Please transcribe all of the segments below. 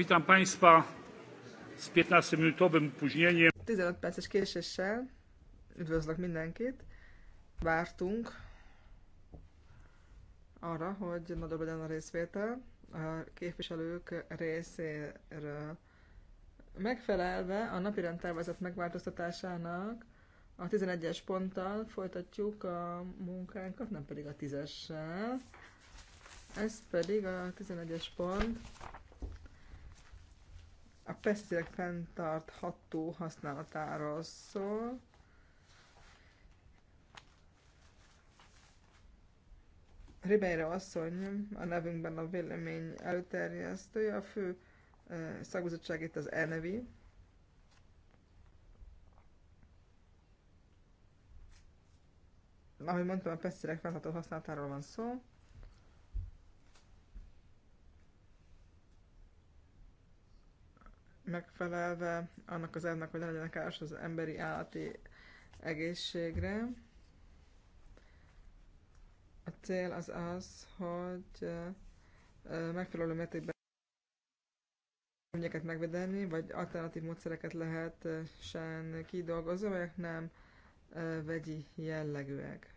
Witam Państwa z 15-minutowym opóźnieniem. 15 perces késéssel üdvözlök mindenkit. Vártunk arra, hogy nagyobb legyen a részvétel a képviselők részéről. Megfelelve a napi rendtervezet megváltoztatásának a 11-es ponttal folytatjuk a munkánkat, nem pedig a 10-essel. Ez pedig a 11-es pont a pesticidek fenntartható használatáról szól. Ribeiro asszony, a nevünkben a vélemény előterjesztője, a fő szakbizottság itt az ENEVI. Ahogy mondtam, a pesticidek fenntartható használatáról van szó. megfelelve annak az ennek, hogy ne legyenek káros az emberi állati egészségre. A cél az az, hogy megfelelő mértékben növényeket megvédeni, vagy alternatív módszereket sen kidolgozni, vagy nem vegyi jellegűek.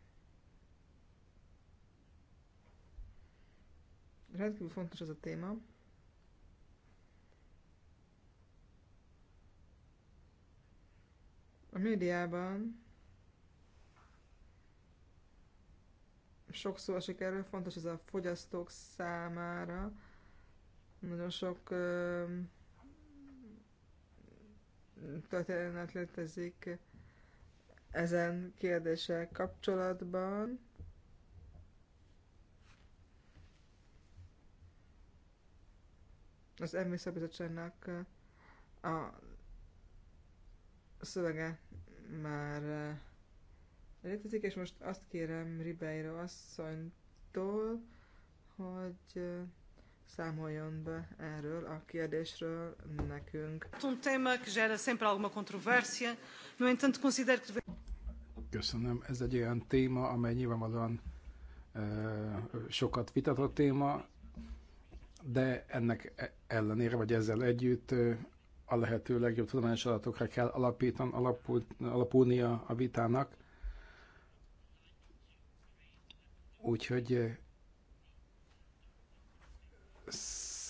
Rendkívül fontos ez a téma. A médiában sok szó esik erről, fontos ez a fogyasztók számára. Nagyon sok ö, történet létezik ezen kérdések kapcsolatban. Az Emlészakbizottságnak a szövege már eh, létezik, és most azt kérem Ribeiro asszonytól, hogy eh, számoljon be erről a kérdésről nekünk. Um Köszönöm. Ez egy olyan téma, amely nyilvánvalóan eh, sokat vitatott téma, de ennek e- ellenére, vagy ezzel együtt a lehető legjobb tudományos adatokra kell alapítan, alapul, alapulnia a vitának. Úgyhogy eh,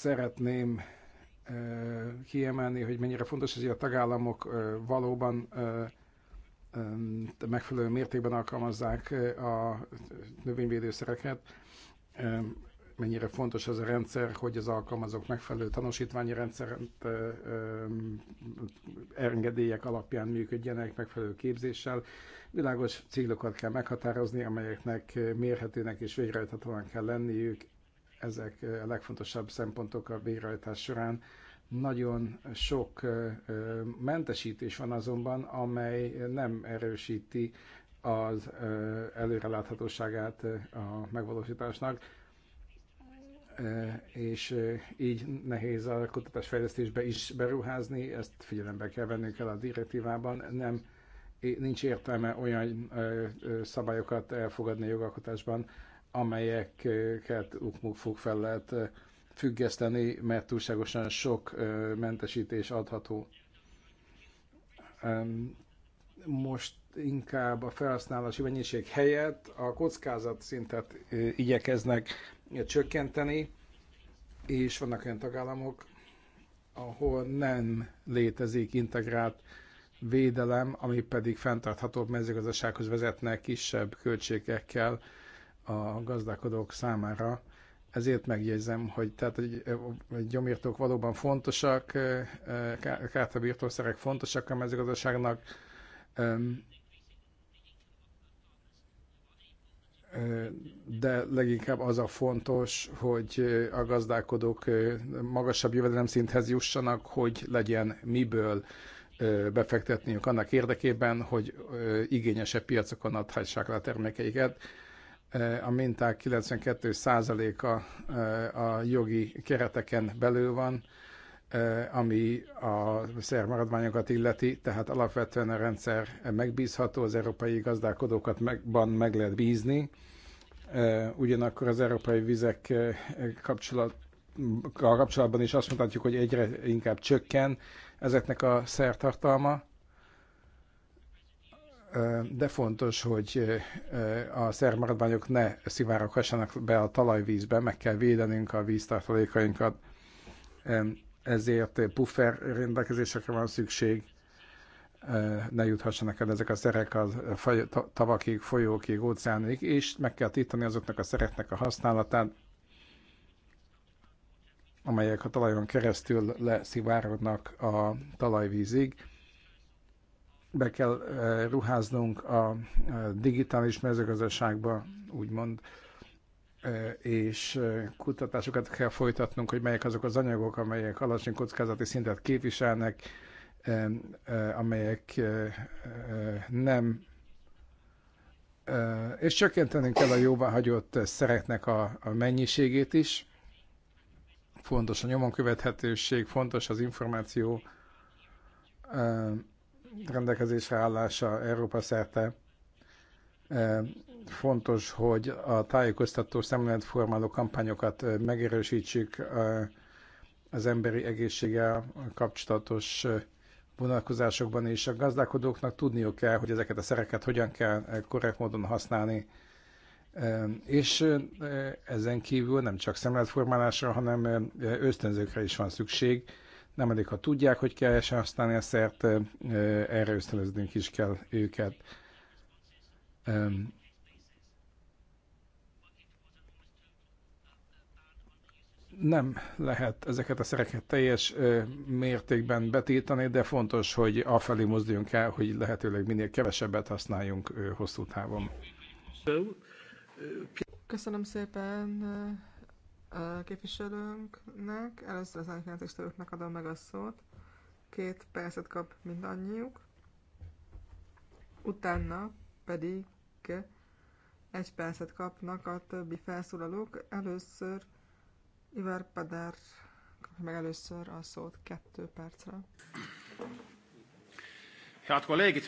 szeretném eh, kiemelni, hogy mennyire fontos, hogy a tagállamok eh, valóban megfelelő mértékben alkalmazzák a növényvédőszereket mennyire fontos ez a rendszer, hogy az alkalmazók megfelelő tanúsítványi rendszert engedélyek alapján működjenek megfelelő képzéssel. Világos célokat kell meghatározni, amelyeknek mérhetőnek és végrehajthatóan kell lenniük. Ezek a legfontosabb szempontok a végrehajtás során. Nagyon sok mentesítés van azonban, amely nem erősíti az előreláthatóságát a megvalósításnak és így nehéz a kutatásfejlesztésbe is beruházni, ezt figyelembe kell vennünk el a direktívában, nem nincs értelme olyan szabályokat elfogadni a jogalkotásban, amelyeket ukmuk fel lehet függeszteni, mert túlságosan sok mentesítés adható. Most inkább a felhasználási mennyiség helyett a kockázat szintet igyekeznek csökkenteni, és vannak olyan tagállamok, ahol nem létezik integrált védelem, ami pedig fenntarthatóbb mezőgazdasághoz vezetne kisebb költségekkel a gazdálkodók számára. Ezért megjegyzem, hogy tehát egy gyomírtók valóban fontosak, eh, eh, kártabírtószerek fontosak a mezőgazdaságnak, de leginkább az a fontos, hogy a gazdálkodók magasabb jövedelemszinthez jussanak, hogy legyen miből befektetniük annak érdekében, hogy igényesebb piacokon adhassák le a termékeiket. A minták 92%-a a jogi kereteken belül van, ami a szermaradványokat illeti, tehát alapvetően a rendszer megbízható, az európai gazdálkodókat meg lehet bízni, ugyanakkor az európai vizek kapcsolat, kapcsolatban is azt mondhatjuk, hogy egyre inkább csökken ezeknek a szertartalma, de fontos, hogy a szermaradványok ne szivároghassanak be a talajvízbe, meg kell védenünk a víztartalékainkat ezért puffer rendelkezésekre van szükség, ne juthassanak el ezek a szerek a tavakig, folyókig, óceánig, és meg kell tiltani azoknak a szereknek a használatát, amelyek a talajon keresztül leszivárodnak a talajvízig. Be kell ruháznunk a digitális mezőgazdaságba, úgymond, és kutatásokat kell folytatnunk, hogy melyek azok az anyagok, amelyek alacsony kockázati szintet képviselnek, amelyek nem és csökkenteni kell a hagyott szereknek a, a mennyiségét is. Fontos a nyomon követhetőség, fontos az információ rendelkezésre állása Európa szerte Fontos, hogy a tájékoztató szemléletformáló kampányokat megerősítsük az emberi egészséggel kapcsolatos vonalkozásokban, és a gazdálkodóknak tudniuk kell, hogy ezeket a szereket hogyan kell korrekt módon használni, és ezen kívül nem csak szemléletformálásra, hanem ösztönzőkre is van szükség. Nem elég, ha tudják, hogy kell használni a szert, erre ösztönöznünk is kell őket nem lehet ezeket a szereket teljes mértékben betiltani, de fontos, hogy afelé mozduljunk el, hogy lehetőleg minél kevesebbet használjunk hosszú távon. Köszönöm szépen képviselőnknek. Először az árnyékjelentéstevőknek adom meg a szót. Két percet kap mindannyiuk. Utána pedig egy percet kapnak a többi felszólalók. Először Ivar Padár kapja meg először a szót kettő percre. Head kolleegid,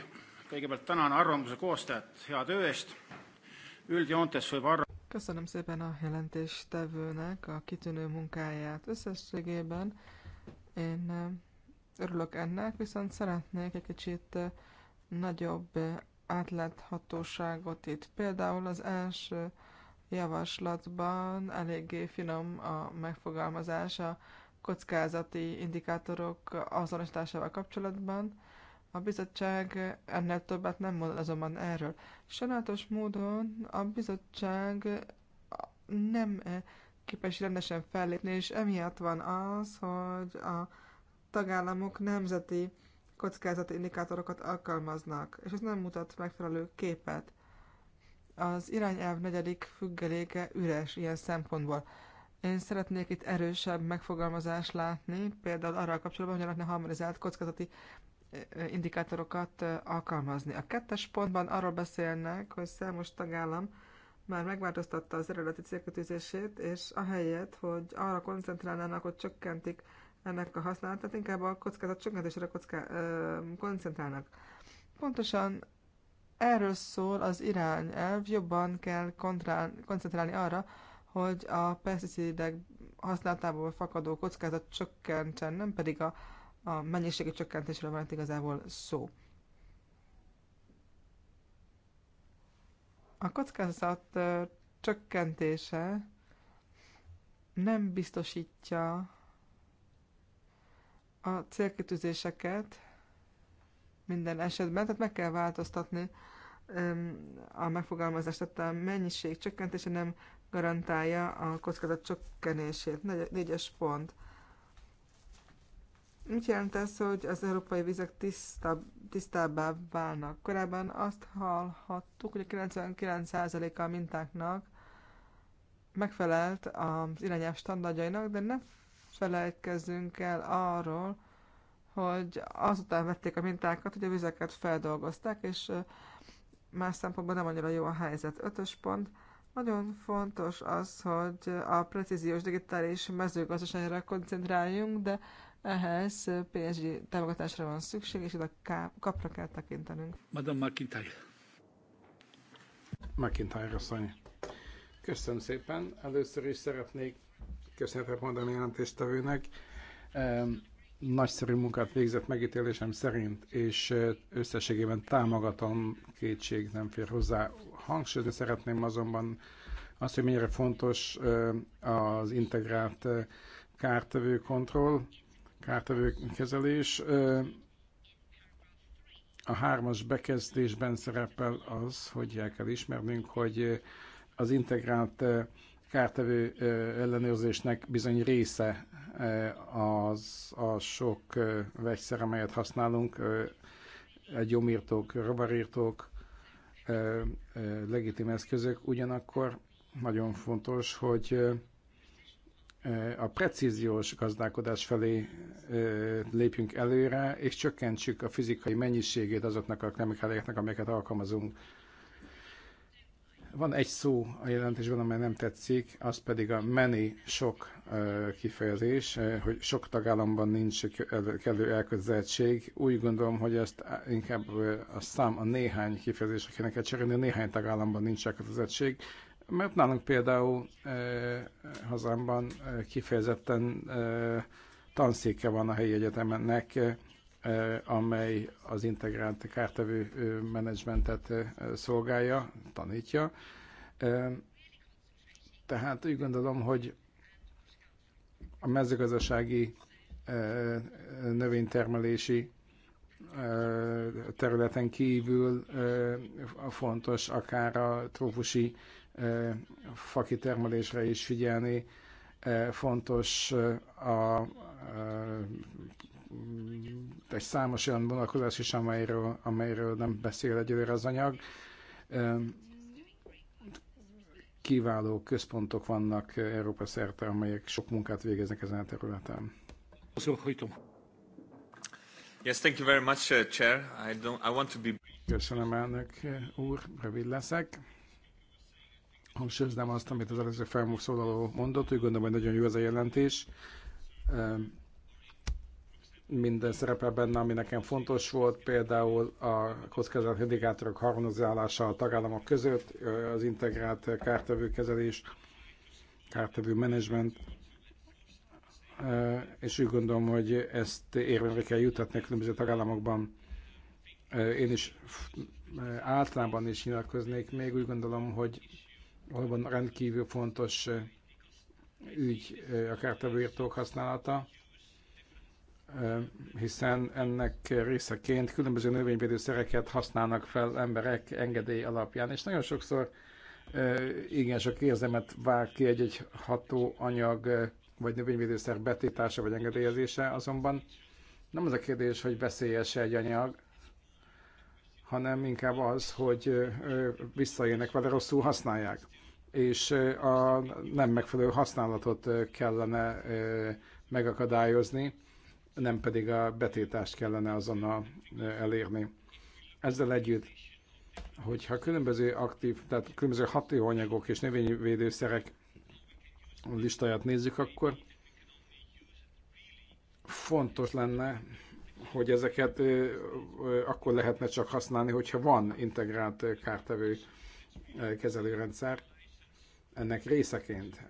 kõigepealt tänan arvamuse koostajat hea töö eest. Üldjoontes võib arra... Köszönöm szépen a jelentéstevőnek a kitűnő munkáját összességében. Én eh, örülök ennek, viszont szeretnék egy kicsit eh, nagyobb átláthatóságot itt. Például az első javaslatban eléggé finom a megfogalmazása kockázati indikátorok azonosításával kapcsolatban. A bizottság ennél többet nem mond azonban erről. Sajnálatos módon a bizottság nem képes rendesen fellépni, és emiatt van az, hogy a tagállamok nemzeti kockázati indikátorokat alkalmaznak, és ez nem mutat megfelelő képet. Az irányelv negyedik függeléke üres ilyen szempontból. Én szeretnék itt erősebb megfogalmazást látni, például arra a kapcsolatban, hogy lehetne harmonizált kockázati indikátorokat alkalmazni. A kettes pontban arról beszélnek, hogy számos tagállam már megváltoztatta az eredeti célkötőzését, és ahelyett, hogy arra koncentrálnának, hogy csökkentik ennek a használatát, inkább a kockázat csökkentésre kocká, ö, koncentrálnak. Pontosan erről szól az irányelv, jobban kell kontrál, koncentrálni arra, hogy a peszticidek használatából fakadó kockázat csökkentsen, nem pedig a, a mennyiségi csökkentésről van igazából szó. A kockázat csökkentése nem biztosítja a célkitűzéseket minden esetben, tehát meg kell változtatni a megfogalmazást, tehát a mennyiség csökkentése nem garantálja a kockázat csökkenését. Négyes pont. Mit jelent ez, hogy az európai vizek tisztabb, tisztábbá válnak? Korábban azt hallhattuk, hogy a 99%-a a mintáknak megfelelt az irányelv standardjainak, de ne felejtkezzünk el arról, hogy azután vették a mintákat, hogy a vizeket feldolgozták, és más szempontból nem annyira jó a helyzet. Ötös pont. Nagyon fontos az, hogy a precíziós digitális mezőgazdaságra koncentráljunk, de ehhez PSG támogatásra van szükség, és a kapra kell tekintenünk. Madame McIntyre. McIntyre asszony. Köszönöm szépen. Először is szeretnék köszönetet mondani jelentéstevőnek. Nagyszerű munkát végzett megítélésem szerint, és összességében támogatom, kétség nem fér hozzá. Hangsúlyozni szeretném azonban azt, hogy mennyire fontos az integrált kártevő kontroll, kártevő kezelés. A hármas bekezdésben szerepel az, hogy el kell ismernünk, hogy az integrált kártevő ellenőrzésnek bizony része az a sok vegyszer, amelyet használunk, egy gyomírtók, rovarírtók, legitim eszközök, ugyanakkor nagyon fontos, hogy a precíziós gazdálkodás felé lépjünk előre, és csökkentsük a fizikai mennyiségét azoknak a kemikáliáknak, amelyeket alkalmazunk van egy szó a jelentésben, amely nem tetszik, az pedig a many sok kifejezés, hogy sok tagállamban nincs kellő elközeltség. Úgy gondolom, hogy ezt inkább a szám a néhány kifejezés, akinek kell cserélni, a néhány tagállamban nincs elközeltség, mert nálunk például hazámban kifejezetten tanszéke van a helyi egyetemennek, amely az integrált kártevő menedzsmentet szolgálja, tanítja. Tehát úgy gondolom, hogy a mezőgazdasági növénytermelési területen kívül fontos akár a trófusi fakitermelésre is figyelni, fontos a egy számos olyan vonalkozás is, amelyről, amelyről nem beszél egyelőre az anyag. Kiváló központok vannak Európa szerte, amelyek sok munkát végeznek ezen a területen. Yes, thank you very much, uh, Chair. I don't, I want to be... Köszönöm, elnök úr, rövid leszek. Hangsúlyoznám azt, amit az előző szólaló mondott, úgy gondolom, hogy nagyon jó ez a jelentés minden szerepel benne, ami nekem fontos volt, például a kockázat indikátorok harmonizálása a tagállamok között, az integrált kezelés, kártevő menedzsment, és úgy gondolom, hogy ezt érvényre kell jutatni a különböző tagállamokban. Én is általában is nyilatkoznék, még úgy gondolom, hogy valóban rendkívül fontos ügy a kártevőírtók használata hiszen ennek részeként különböző szereket használnak fel emberek engedély alapján, és nagyon sokszor igen sok érzemet vág ki egy-egy hatóanyag vagy növényvédőszer betétása vagy engedélyezése, azonban nem az a kérdés, hogy veszélyes egy anyag, hanem inkább az, hogy visszaélnek vele, rosszul használják. És a nem megfelelő használatot kellene megakadályozni nem pedig a betétást kellene azonnal elérni. Ezzel együtt, hogyha különböző aktív, tehát különböző hatóanyagok és növényvédőszerek listáját nézzük, akkor fontos lenne, hogy ezeket akkor lehetne csak használni, hogyha van integrált kártevő kezelőrendszer ennek részeként,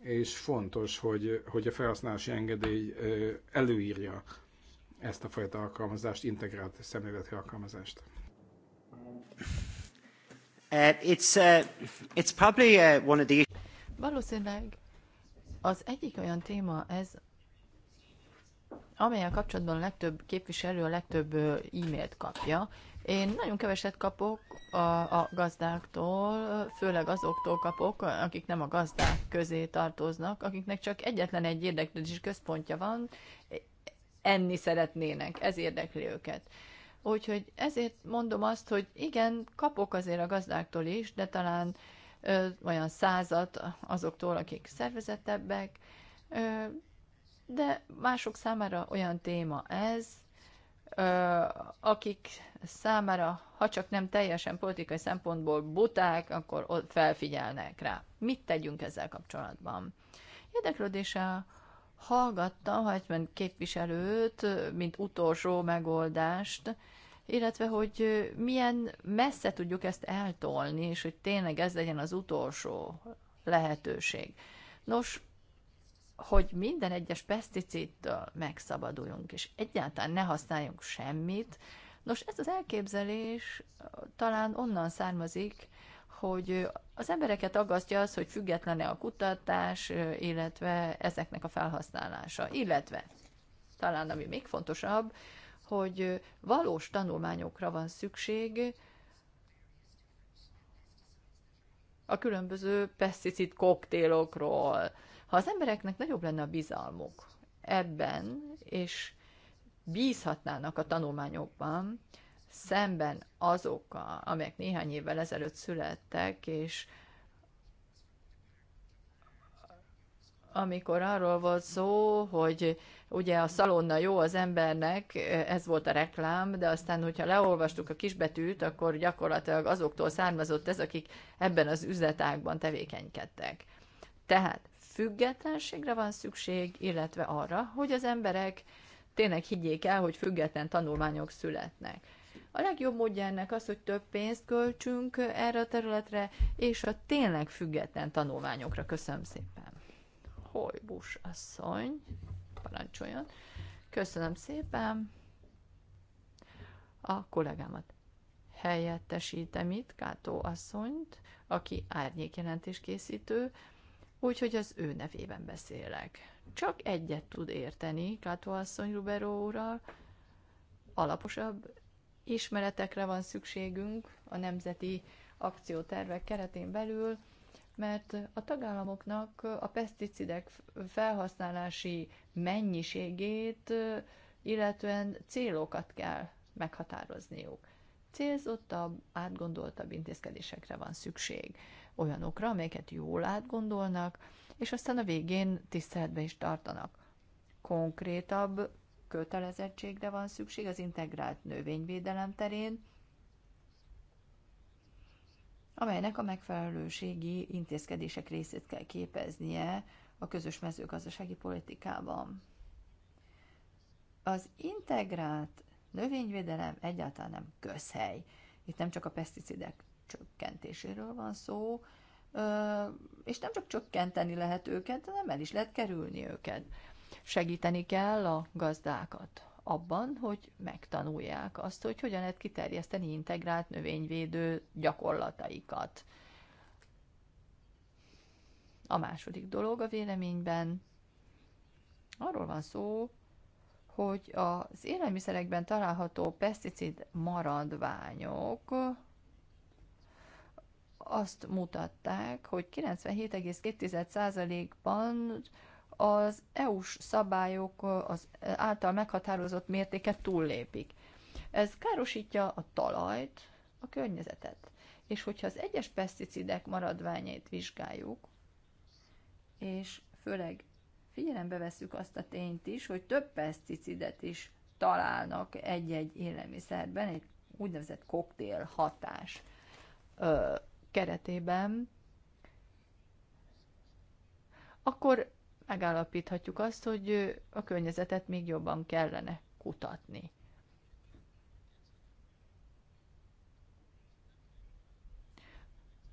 és fontos, hogy, hogy a felhasználási engedély előírja ezt a fajta alkalmazást, integrált szemléletű alkalmazást. Uh, it's, uh, it's probably, uh, one of the... Valószínűleg az egyik olyan téma ez, amelyel kapcsolatban a legtöbb képviselő a legtöbb e-mailt kapja. Én nagyon keveset kapok a, a gazdáktól, főleg azoktól kapok, akik nem a gazdák közé tartoznak, akiknek csak egyetlen egy érdeklődés központja van, e, enni szeretnének, ez érdekli őket. Úgyhogy ezért mondom azt, hogy igen, kapok azért a gazdáktól is, de talán ö, olyan százat azoktól, akik szervezettebbek, ö, de mások számára olyan téma ez, akik számára, ha csak nem teljesen politikai szempontból buták, akkor felfigyelnek rá. Mit tegyünk ezzel kapcsolatban? Érdeklődéssel hallgattam Hagyman képviselőt, mint utolsó megoldást, illetve hogy milyen messze tudjuk ezt eltolni, és hogy tényleg ez legyen az utolsó lehetőség. Nos, hogy minden egyes peszticidtől megszabaduljunk, és egyáltalán ne használjunk semmit. Nos, ez az elképzelés talán onnan származik, hogy az embereket aggasztja az, hogy függetlene a kutatás, illetve ezeknek a felhasználása. Illetve, talán ami még fontosabb, hogy valós tanulmányokra van szükség a különböző peszticid koktélokról, ha az embereknek nagyobb lenne a bizalmuk ebben, és bízhatnának a tanulmányokban, szemben azok, amelyek néhány évvel ezelőtt születtek, és amikor arról volt szó, hogy ugye a szalonna jó az embernek, ez volt a reklám, de aztán, hogyha leolvastuk a kisbetűt, akkor gyakorlatilag azoktól származott ez, akik ebben az üzletágban tevékenykedtek. Tehát függetlenségre van szükség, illetve arra, hogy az emberek tényleg higgyék el, hogy független tanulmányok születnek. A legjobb módja ennek az, hogy több pénzt költsünk erre a területre, és a tényleg független tanulmányokra. Köszönöm szépen. Hojbus asszony, parancsoljon. Köszönöm szépen. A kollégámat helyettesítem itt, Kátó asszonyt, aki árnyékjelentés készítő, úgyhogy az ő nevében beszélek. Csak egyet tud érteni Kato asszony Ruberó úrral, alaposabb ismeretekre van szükségünk a nemzeti akciótervek keretén belül, mert a tagállamoknak a peszticidek felhasználási mennyiségét, illetően célokat kell meghatározniuk. Célzottabb, átgondoltabb intézkedésekre van szükség olyanokra, amelyeket jól átgondolnak, és aztán a végén tiszteletbe is tartanak. Konkrétabb kötelezettségre van szükség az integrált növényvédelem terén, amelynek a megfelelőségi intézkedések részét kell képeznie a közös mezőgazdasági politikában. Az integrált növényvédelem egyáltalán nem közhely. Itt nem csak a peszticidek csökkentéséről van szó, és nem csak csökkenteni lehet őket, hanem el is lehet kerülni őket. Segíteni kell a gazdákat abban, hogy megtanulják azt, hogy hogyan lehet kiterjeszteni integrált növényvédő gyakorlataikat. A második dolog a véleményben arról van szó, hogy az élelmiszerekben található peszticid maradványok azt mutatták, hogy 97,2%-ban az EU-s szabályok az által meghatározott mértéket túllépik. Ez károsítja a talajt, a környezetet. És hogyha az egyes peszticidek maradványait vizsgáljuk, és főleg figyelembe veszük azt a tényt is, hogy több peszticidet is találnak egy-egy élelmiszerben, egy úgynevezett koktél hatás keretében, akkor megállapíthatjuk azt, hogy a környezetet még jobban kellene kutatni.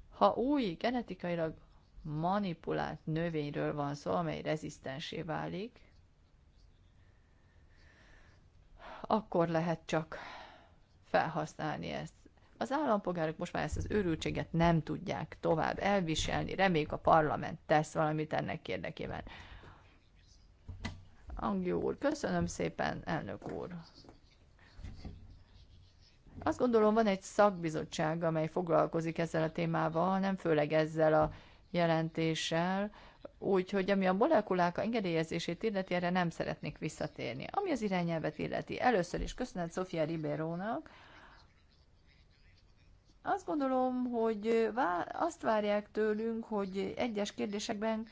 Ha új genetikailag manipulált növényről van szó, amely rezisztensé válik, akkor lehet csak felhasználni ezt. Az állampolgárok most már ezt az őrültséget nem tudják tovább elviselni. Reméljük a parlament tesz valamit ennek érdekében. Angi úr, köszönöm szépen, elnök úr. Azt gondolom, van egy szakbizottság, amely foglalkozik ezzel a témával, nem főleg ezzel a jelentéssel, úgyhogy ami a molekulák engedélyezését illeti, erre nem szeretnék visszatérni. Ami az irányelvet illeti, először is köszönet Sofia Ribérónak, azt gondolom, hogy azt várják tőlünk, hogy egyes kérdésekben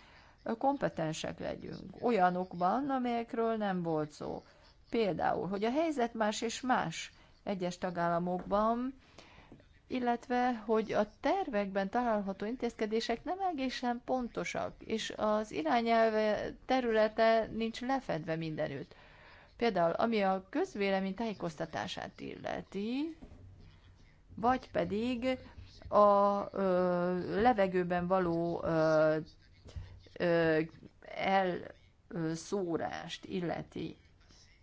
kompetensek legyünk, olyanokban, amelyekről nem volt szó. Például, hogy a helyzet más és más egyes tagállamokban, illetve, hogy a tervekben található intézkedések nem egészen pontosak, és az irányelve területe nincs lefedve mindenütt. Például, ami a közvélemény tájékoztatását illeti, vagy pedig a ö, levegőben való ö, ö, elszórást illeti.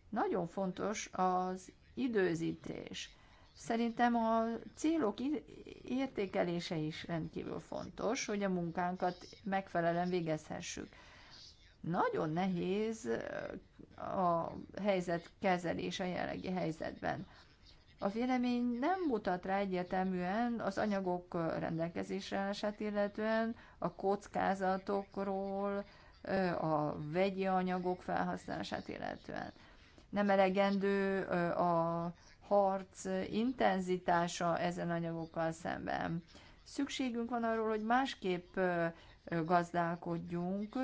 Nagyon fontos az időzítés. Szerintem a célok értékelése is rendkívül fontos, hogy a munkánkat megfelelően végezhessük. Nagyon nehéz a helyzet kezelése a jelenlegi helyzetben. A vélemény nem mutat rá egyértelműen az anyagok rendelkezésre állását illetően, a kockázatokról, a vegyi anyagok felhasználását illetően. Nem elegendő a harc intenzitása ezen anyagokkal szemben. Szükségünk van arról, hogy másképp gazdálkodjunk,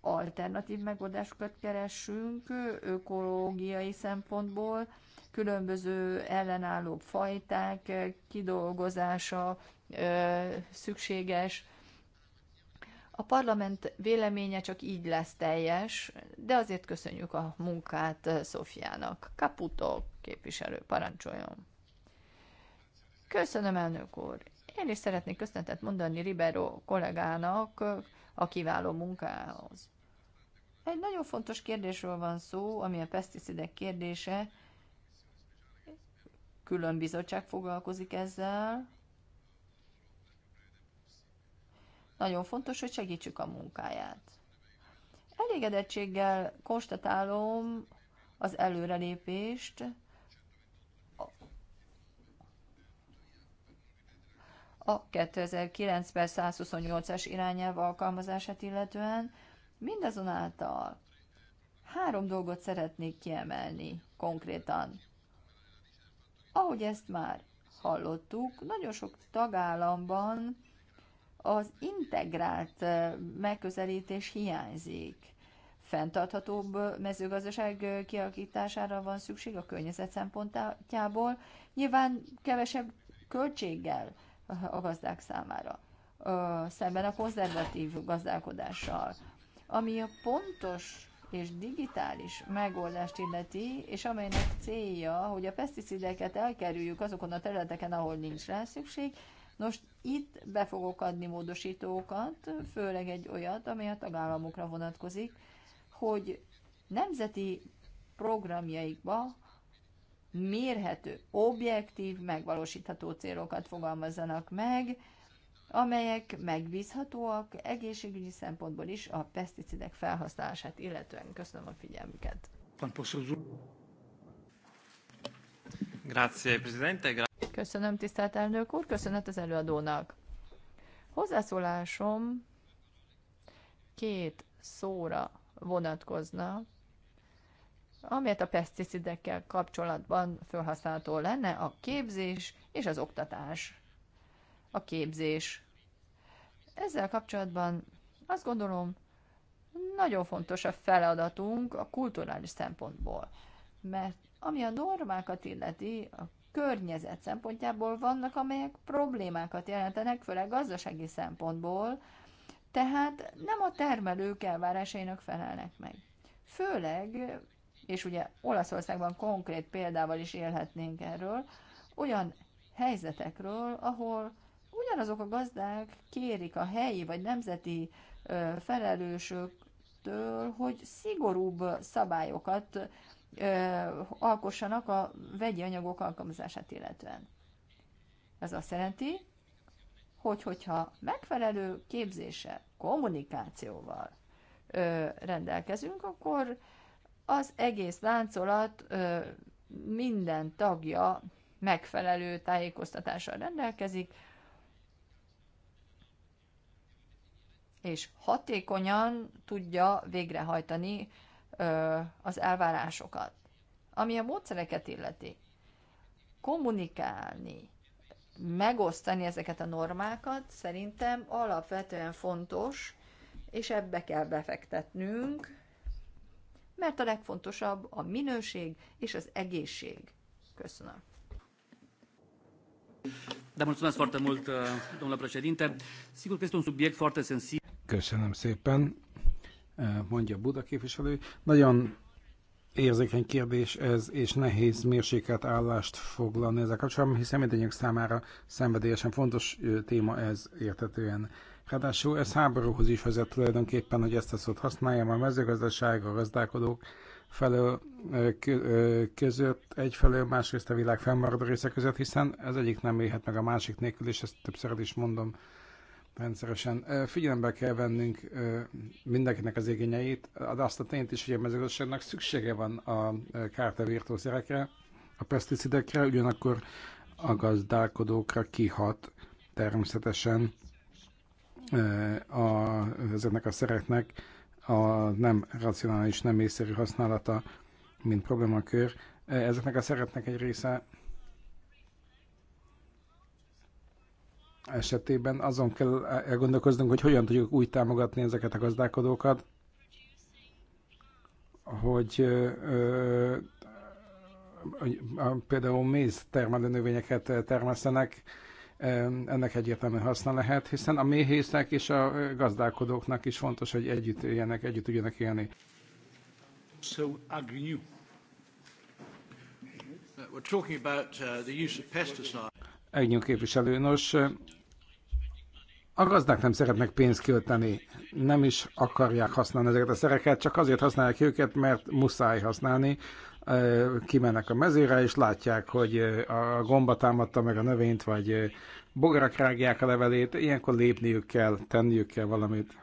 alternatív megoldásokat keressünk ökológiai szempontból, különböző ellenálló fajták eh, kidolgozása eh, szükséges. A parlament véleménye csak így lesz teljes, de azért köszönjük a munkát eh, Szofiának. Caputo képviselő, parancsoljon. Köszönöm, elnök úr. Én is szeretnék köszönetet mondani Ribero kollégának a kiváló munkához. Egy nagyon fontos kérdésről van szó, ami a peszticidek kérdése, külön bizottság foglalkozik ezzel. Nagyon fontos, hogy segítsük a munkáját. Elégedettséggel konstatálom az előrelépést, a 2009 per 128-as irányelv alkalmazását illetően, mindazonáltal három dolgot szeretnék kiemelni konkrétan. Ahogy ezt már hallottuk, nagyon sok tagállamban az integrált eh, megközelítés hiányzik. Fentarthatóbb eh, mezőgazdaság eh, kialakítására van szükség a környezet szempontjából, nyilván kevesebb költséggel a gazdák számára, szemben a konzervatív gazdálkodással. Ami a pontos és digitális megoldást illeti, és amelynek célja, hogy a peszticideket elkerüljük azokon a területeken, ahol nincs rá szükség. Nos, itt be fogok adni módosítókat, főleg egy olyat, amely a tagállamokra vonatkozik, hogy nemzeti programjaikba mérhető, objektív, megvalósítható célokat fogalmazzanak meg, amelyek megbízhatóak egészségügyi szempontból is a peszticidek felhasználását illetően. Köszönöm a figyelmüket. Köszönöm, tisztelt elnök úr, köszönet az előadónak. Hozzászólásom két szóra vonatkozna, amelyet a peszticidekkel kapcsolatban felhasználható lenne a képzés és az oktatás a képzés. Ezzel kapcsolatban azt gondolom, nagyon fontos a feladatunk a kulturális szempontból, mert ami a normákat illeti, a környezet szempontjából vannak, amelyek problémákat jelentenek, főleg gazdasági szempontból, tehát nem a termelők elvárásainak felelnek meg. Főleg, és ugye Olaszországban konkrét példával is élhetnénk erről, olyan helyzetekről, ahol ugyanazok a gazdák kérik a helyi vagy nemzeti felelősöktől, hogy szigorúbb szabályokat alkossanak a vegyi anyagok alkalmazását illetően. Ez azt jelenti, hogy hogyha megfelelő képzése, kommunikációval rendelkezünk, akkor az egész láncolat minden tagja megfelelő tájékoztatással rendelkezik, és hatékonyan tudja végrehajtani az elvárásokat. Ami a módszereket illeti, kommunikálni, megosztani ezeket a normákat szerintem alapvetően fontos, és ebbe kell befektetnünk, mert a legfontosabb a minőség és az egészség. Köszönöm. Dar mulțumesc foarte mult, domnule președinte. Sigur că este un subiect foarte sensibil. Köszönöm szépen, eh, mondja a Buda képviselő. Nagyon érzékeny kérdés ez, és nehéz mérsékelt állást foglalni ezzel kapcsolatban, hiszen mindannyiunk számára szenvedélyesen fontos eh, téma ez értetően. Ráadásul ez háborúhoz is vezet tulajdonképpen, hogy ezt a szót használjam, a mezőgazdaság, a gazdálkodók felől eh, között, egyfelől, másrészt a világ felmaradó része között, hiszen ez egyik nem élhet meg a másik nélkül, és ezt többször is mondom rendszeresen. Figyelembe kell vennünk mindenkinek az igényeit, de azt a tényt is, hogy a mezőgazdaságnak szüksége van a kártevírtószerekre, a peszticidekre, ugyanakkor a gazdálkodókra kihat természetesen a, ezeknek a szereknek a nem racionális, nem észszerű használata, mint problémakör. Ezeknek a szeretnek egy része esetében azon kell elgondolkoznunk, hogy hogyan tudjuk úgy támogatni ezeket a gazdálkodókat, hogy ö, például méz termelő növényeket termesztenek, ennek egyértelmű haszna lehet, hiszen a méhészek és a gazdálkodóknak is fontos, hogy együtt éljenek, együtt tudjanak élni. So Agnew. We're talking about uh, the use of pesticides. Egnyú képviselő, nos, a gazdák nem szeretnek pénzt költeni, nem is akarják használni ezeket a szereket, csak azért használják őket, mert muszáj használni. Kimennek a mezőre, és látják, hogy a gomba támadta meg a növényt, vagy bogarak rágják a levelét, ilyenkor lépniük kell, tenniük kell valamit.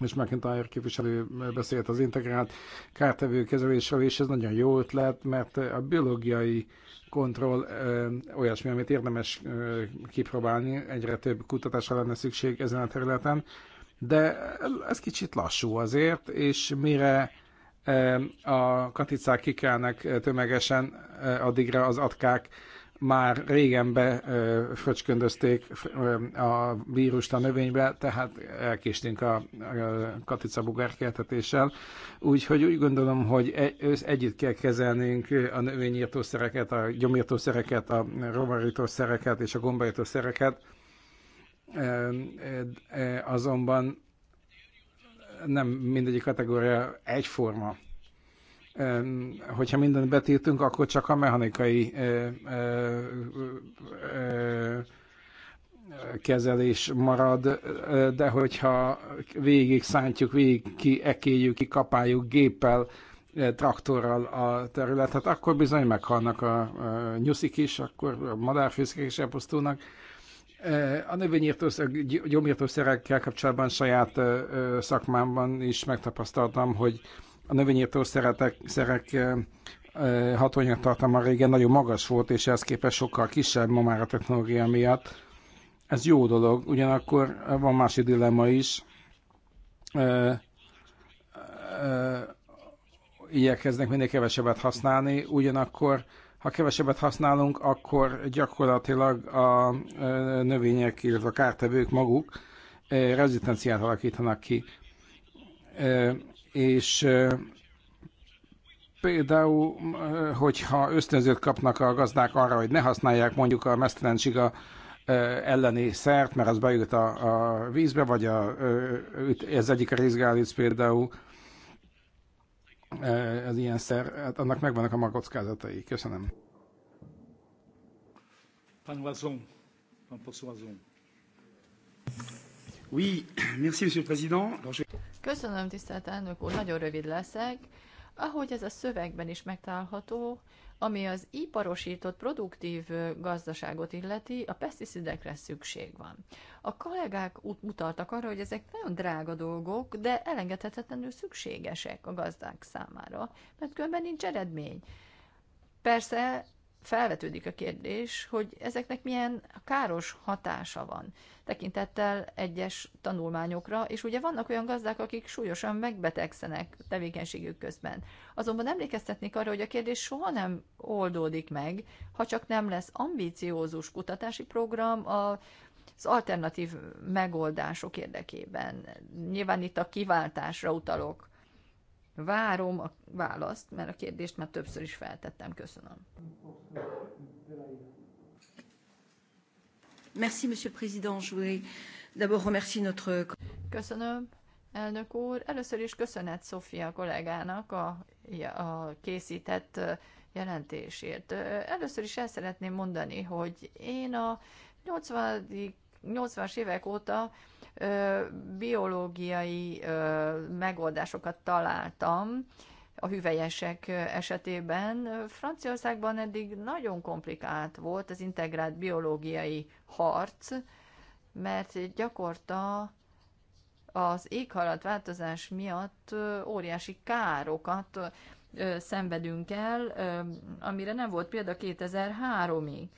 És McIntyre képviselő beszélt az integrált kártevő kezelésről, és ez nagyon jó ötlet, mert a biológiai kontroll olyasmi, amit érdemes kipróbálni, egyre több kutatásra lenne szükség ezen a területen, de ez kicsit lassú azért, és mire a katicák kikelnek tömegesen, addigra az atkák már régen befröcsköndözték a vírust a növénybe, tehát elkéstünk a katica bugárkeltetéssel. Úgyhogy úgy gondolom, hogy e, együtt kell kezelnünk a növényírtószereket, a gyomírtószereket, a rovarítószereket és a gombaírtószereket. Azonban nem mindegyik kategória egyforma hogyha mindent betiltünk, akkor csak a mechanikai eh, eh, eh, kezelés marad, de hogyha végig szántjuk, végig kiekéljük, kikapáljuk géppel, traktorral a területet, akkor bizony meghalnak a nyuszik is, akkor a madárfészkek is elpusztulnak. A növényírtószerekkel gyomírtószerekkel kapcsolatban saját szakmámban is megtapasztaltam, hogy a növényírtószerek szerek, hatóanyag tartalma régen nagyon magas volt, és ez képest sokkal kisebb ma már a technológia miatt. Ez jó dolog, ugyanakkor van másik dilemma is. Igyekeznek minél kevesebbet használni, ugyanakkor ha kevesebbet használunk, akkor gyakorlatilag a növények, illetve a kártevők maguk rezisztenciát alakítanak ki és például, hogyha ösztönzőt kapnak a gazdák arra, hogy ne használják mondjuk a mesztelen csiga elleni szert, mert az bejut a, a vízbe, vagy a, ez egyik a rizgálic például, az ilyen szer, hát annak megvannak a magockázatai. kockázatai. Köszönöm. Pan Vazon, pan Oui, merci, monsieur le président. Alors, je... Köszönöm, tisztelt elnök úr, nagyon rövid leszek. Ahogy ez a szövegben is megtalálható, ami az iparosított produktív gazdaságot illeti, a pesticidekre szükség van. A kollégák út mutattak arra, hogy ezek nagyon drága dolgok, de elengedhetetlenül szükségesek a gazdák számára, mert különben nincs eredmény. Persze felvetődik a kérdés, hogy ezeknek milyen káros hatása van, tekintettel egyes tanulmányokra, és ugye vannak olyan gazdák, akik súlyosan megbetegszenek tevékenységük közben. Azonban emlékeztetnék arra, hogy a kérdés soha nem oldódik meg, ha csak nem lesz ambíciózus kutatási program a az alternatív megoldások érdekében. Nyilván itt a kiváltásra utalok, Várom a választ, mert a kérdést már többször is feltettem. Köszönöm. Merci, Monsieur le Président. Je voulais d'abord remercier notre... Köszönöm, elnök úr. Először is köszönet Sofia kollégának a, a készített jelentésért. Először is el szeretném mondani, hogy én a 80. 80-as évek óta biológiai megoldásokat találtam a hüvelyesek esetében. Franciaországban eddig nagyon komplikált volt az integrált biológiai harc, mert gyakorta az változás miatt óriási károkat szenvedünk el, amire nem volt példa 2003-ig.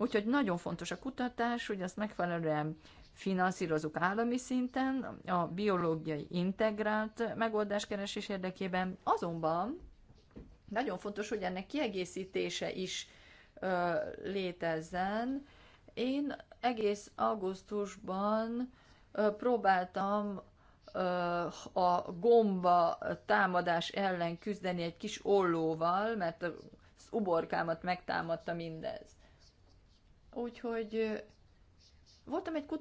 Úgyhogy nagyon fontos a kutatás, hogy azt megfelelően finanszírozunk állami szinten, a biológiai integrált megoldás keresés érdekében. Azonban nagyon fontos, hogy ennek kiegészítése is ö, létezzen. Én egész augusztusban ö, próbáltam ö, a gomba támadás ellen küzdeni egy kis ollóval, mert az uborkámat megtámadta mindez. Úgyhogy voltam egy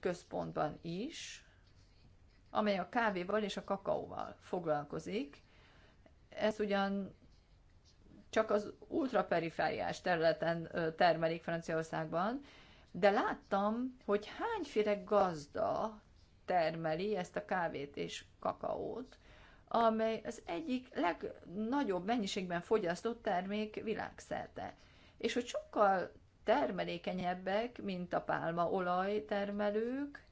központban is, amely a kávéval és a kakaóval foglalkozik. Ez ugyan csak az ultraperifériás területen termelik Franciaországban, de láttam, hogy hányféle gazda termeli ezt a kávét és kakaót, amely az egyik legnagyobb mennyiségben fogyasztott termék világszerte. És hogy sokkal termelékenyebbek, mint a pálmaolaj termelők.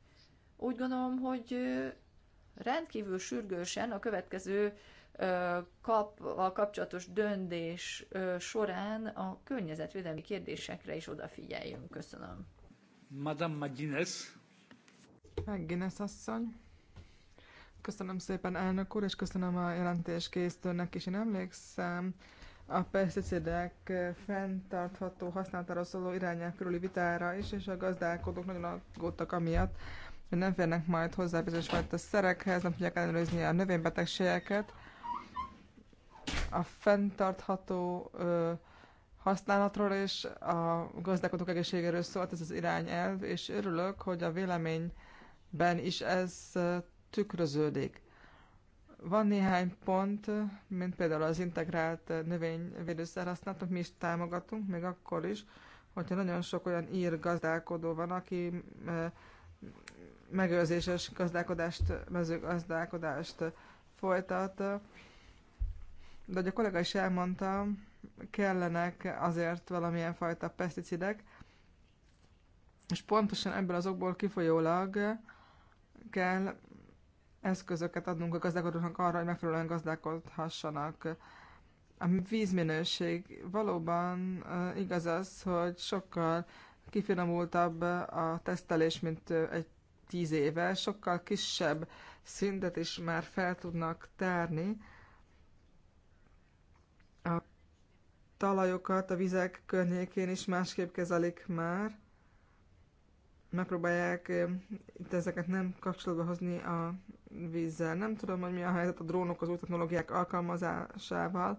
Úgy gondolom, hogy rendkívül sürgősen a következő kap, a kapcsolatos döntés során a környezetvédelmi kérdésekre is odafigyeljünk. Köszönöm. Madame Magines. Magines asszony. Köszönöm szépen elnök úr, és köszönöm a jelentéskészítőnek is. Én emlékszem a peszticidek eh, fenntartható használatára szóló irányák körüli vitára is, és a gazdálkodók nagyon aggódtak amiatt, hogy nem férnek majd hozzá bizonyos fajta szerekhez, nem tudják ellenőrizni a növénybetegségeket. A fenntartható ö, használatról és a gazdálkodók egészségéről szólt ez az irányelv, és örülök, hogy a véleményben is ez tükröződik. Van néhány pont, mint például az integrált növényvédőszer használatot, mi is támogatunk, még akkor is, hogyha nagyon sok olyan ír gazdálkodó van, aki megőrzéses gazdálkodást, mezőgazdálkodást folytat. De ahogy a kollega is elmondta, kellenek azért valamilyen fajta peszticidek, és pontosan ebből az okból kifolyólag kell eszközöket adnunk a gazdálkodóknak arra, hogy megfelelően gazdálkodhassanak. A vízminőség valóban igaz az, hogy sokkal kifinomultabb a tesztelés, mint egy tíz éve, sokkal kisebb szintet is már fel tudnak tárni. A talajokat a vizek környékén is másképp kezelik már. Megpróbálják itt ezeket nem kapcsolatba hozni a vízzel. Nem tudom, hogy mi a helyzet a drónok az új technológiák alkalmazásával.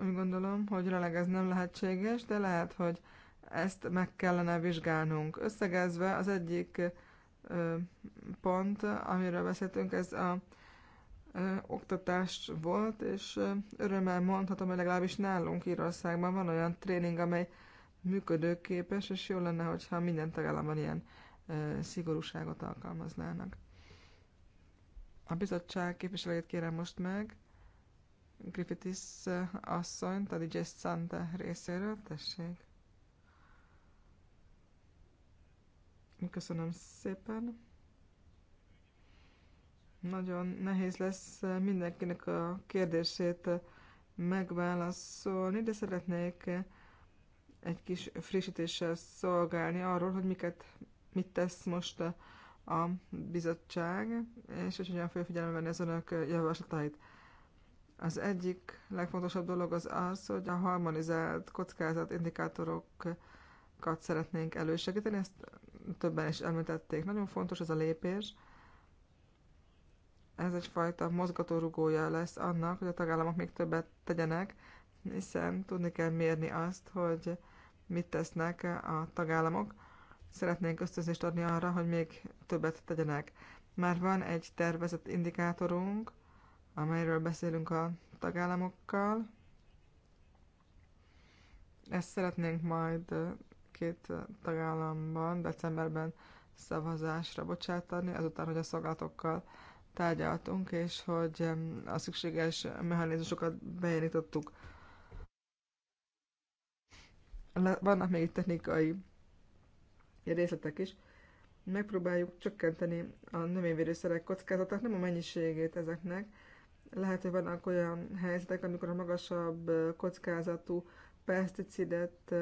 Úgy gondolom, hogy releg ez nem lehetséges, de lehet, hogy ezt meg kellene vizsgálnunk. Összegezve az egyik pont, amiről beszéltünk, ez a oktatás volt, és örömmel mondhatom, hogy legalábbis nálunk Írországban van olyan tréning, amely működőképes, és jó lenne, hogyha minden tagállamban ilyen szigorúságot alkalmaznának. A bizottság képviselőjét kérem most meg, Griffithis asszony, a Santa részéről, tessék. Köszönöm szépen. Nagyon nehéz lesz mindenkinek a kérdését megválaszolni, de szeretnék egy kis frissítéssel szolgálni arról, hogy miket mit tesz most a bizottság, és hogy hogyan fogja figyelembe venni az önök javaslatait. Az egyik legfontosabb dolog az az, hogy a harmonizált kockázat indikátorokat szeretnénk elősegíteni, ezt többen is említették. Nagyon fontos ez a lépés. Ez egyfajta mozgatórugója lesz annak, hogy a tagállamok még többet tegyenek, hiszen tudni kell mérni azt, hogy mit tesznek a tagállamok szeretnénk ösztönzést adni arra, hogy még többet tegyenek. Már van egy tervezett indikátorunk, amelyről beszélünk a tagállamokkal. Ezt szeretnénk majd két tagállamban decemberben szavazásra bocsátani, azután, hogy a szolgálatokkal tárgyaltunk, és hogy a szükséges mechanizmusokat beindítottuk. Vannak még itt technikai részletek is, megpróbáljuk csökkenteni a növényvédőszerek kockázatát, nem a mennyiségét ezeknek. Lehet, hogy vannak olyan helyzetek, amikor a magasabb kockázatú peszticidet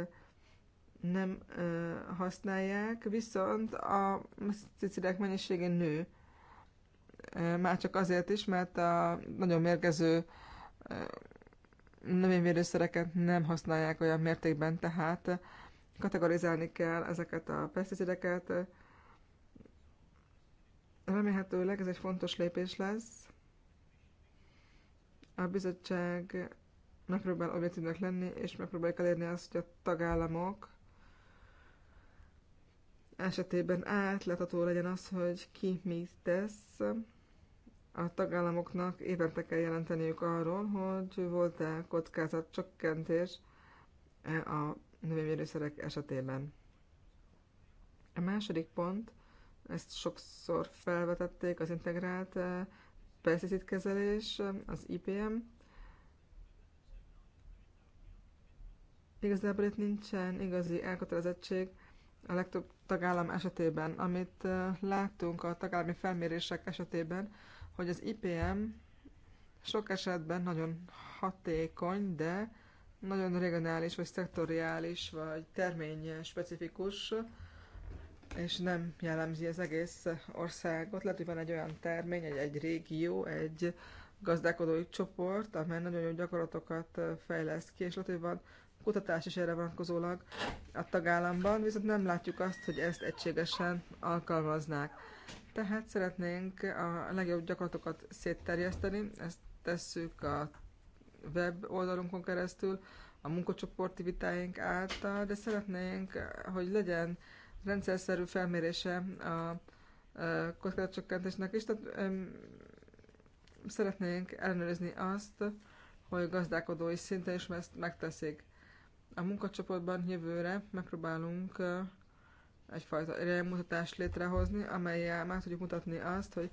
nem ö, használják, viszont a peszticidek mennyisége nő. Már csak azért is, mert a nagyon mérgező növényvédőszereket nem használják olyan mértékben, tehát kategorizálni kell ezeket a pesticideket. Remélhetőleg ez egy fontos lépés lesz. A bizottság megpróbál objektívnek lenni, és megpróbálják elérni azt, hogy a tagállamok esetében átlátható legyen az, hogy ki mit tesz. A tagállamoknak évente kell jelenteniük arról, hogy volt-e kockázatcsökkentés a növényvédőszerek esetében. A második pont, ezt sokszor felvetették, az integrált eh, pesticidkezelés, eh, az IPM. Igazából itt nincsen igazi elkötelezettség a legtöbb tagállam esetében. Amit eh, láttunk a tagállami felmérések esetében, hogy az IPM sok esetben nagyon hatékony, de nagyon regionális, vagy szektoriális, vagy termény specifikus, és nem jellemzi az egész országot. Lehet, hogy van egy olyan termény, egy, egy régió, egy gazdálkodói csoport, amely nagyon jó gyakorlatokat fejleszt ki, és lehet, hogy van kutatás is erre vonatkozólag a tagállamban, viszont nem látjuk azt, hogy ezt egységesen alkalmaznák. Tehát szeretnénk a legjobb gyakorlatokat szétterjeszteni, ezt tesszük a web oldalunkon keresztül, a munkacsoporti vitáink által, de szeretnénk, hogy legyen rendszerszerű felmérése a kockázatcsökkentésnek is, tehát szeretnénk ellenőrizni azt, hogy gazdálkodói szinten is ezt megteszik. A munkacsoportban jövőre megpróbálunk egyfajta iránymutatást létrehozni, amelyel meg tudjuk mutatni azt, hogy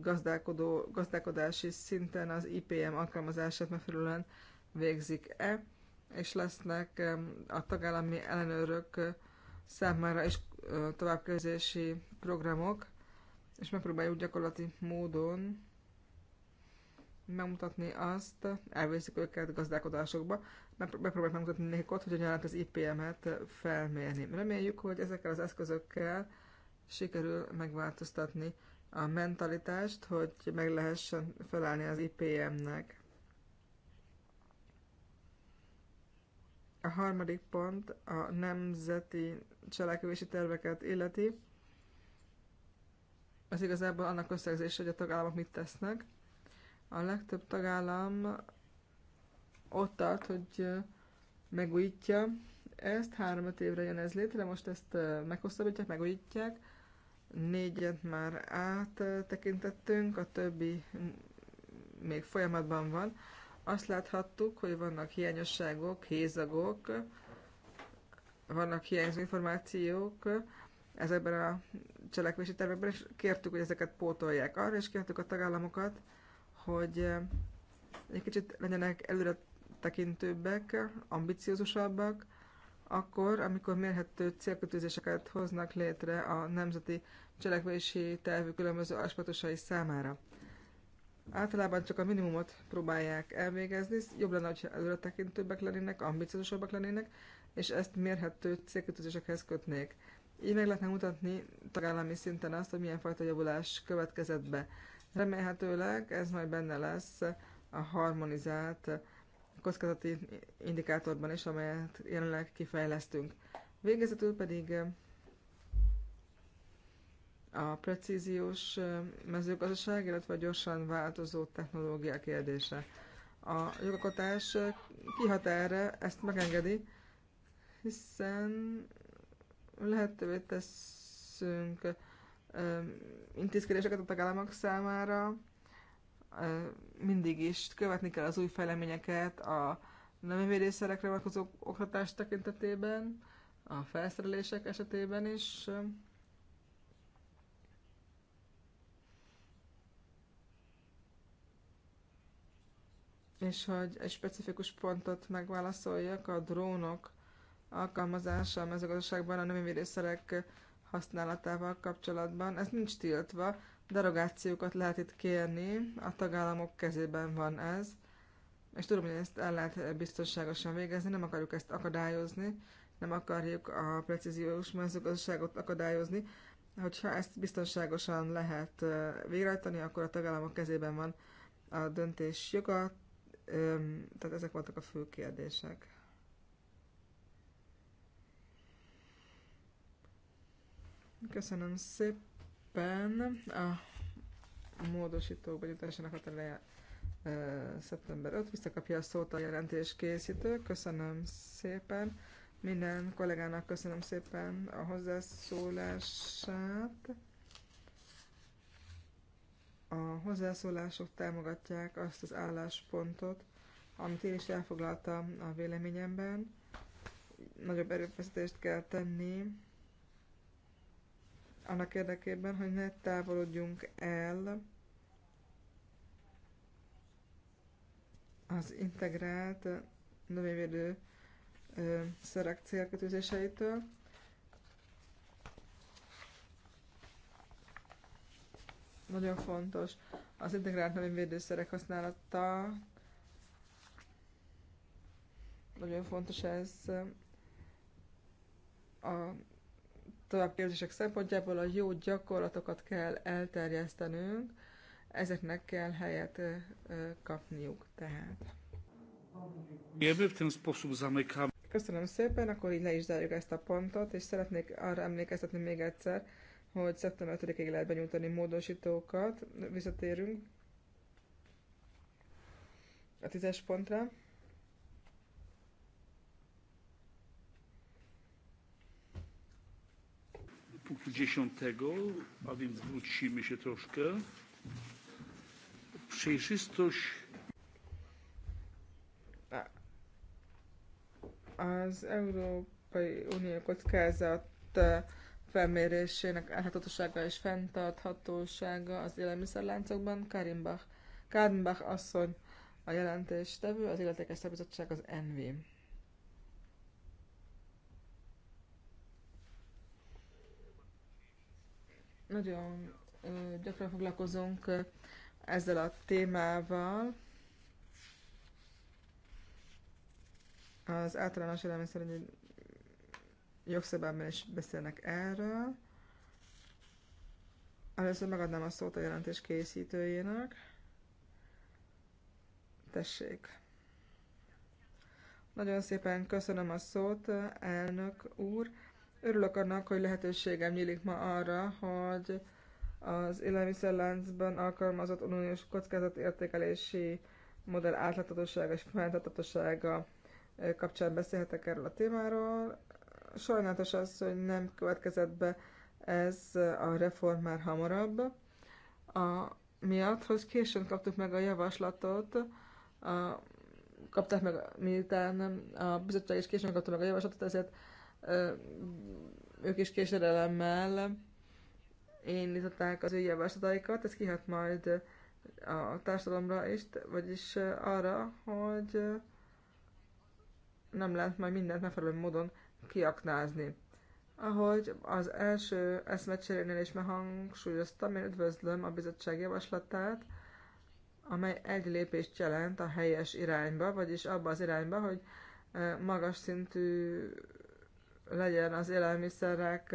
gazdálkodó, gazdálkodási szinten az IPM alkalmazását megfelelően végzik-e, és lesznek a tagállami ellenőrök számára is továbbképzési programok, és megpróbáljuk gyakorlati módon megmutatni azt, elvészik őket gazdálkodásokba, megpróbáljuk megmutatni nekik ott, hogy hogyan lehet az IPM-et felmérni. Reméljük, hogy ezekkel az eszközökkel sikerül megváltoztatni a mentalitást, hogy meg lehessen felállni az IPM-nek. A harmadik pont a nemzeti cselekvési terveket illeti. Ez igazából annak összegzése, hogy a tagállamok mit tesznek. A legtöbb tagállam ott tart, hogy megújítja ezt, három évre jön ez létre, most ezt meghosszabbítják, megújítják, négyet már áttekintettünk, a többi még folyamatban van. Azt láthattuk, hogy vannak hiányosságok, hézagok, vannak hiányzó információk ezekben a cselekvési tervekben, és kértük, hogy ezeket pótolják. Arra és kértük a tagállamokat, hogy egy kicsit legyenek előre tekintőbbek, ambiciózusabbak, akkor, amikor mérhető célkötőzéseket hoznak létre a nemzeti cselekvési tervű különböző aspektusai számára. Általában csak a minimumot próbálják elvégezni, jobb lenne, ha előre tekintőbbek lennének, ambiciózusabbak lennének, és ezt mérhető célkötőzésekhez kötnék. Így meg lehetne mutatni tagállami szinten azt, hogy milyen fajta javulás következett be. Remélhetőleg ez majd benne lesz a harmonizált kockázati indikátorban is, amelyet jelenleg kifejlesztünk. Végezetül pedig eh, a precíziós eh, mezőgazdaság, illetve a gyorsan változó technológia kérdése. A jogalkotás eh, kihat erre, ezt megengedi, hiszen lehetővé teszünk intézkedéseket a tagállamok számára, mindig is követni kell az új fejleményeket a növényvédőszerekre vonatkozó oktatás tekintetében, a felszerelések esetében is. És hogy egy specifikus pontot megválaszoljak, a drónok alkalmazása a mezőgazdaságban a növényvédőszerek használatával kapcsolatban. Ez nincs tiltva, derogációkat lehet itt kérni, a tagállamok kezében van ez, és tudom, hogy ezt el lehet biztonságosan végezni, nem akarjuk ezt akadályozni, nem akarjuk a precíziós mezőgazdaságot akadályozni. Hogyha ezt biztonságosan lehet végrehajtani, akkor a tagállamok kezében van a döntés joga, tehát ezek voltak a fő kérdések. Köszönöm szépen! szépen. A módosítók benyújtásának a teleje szeptember 5. Visszakapja a szót a jelentés készítő. Köszönöm szépen. Minden kollégának köszönöm szépen a hozzászólását. A hozzászólások támogatják azt az álláspontot, amit én is elfoglaltam a véleményemben. Nagyobb erőfeszítést kell tenni annak érdekében, hogy ne távolodjunk el az integrált növényvédő szerek célkötőzéseitől. Nagyon fontos az integrált szerek használata. Nagyon fontos ez a továbbképzések szempontjából a jó gyakorlatokat kell elterjesztenünk, ezeknek kell helyet kapniuk tehát. Köszönöm szépen, akkor így le is zárjuk ezt a pontot, és szeretnék arra emlékeztetni még egyszer, hogy szeptember 5-ig lehet benyújtani módosítókat. Visszatérünk a tízes pontra. punktu 10, a więc wrócimy się troszkę. Przejrzystość. Az Európai Unió kockázat e, felmérésének elhatatossága és fenntarthatósága az élelmiszerláncokban. Karimbach, Kadenbach asszony a jelentéstevő, az illetékes szabizottság az NV. Nagyon gyakran foglalkozunk ezzel a témával. Az általános szerint jogszabályban is beszélnek erről. Először megadnám a szót a jelentés készítőjének. Tessék. Nagyon szépen köszönöm a szót, elnök úr. Örülök annak, hogy lehetőségem nyílik ma arra, hogy az élelmiszerláncban alkalmazott uniós kockázatértékelési modell átláthatósága és fenntarthatósága kapcsán beszélhetek erről a témáról. Sajnálatos az, hogy nem következett be ez a reform már hamarabb. A miatt, hogy későn kaptuk meg a javaslatot, a, kapták meg, miután a bizottság is későn kapta meg a javaslatot, ezért ők is késedelemmel indították az ő javaslataikat, ez kihat majd a társadalomra is, vagyis arra, hogy nem lehet majd mindent megfelelő módon kiaknázni. Ahogy az első eszmecserénél is meghangsúlyoztam, én üdvözlöm a bizottság javaslatát, amely egy lépést jelent a helyes irányba, vagyis abba az irányba, hogy magas szintű legyen az élelmiszerek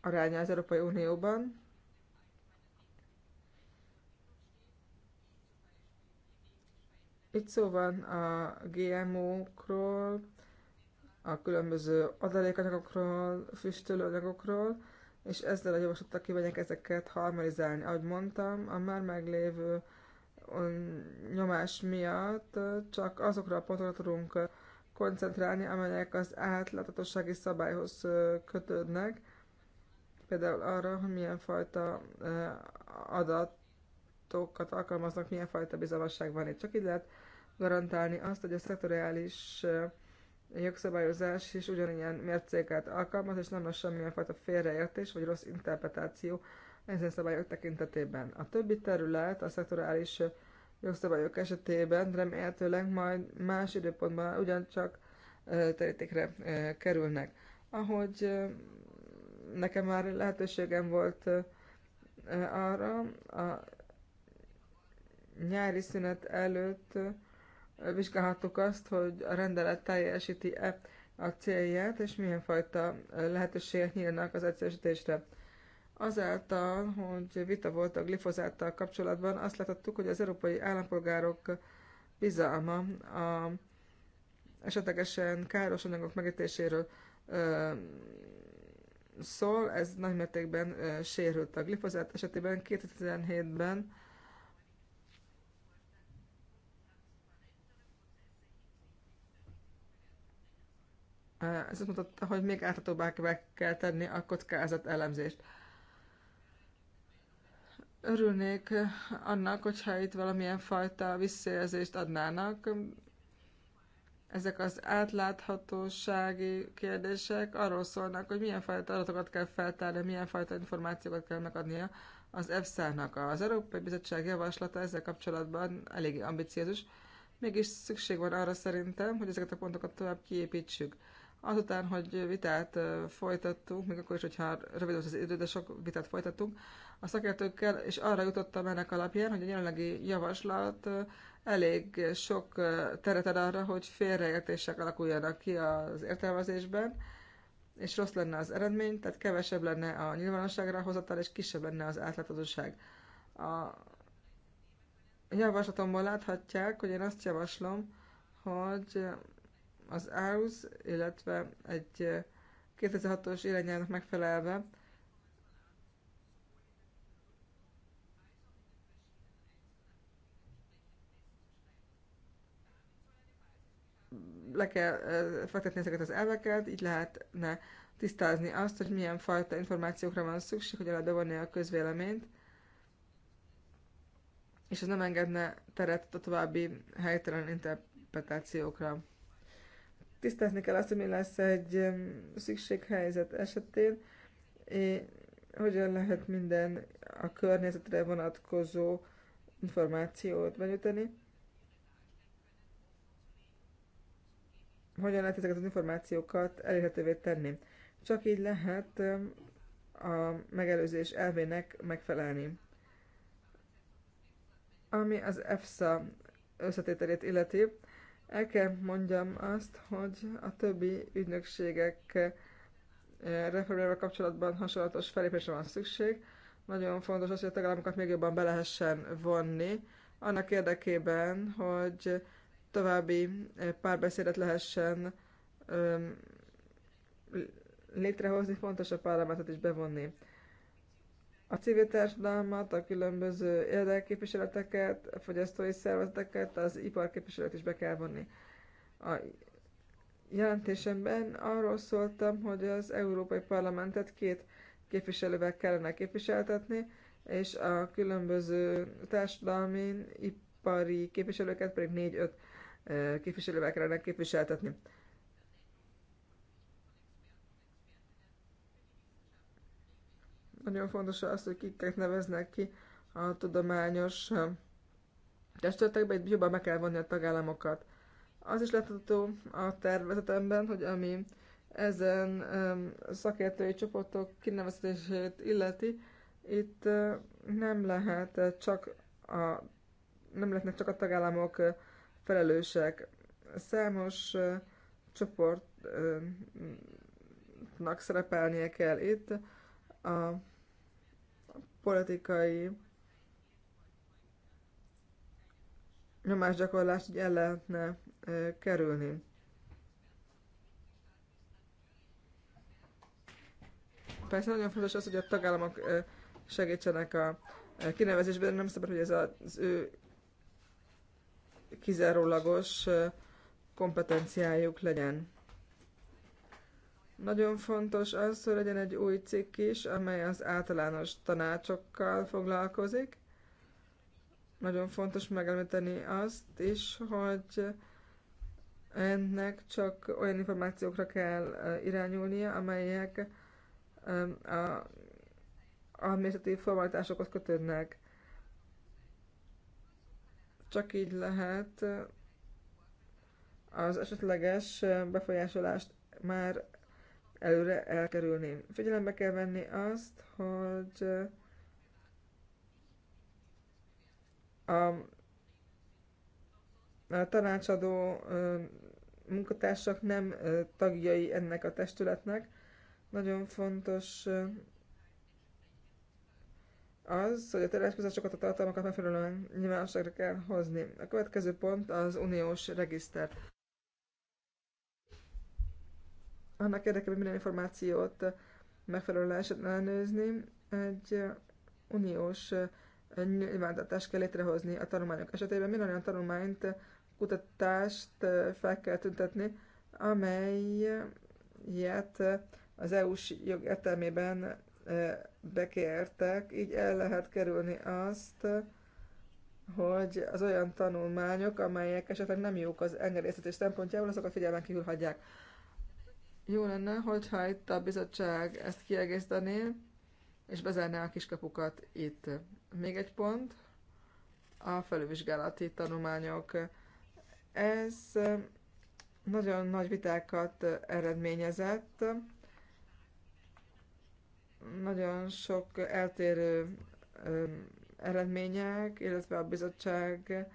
aránya az Európai Unióban. Itt szó van a GMO-król, a különböző adalékanyagokról, füstölőanyagokról, és ezzel a javaslattal kívánják ezeket harmonizálni. Ahogy mondtam, a már meglévő nyomás miatt csak azokra a pontokra tudunk koncentrálni, amelyek az átláthatósági szabályhoz kötődnek, például arra, hogy milyen fajta adatokat alkalmaznak, milyen fajta bizalmasság van itt. Csak így lehet garantálni azt, hogy a szektoriális jogszabályozás is ugyanilyen mércéket alkalmaz, és nem lesz semmilyen fajta félreértés vagy rossz interpretáció ezen szabályok tekintetében. A többi terület a szektorális jogszabályok esetében remélhetőleg majd más időpontban ugyancsak terítékre kerülnek. Ahogy nekem már lehetőségem volt arra, a nyári szünet előtt vizsgálhattuk azt, hogy a rendelet teljesíti-e a célját, és milyen fajta lehetőségek nyílnak az egyszerűsítésre. Azáltal, hogy vita volt a glifozáttal kapcsolatban, azt láthattuk, hogy az európai állampolgárok bizalma a esetlegesen káros anyagok megítéséről ö, szól, ez nagymértékben sérült a glifozát esetében 2017-ben ez azt mutatta, hogy még áthatóbbá kell tenni a kockázat elemzést. Örülnék annak, hogyha itt valamilyen fajta visszajelzést adnának. Ezek az átláthatósági kérdések arról szólnak, hogy milyen fajta adatokat kell feltárni, milyen fajta információkat kell megadnia az EFSA-nak. Az Európai Bizottság javaslata ezzel kapcsolatban eléggé ambiciózus, mégis szükség van arra szerintem, hogy ezeket a pontokat tovább kiépítsük. Azután, hogy vitát folytattunk, még akkor is, hogyha rövid az idő, de sok vitát folytattunk, a szakértőkkel, és arra jutottam ennek alapján, hogy a jelenlegi javaslat elég sok teret ad arra, hogy félreértések alakuljanak ki az értelmezésben, és rossz lenne az eredmény, tehát kevesebb lenne a nyilvánosságra hozatal, és kisebb lenne az átláthatóság. A javaslatomból láthatják, hogy én azt javaslom, hogy az AUS, illetve egy 2006-os élenyelnek megfelelve le kell fektetni ezeket az elveket, így lehetne tisztázni azt, hogy milyen fajta információkra van szükség, hogy lehet bevonni a közvéleményt, és ez nem engedne teret a további helytelen interpretációkra. Tisztázni kell azt, hogy mi lesz egy szükséghelyzet esetén, és hogyan lehet minden a környezetre vonatkozó információt benyújtani hogyan lehet ezeket az információkat elérhetővé tenni. Csak így lehet a megelőzés elvének megfelelni. Ami az EFSA összetételét illeti, el kell mondjam azt, hogy a többi ügynökségek reformjával kapcsolatban hasonlatos felépésre van szükség. Nagyon fontos az, hogy a tagállamokat még jobban be lehessen vonni, annak érdekében, hogy további eh, párbeszédet lehessen létrehozni, fontos a parlamentet is bevonni. A civil társadalmat, a különböző érdekképviseleteket, a fogyasztói szervezeteket, az iparképviselet is be kell vonni. A jelentésemben arról szóltam, hogy az Európai Parlamentet két képviselővel kellene képviseltetni, és a különböző társadalmi, ipari képviselőket pedig négy-öt képviselővel kellene képviseltetni. Nagyon fontos az, hogy kiket neveznek ki a tudományos testületekbe, itt jobban meg kell vonni a tagállamokat. Az is látható a tervezetemben, hogy ami ezen szakértői csoportok kinevezését illeti, itt nem lehet csak a nem lehetnek csak a tagállamok felelősek. Számos csoportnak szerepelnie kell itt a politikai nyomásgyakorlást így el lehetne kerülni. Persze nagyon fontos az, hogy a tagállamok segítsenek a kinevezésben, nem szabad, hogy ez az ő kizárólagos kompetenciájuk legyen. Nagyon fontos az, hogy legyen egy új cikk is, amely az általános tanácsokkal foglalkozik. Nagyon fontos megemlíteni azt is, hogy ennek csak olyan információkra kell irányulnia, amelyek a administratív formalitásokat kötődnek. Csak így lehet az esetleges befolyásolást már előre elkerülni. Figyelembe kell venni azt, hogy a, tanácsadó munkatársak nem tagjai ennek a testületnek. Nagyon fontos az, hogy a teletkozásokat, a tartalmakat megfelelően nyilvánosságra kell hozni. A következő pont az uniós regiszter. Annak érdekében minden információt megfelelően lehessen ellenőrizni, egy uniós nyilvántartást kell létrehozni a tanulmányok esetében. Minden olyan tanulmányt, kutatást fel kell tüntetni, amelyet az EU-s jog értelmében bekértek, így el lehet kerülni azt, hogy az olyan tanulmányok, amelyek esetleg nem jók az engedélyeztetés szempontjából, azokat figyelmen kívül hagyják. Jó lenne, hogyha itt a bizottság ezt kiegészítené, és bezárná a kiskapukat itt. Még egy pont, a felülvizsgálati tanulmányok. Ez nagyon nagy vitákat eredményezett, nagyon sok eltérő eredmények, illetve a bizottság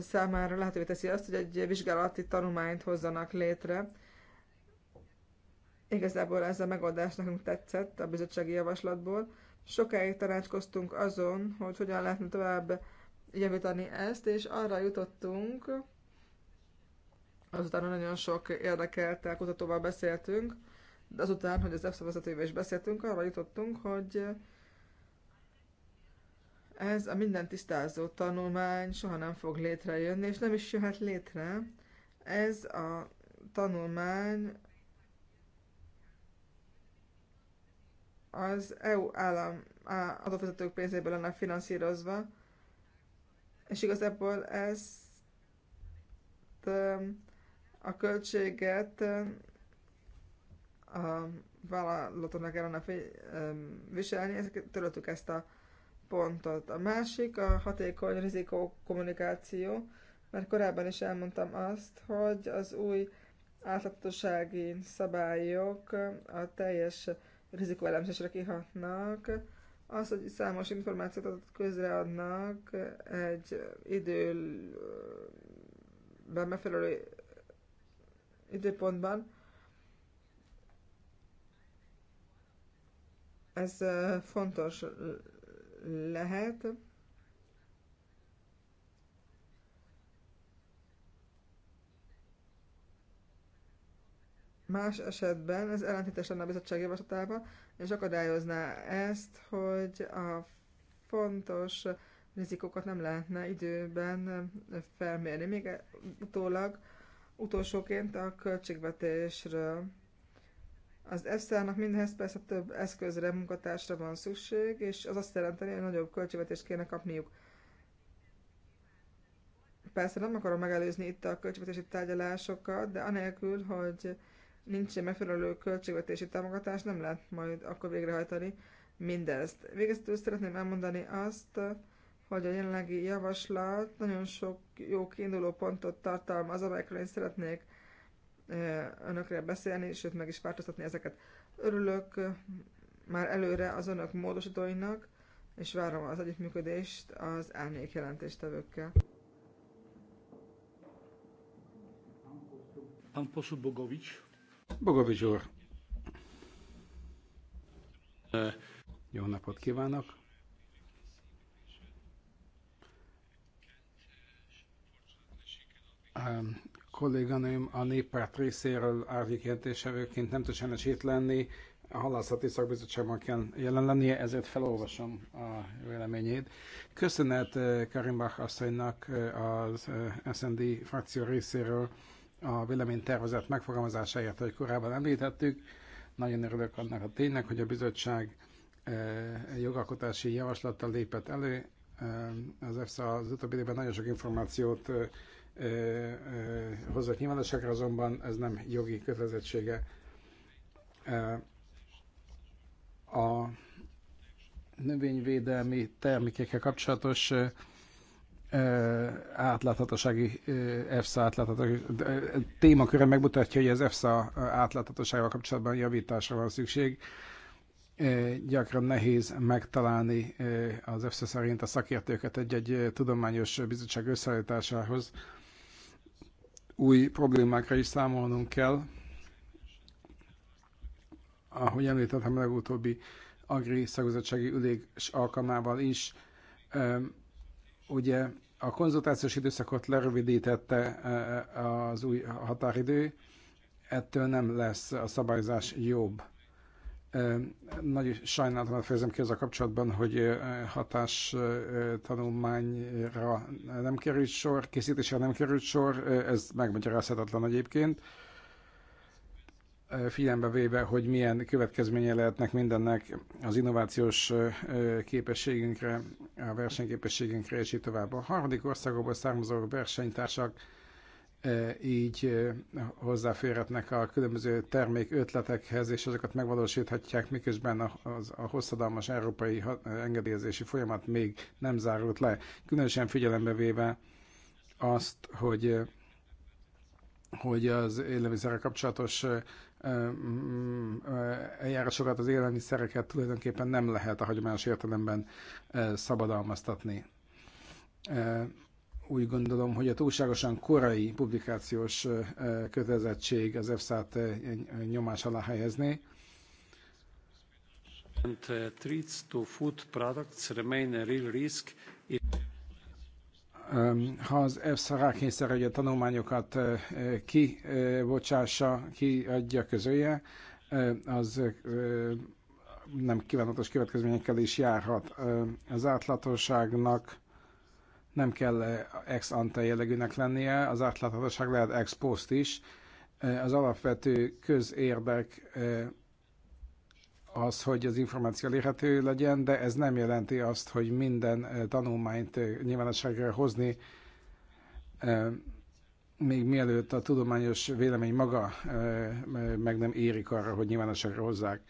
számára lehetővé teszi azt, hogy egy vizsgálati tanulmányt hozzanak létre. Igazából ez a megoldás nekünk tetszett a bizottsági javaslatból. Sokáig tanácskoztunk azon, hogy hogyan lehetne tovább javítani ezt, és arra jutottunk, azután nagyon sok érdekeltel kutatóval beszéltünk, de azután, hogy az EFSA vezetőjével is beszéltünk, arra jutottunk, hogy ez a minden tisztázó tanulmány soha nem fog létrejönni, és nem is jöhet létre. Ez a tanulmány az EU állam adófizetők pénzéből lenne finanszírozva, és igazából ezt a költséget a vállalatoknak kellene viselni, ezeket töröltük ezt a pontot. A másik a hatékony rizikó kommunikáció, mert korábban is elmondtam azt, hogy az új átláthatósági szabályok a teljes rizikóelemzésre kihatnak, az, hogy számos információt közreadnak egy időben megfelelő időpontban, Ez fontos lehet. Más esetben ez ellentétes lenne a bizottság javaslatával, és akadályozná ezt, hogy a fontos rizikókat nem lehetne időben felmérni. Még utólag, utolsóként a költségvetésről az EFSA-nak mindenhez persze több eszközre, munkatársra van szükség, és az azt jelenteni, hogy nagyobb költségvetést kéne kapniuk. Persze nem akarom megelőzni itt a költségvetési tárgyalásokat, de anélkül, hogy nincs egy megfelelő költségvetési támogatás, nem lehet majd akkor végrehajtani mindezt. Végezetül szeretném elmondani azt, hogy a jelenlegi javaslat nagyon sok jó kiinduló pontot tartalmaz, amelyekről én szeretnék önökre beszélni, sőt meg is változtatni ezeket. Örülök már előre az önök módosítóinak, és várom az együttműködést az árnyék jelentéstevőkkel. Pan poseł Bogovics. Bogovič úr. E, jó napot kívánok! kolléganőm a néppárt részéről árnyékjelentésevőként nem tud semmi itt lenni, a halászati szakbizottságban kell jelen lennie, ezért felolvasom a véleményét. Köszönet eh, Bach asszonynak eh, az eh, SND frakció részéről a véleménytervezet megfogalmazásáért, hogy korábban említettük. Nagyon örülök annak a ténynek, hogy a bizottság jogalkotási javaslattal lépett elő. Az EFSA az utóbbi időben nagyon sok információt hozott nyilvánosságra, azonban ez nem jogi kötelezettsége. A növényvédelmi termékekkel kapcsolatos átláthatósági EFSA átláthatósági témaköre megmutatja, hogy az EFSA átláthatóságával kapcsolatban javításra van szükség. Gyakran nehéz megtalálni az EFSA szerint a szakértőket egy-egy tudományos bizottság összeállításához új problémákra is számolnunk kell. Ahogy említettem, legutóbbi agri szakozatsági ülés alkalmával is, ugye a konzultációs időszakot lerövidítette e, e, az új határidő, ettől nem lesz a szabályzás jobb. Nagy sajnálatomat fejezem ki a kapcsolatban, hogy hatás tanulmányra nem került sor, készítésre nem került sor, ez megmagyarázhatatlan egyébként. Figyelembe véve, hogy milyen következménye lehetnek mindennek az innovációs képességünkre, a versenyképességünkre, és így tovább. A harmadik országokból származó versenytársak így hozzáférhetnek a különböző termék ötletekhez, és azokat megvalósíthatják, miközben a, az, a hosszadalmas európai engedélyezési folyamat még nem zárult le. Különösen figyelembe véve azt, hogy hogy az élelmiszerrel kapcsolatos eljárásokat, az élelmiszereket tulajdonképpen nem lehet a hagyományos értelemben szabadalmaztatni úgy gondolom, hogy a túlságosan korai publikációs kötelezettség az EFSA-t nyomás alá helyezné. Uh, a ha az EFSA rákényszer, hogy a tanulmányokat kibocsássa, kiadja, közölje, az nem kívánatos következményekkel is járhat. Az átlatosságnak nem kell ex ante jellegűnek lennie, az átláthatóság lehet ex post is. Az alapvető közérdek az, hogy az információ elérhető legyen, de ez nem jelenti azt, hogy minden tanulmányt nyilvánosságra hozni, még mielőtt a tudományos vélemény maga meg nem érik arra, hogy nyilvánosságra hozzák.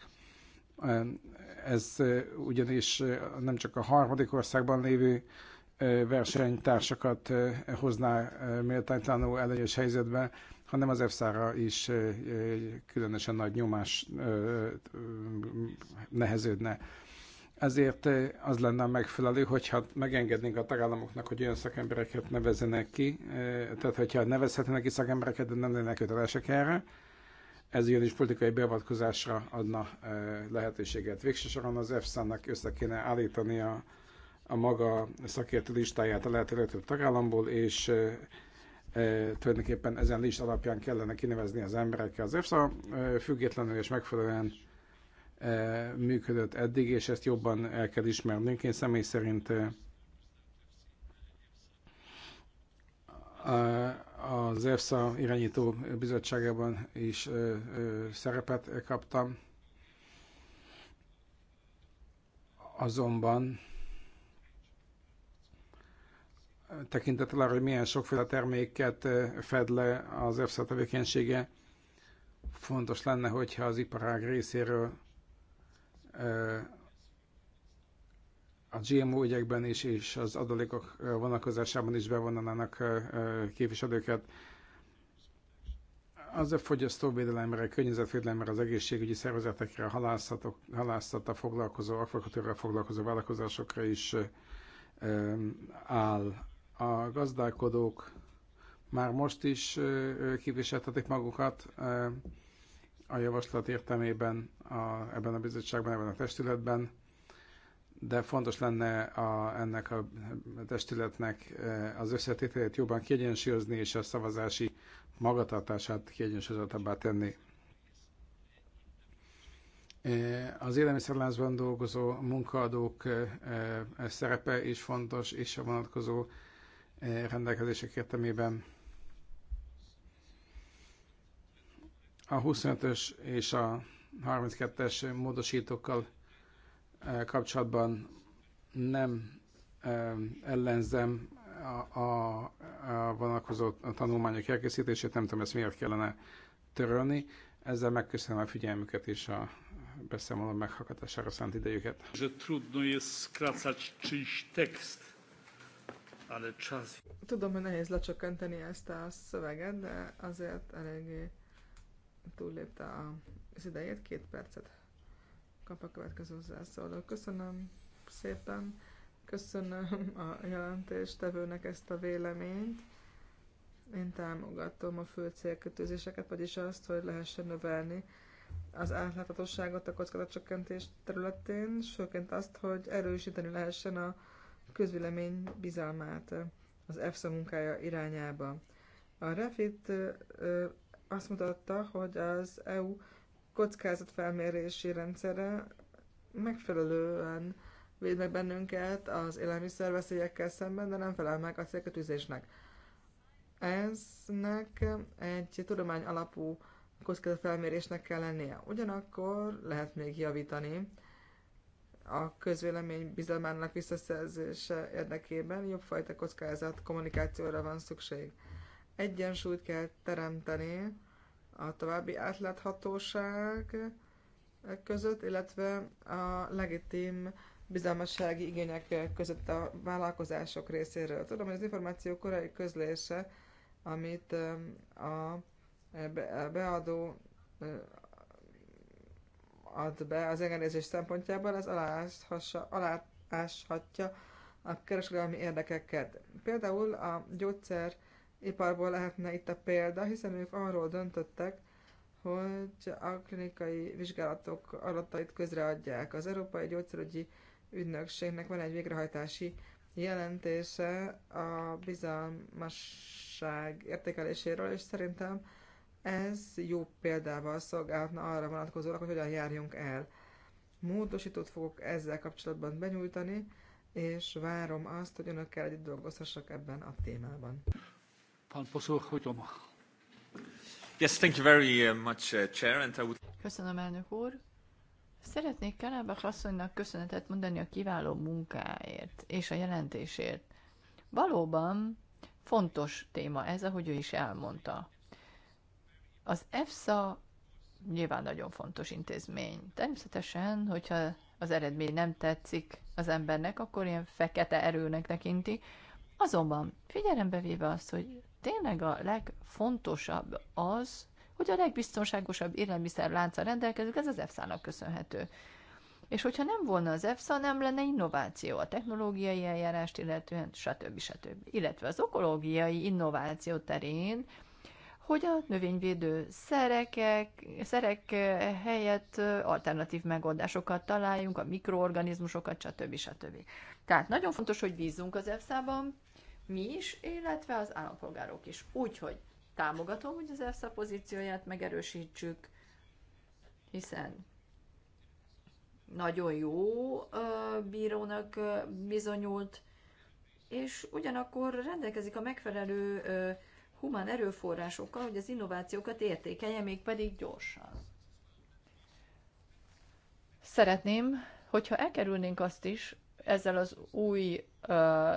Ez ugyanis nem csak a harmadik országban lévő versenytársakat hozná méltánytlanul előnyös helyzetbe, hanem az EFSA-ra is különösen nagy nyomás neheződne. Ezért az lenne a megfelelő, hogyha megengednénk a tagállamoknak, hogy olyan szakembereket nevezenek ki, tehát hogyha nevezhetnek ki szakembereket, de nem lennének kötelesek erre, ez ugyanis politikai beavatkozásra adna lehetőséget. Végső soron az EFSA-nak össze kéne állítania a a maga szakértő listáját a lehető legtöbb tagállamból, és tulajdonképpen ezen list alapján kellene kinevezni az emberekkel. Az EFSA függetlenül és megfelelően működött eddig, és ezt jobban el kell ismernünk. Én személy szerint az EFSA irányító bizottságában is szerepet kaptam, azonban tekintettel arra, hogy milyen sokféle terméket fed le az EFSA tevékenysége, fontos lenne, hogyha az iparág részéről a GMO ügyekben is és az adalékok vonalkozásában is bevonanának képviselőket az a fogyasztóvédelemre, környezetvédelemre, az egészségügyi szervezetekre, halászatok, halászata foglalkozó, akvakatőrrel foglalkozó vállalkozásokra is áll a gazdálkodók már most is képviseltetik magukat a javaslat értelmében a, ebben a bizottságban, ebben a testületben, de fontos lenne a, ennek a testületnek az összetételét jobban kiegyensúlyozni és a szavazási magatartását kiegyensúlyozottabbá tenni. Az élelmiszerláncban dolgozó munkaadók szerepe is fontos, és a vonatkozó E, rendelkezések értelmében a 25-ös és a 32-es módosítókkal e, kapcsolatban nem e, ellenzem a, a, a vonatkozó tanulmányok elkészítését, nem tudom, ezt miért kellene törölni. Ezzel megköszönöm a figyelmüket és a beszámoló meghallgatására szánt idejüket. trudno jest skracać czyjś tekst. Tudom, hogy nehéz lecsökkenteni ezt a szöveget, de azért eléggé túllépte az idejét. Két percet kap a következő hozzászóló. Köszönöm szépen, köszönöm a jelentéstevőnek ezt a véleményt. Én támogatom a fő célkötőzéseket, vagyis azt, hogy lehessen növelni az átláthatóságot a kockázatcsökkentés területén, sőként azt, hogy erősíteni lehessen a közvélemény bizalmát az EFSA munkája irányába. A Refit azt mutatta, hogy az EU kockázatfelmérési rendszere megfelelően véd meg bennünket az élelmiszerveszélyekkel szemben, de nem felel meg a célkötőzésnek. Eznek egy tudomány alapú kockázatfelmérésnek kell lennie. Ugyanakkor lehet még javítani a közvélemény bizalmának visszaszerzése érdekében jobb fajta kockázat kommunikációra van szükség. Egyensúlyt kell teremteni a további átláthatóság között, illetve a legitim bizalmassági igények között a vállalkozások részéről. Tudom, hogy az információ korai közlése, amit um, a beadó ad be az engedélyezés szempontjából, az alááshatja a kereskedelmi érdekeket. Például a gyógyszeriparból lehetne itt a példa, hiszen ők arról döntöttek, hogy a klinikai vizsgálatok adatait közreadják. Az Európai Gyógyszerügyi Ügynökségnek van egy végrehajtási jelentése a bizalmasság értékeléséről, és szerintem ez jó példával szolgálna arra vonatkozólag, hogy hogyan járjunk el. Módosítót fogok ezzel kapcsolatban benyújtani, és várom azt, hogy önökkel együtt dolgozhassak ebben a témában. Yes, thank you very uh, much, uh, Chair, and I would... Köszönöm, elnök úr. Szeretnék a asszonynak köszönetet mondani a kiváló munkáért és a jelentésért. Valóban fontos téma ez, ahogy ő is elmondta. Az EFSA nyilván nagyon fontos intézmény. Természetesen, hogyha az eredmény nem tetszik az embernek, akkor ilyen fekete erőnek tekinti. Azonban figyelembe véve azt, hogy tényleg a legfontosabb az, hogy a legbiztonságosabb élelmiszerlánca rendelkezik, ez az EFSA-nak köszönhető. És hogyha nem volna az EFSA, nem lenne innováció a technológiai eljárást, illetően stb. stb. Illetve az okológiai innováció terén hogy a növényvédő szerekek, szerek eh, helyett eh, alternatív megoldásokat találjunk, a mikroorganizmusokat, stb. stb. Tehát nagyon fontos, hogy bízunk az EFSA-ban, mi is, illetve az állampolgárok is. Úgyhogy támogatom, hogy az EFSA pozícióját megerősítsük, hiszen nagyon jó eh, bírónak bizonyult, és ugyanakkor rendelkezik a megfelelő humán erőforrásokkal, hogy az innovációkat értékelje, mégpedig gyorsan. Szeretném, hogyha elkerülnénk azt is ezzel az új uh,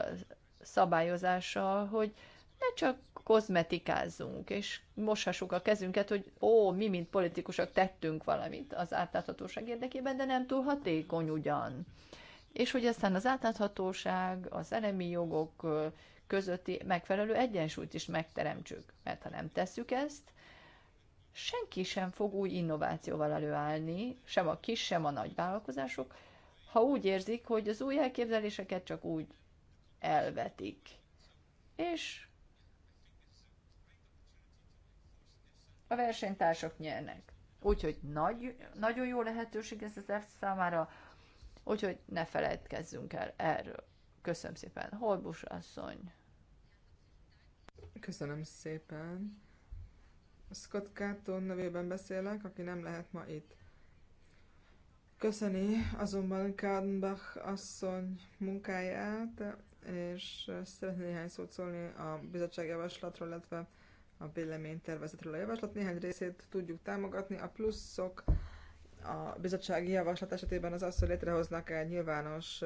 szabályozással, hogy ne csak kozmetikázzunk, és moshassuk a kezünket, hogy ó, mi, mint politikusok tettünk valamit az átláthatóság érdekében, de nem túl hatékony ugyan. És hogy aztán az átláthatóság, az elemi jogok közötti megfelelő egyensúlyt is megteremtsük. Mert ha nem tesszük ezt, senki sem fog új innovációval előállni, sem a kis, sem a nagy vállalkozások, ha úgy érzik, hogy az új elképzeléseket csak úgy elvetik. És a versenytársak nyernek. Úgyhogy nagy, nagyon jó lehetőség ez az EFSZ számára, úgyhogy ne feledkezzünk el erről. Köszönöm szépen, Holbus asszony. Köszönöm szépen. Scott Carton nevében beszélek, aki nem lehet ma itt. Köszöni azonban Kádenbach asszony munkáját, és szeretné néhány szót szólni a bizottságjavaslatról, illetve a véleménytervezetről. A javaslat néhány részét tudjuk támogatni. A pluszok a bizottsági javaslat esetében az az, hogy létrehoznak egy nyilvános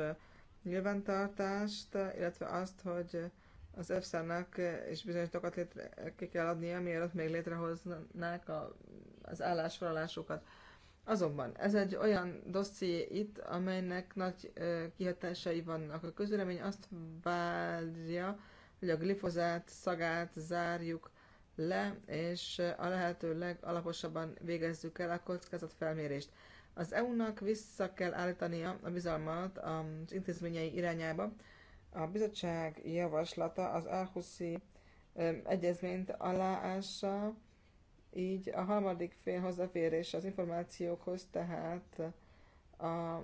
nyilvántartást, illetve azt, hogy az EFSA-nak is eh, bizonyítókat létre, ki kell adnia, mielőtt még létrehoznák a, az állásfoglalásokat. Azonban ez egy olyan dosszié itt, amelynek nagy eh, kihatásai vannak. A közülemény azt várja, hogy a glifozát szagát zárjuk le, és eh, a lehető legalaposabban végezzük el a felmérést. Az EU-nak vissza kell állítania a bizalmat az intézményei irányába, a bizottság javaslata az Árhuszi egyezményt aláássa, így a harmadik fél hozzáférése az információkhoz, tehát a, a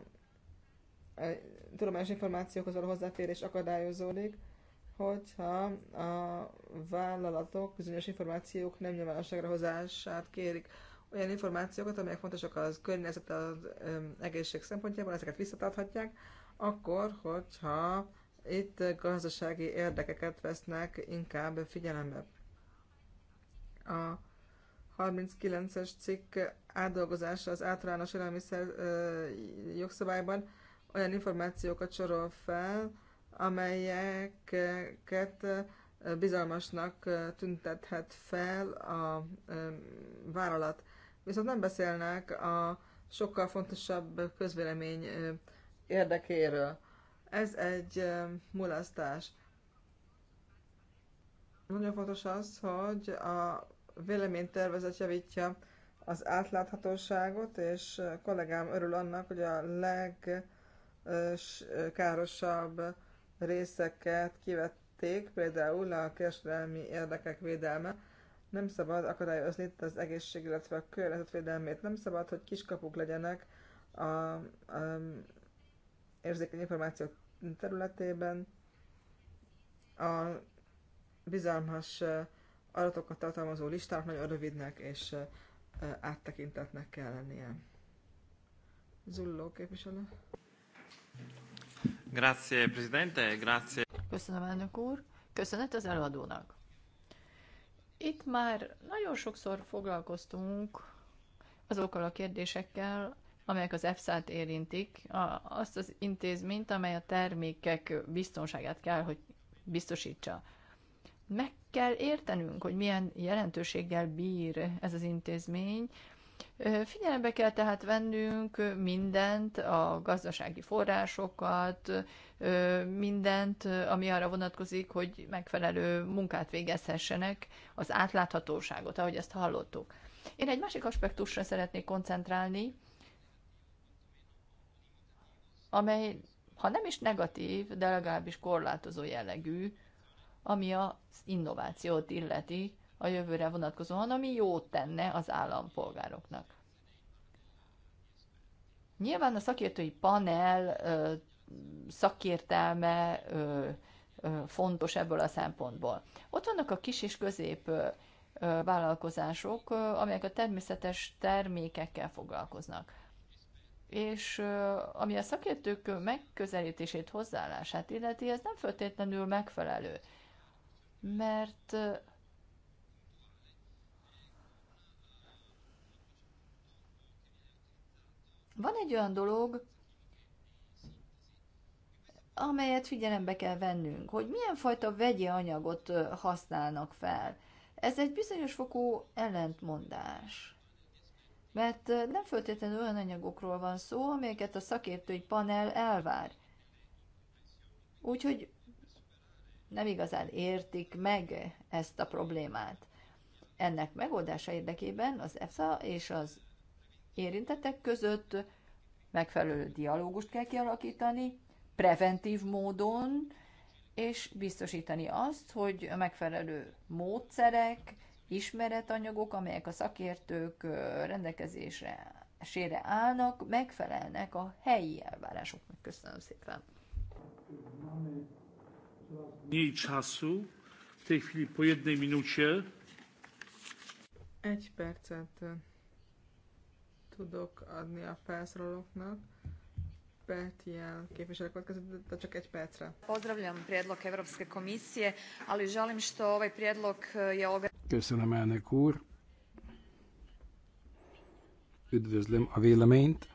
tudományos információkhoz való hozzáférés akadályozódik, hogyha a vállalatok bizonyos információk nem nyilvánosságra hozását kérik. Olyan információkat, amelyek fontosak az környezet, az egészség szempontjából, ezeket visszatarthatják, akkor, hogyha itt gazdasági érdekeket vesznek inkább figyelembe. A 39-es cikk átdolgozása az általános élelmiszer jogszabályban olyan információkat sorol fel, amelyeket bizalmasnak tüntethet fel a vállalat. Viszont nem beszélnek a sokkal fontosabb közvélemény érdekéről. Ez egy mulasztás. Nagyon fontos az, hogy a véleménytervezet javítja az átláthatóságot, és kollégám örül annak, hogy a legkárosabb részeket kivették, például a kereskedelmi érdekek védelme. Nem szabad akadályozni itt az egészség, illetve a környezet védelmét. Nem szabad, hogy kiskapuk legyenek a, a érzékeny információk területében a bizalmas adatokat tartalmazó listának nagyon rövidnek és áttekintetnek kell lennie. Zulló képviselő. Grazie, Presidente, grazie. Köszönöm, elnök úr. Köszönet az előadónak. Itt már nagyon sokszor foglalkoztunk azokkal a kérdésekkel, amelyek az EFSA-t érintik, a, azt az intézményt, amely a termékek biztonságát kell, hogy biztosítsa. Meg kell értenünk, hogy milyen jelentőséggel bír ez az intézmény. Figyelembe kell tehát vennünk mindent, a gazdasági forrásokat, mindent, ami arra vonatkozik, hogy megfelelő munkát végezhessenek, az átláthatóságot, ahogy ezt hallottuk. Én egy másik aspektusra szeretnék koncentrálni, amely, ha nem is negatív, de legalábbis korlátozó jellegű, ami az innovációt illeti a jövőre vonatkozóan, ami jót tenne az állampolgároknak. Nyilván a szakértői panel ö, szakértelme ö, ö, fontos ebből a szempontból. Ott vannak a kis és közép ö, vállalkozások, amelyek a természetes termékekkel foglalkoznak és ami a szakértők megközelítését, hozzáállását illeti, ez nem feltétlenül megfelelő, mert van egy olyan dolog, amelyet figyelembe kell vennünk, hogy milyen fajta vegyi anyagot használnak fel. Ez egy bizonyos fokú ellentmondás mert nem feltétlenül olyan anyagokról van szó, amelyeket a szakértői panel elvár. Úgyhogy nem igazán értik meg ezt a problémát. Ennek megoldása érdekében az EFSA és az érintettek között megfelelő dialógust kell kialakítani, preventív módon, és biztosítani azt, hogy a megfelelő módszerek, ismeretanyagok, amelyek a szakértők rendelkezésére állnak, megfelelnek a helyi elvárásoknak. Köszönöm szépen. Mniej czasu, w tej chwili po jednej minucie. Egy percet tudok adni a felszólalóknak. Petijan képviselő de csak egy percre. Pozdravljam prijedlog Evropske komisije, ali žalim što ovaj prijedlog je Köszönöm, elnök úr. Üdvözlöm a véleményt,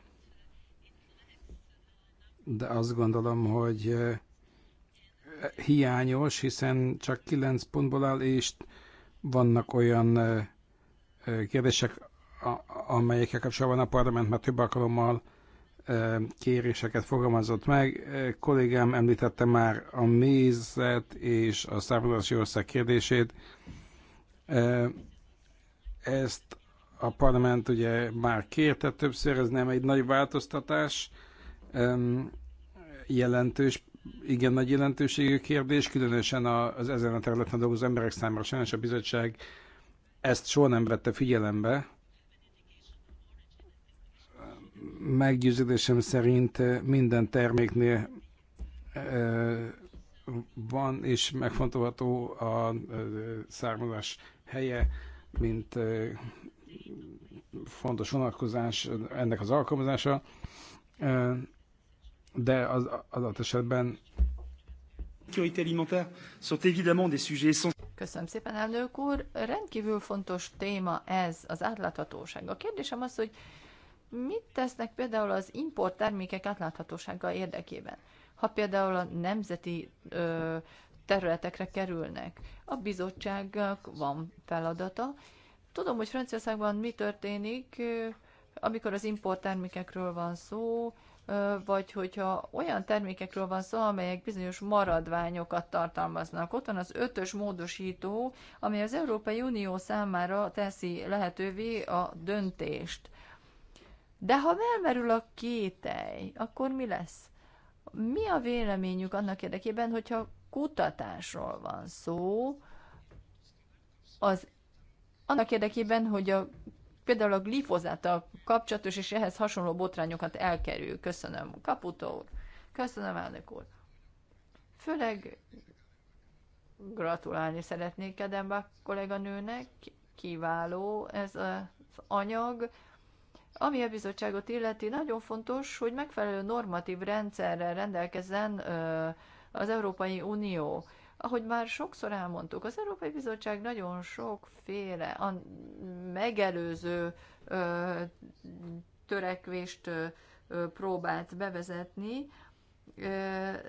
de azt gondolom, hogy eh, hiányos, hiszen csak kilenc pontból áll, és vannak olyan eh, eh, kérdések, amelyekkel kapcsolatban a parlament már több alkalommal kéréseket fogalmazott meg. Kollégám említette már a mézet és a származási ország kérdését. Ezt a parlament ugye már kérte többször, ez nem egy nagy változtatás, jelentős, igen nagy jelentőségű kérdés, különösen az ezen a területen dolgozó emberek számára sajnos a bizottság ezt soha nem vette figyelembe. Meggyőződésem szerint minden terméknél van és megfontolható a származás helye, mint fontos vonatkozás ennek az alkalmazása, de az adott esetben Köszönöm szépen, elnök úr. Rendkívül fontos téma ez, az átláthatóság. A kérdésem az, hogy mit tesznek például az import termékek átláthatósága érdekében? Ha például a nemzeti ö, területekre kerülnek. A bizottságnak van feladata. Tudom, hogy Franciaországban mi történik, amikor az import termékekről van szó, vagy hogyha olyan termékekről van szó, amelyek bizonyos maradványokat tartalmaznak. Ott van az ötös módosító, ami az Európai Unió számára teszi lehetővé a döntést. De ha felmerül a kételj, akkor mi lesz? Mi a véleményük annak érdekében, hogyha kutatásról van szó, az annak érdekében, hogy a, például a a kapcsolatos és ehhez hasonló botrányokat elkerül. Köszönöm, Kaputó úr. Köszönöm, elnök úr. Főleg gratulálni szeretnék Edemba kolléganőnek, kiváló ez az anyag. Ami a bizottságot illeti, nagyon fontos, hogy megfelelő normatív rendszerrel rendelkezzen az Európai Unió. Ahogy már sokszor elmondtuk, az Európai Bizottság nagyon sokféle a megelőző ö, törekvést ö, próbált bevezetni,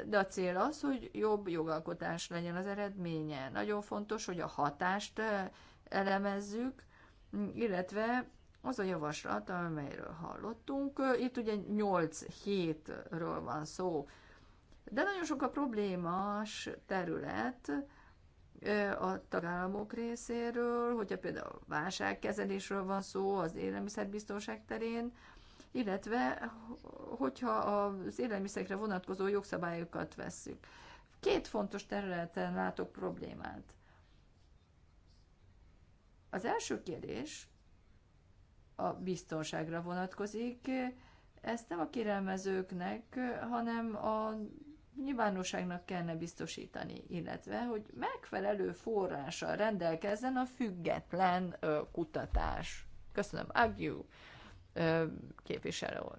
de a cél az, hogy jobb jogalkotás legyen az eredménye. Nagyon fontos, hogy a hatást elemezzük, illetve az a javaslat, amelyről hallottunk, itt ugye 8 hétről van szó, de nagyon sok a problémás terület a tagállamok részéről, hogyha például válságkezelésről van szó az élelmiszerbiztonság terén, illetve hogyha az élelmiszerekre vonatkozó jogszabályokat vesszük. Két fontos területen látok problémát. Az első kérdés a biztonságra vonatkozik. Ezt nem a kérelmezőknek, hanem a nyilvánosságnak kellene biztosítani, illetve hogy megfelelő forrással rendelkezzen a független ö, kutatás. Köszönöm, Agyu képviselő úr.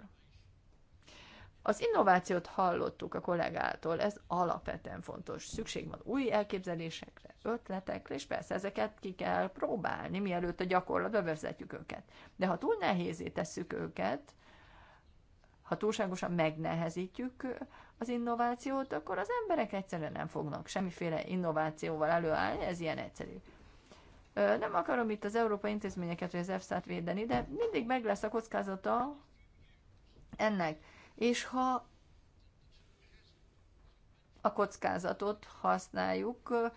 Az innovációt hallottuk a kollégától, ez alapvetően fontos. Szükség van új elképzelésekre, ötletekre, és persze ezeket ki kell próbálni, mielőtt a gyakorlatba bevezetjük őket. De ha túl nehézé tesszük őket, ha túlságosan megnehezítjük, az innovációt, akkor az emberek egyszerűen nem fognak semmiféle innovációval előállni, ez ilyen egyszerű. Nem akarom itt az európai intézményeket vagy az EFSA-t védeni, de mindig meg lesz a kockázata ennek. És ha a kockázatot használjuk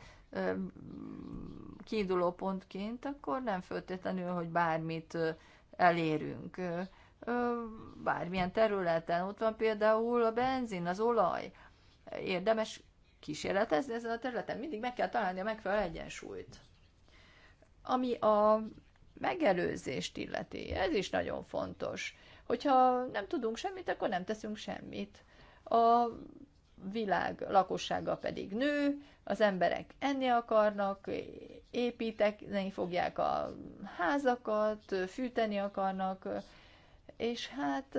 kiinduló pontként, akkor nem föltétlenül, hogy bármit elérünk bármilyen területen. Ott van például a benzin, az olaj. Érdemes kísérletezni ezen a területen. Mindig meg kell találni a megfelelő egyensúlyt. Ami a megelőzést illeti, ez is nagyon fontos. Hogyha nem tudunk semmit, akkor nem teszünk semmit. A világ lakossága pedig nő, az emberek enni akarnak, építeni fogják a házakat, fűteni akarnak, és hát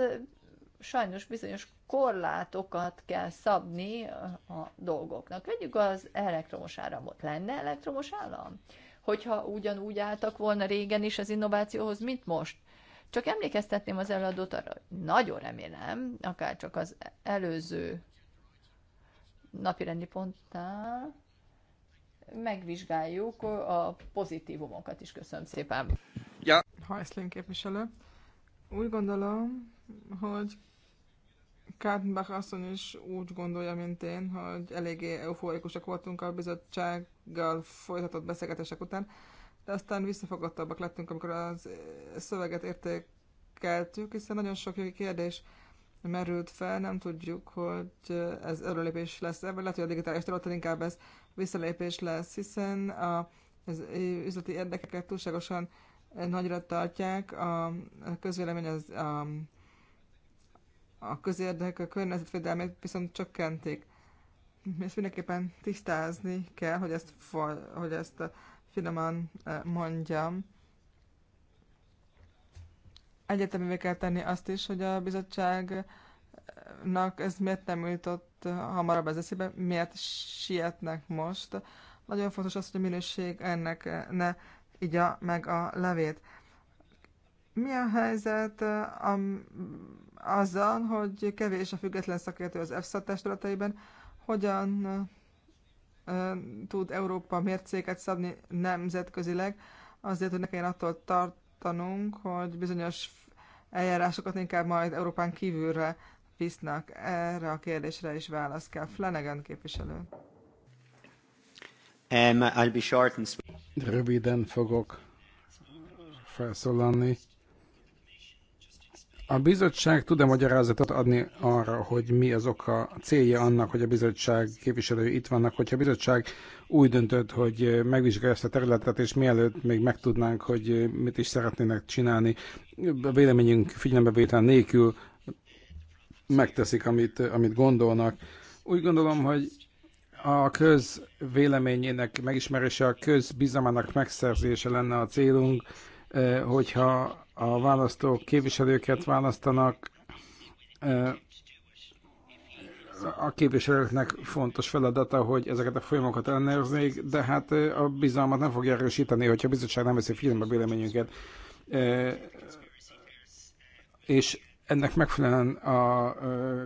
sajnos bizonyos korlátokat kell szabni a dolgoknak. Vegyük az elektromos áramot. Lenne elektromos állam? Hogyha ugyanúgy álltak volna régen is az innovációhoz, mint most. Csak emlékeztetném az előadót arra, hogy nagyon remélem, akár csak az előző napirendi pontnál megvizsgáljuk a pozitívumokat is. Köszönöm szépen. Ja. Ha ezt képviselő. Úgy gondolom, hogy Kártenbach asszony is úgy gondolja, mint én, hogy eléggé euforikusak voltunk a bizottsággal folytatott beszélgetések után, de aztán visszafogottabbak lettünk, amikor az szöveget értékeltük, hiszen nagyon sok jogi kérdés merült fel, nem tudjuk, hogy ez előlépés lesz vagy lehet, hogy a digitális területen inkább ez visszalépés lesz, hiszen a, az üzleti érdekeket túlságosan nagyra tartják. A közvélemény az a, a közérdek, a környezetvédelmét viszont csökkentik. És mindenképpen tisztázni kell, hogy ezt, hogy ezt finoman e, mondjam. Egyetemévé kell tenni azt is, hogy a bizottságnak ez miért nem jutott hamarabb az eszébe, miért sietnek most. Nagyon fontos az, hogy a minőség ennek ne igya meg a levét. Mi a helyzet eh, a, azzal, hogy kevés a független szakértő az EFSA testületeiben? Hogyan eh, tud Európa mércéket szabni nemzetközileg, azért, hogy ne kelljen attól tartanunk, hogy bizonyos eljárásokat inkább majd Európán kívülre visznek. Erre a kérdésre is válasz kell. Flanagan képviselő. Um, I'll be short and sweet. Röviden fogok felszólalni. A bizottság tud-e magyarázatot adni arra, hogy mi az oka, a célja annak, hogy a bizottság képviselői itt vannak, hogyha a bizottság úgy döntött, hogy megvizsgálja ezt a területet, és mielőtt még megtudnánk, hogy mit is szeretnének csinálni, a véleményünk figyelembevétel nélkül megteszik, amit, amit gondolnak. Úgy gondolom, hogy a közvéleményének megismerése, a közbizalmának megszerzése lenne a célunk, eh, hogyha a választók képviselőket választanak, eh, a képviselőknek fontos feladata, hogy ezeket a folyamokat ellenőrzik, de hát eh, a bizalmat nem fogja erősíteni, hogyha a bizottság nem veszi figyelembe a véleményünket. És ennek megfelelően a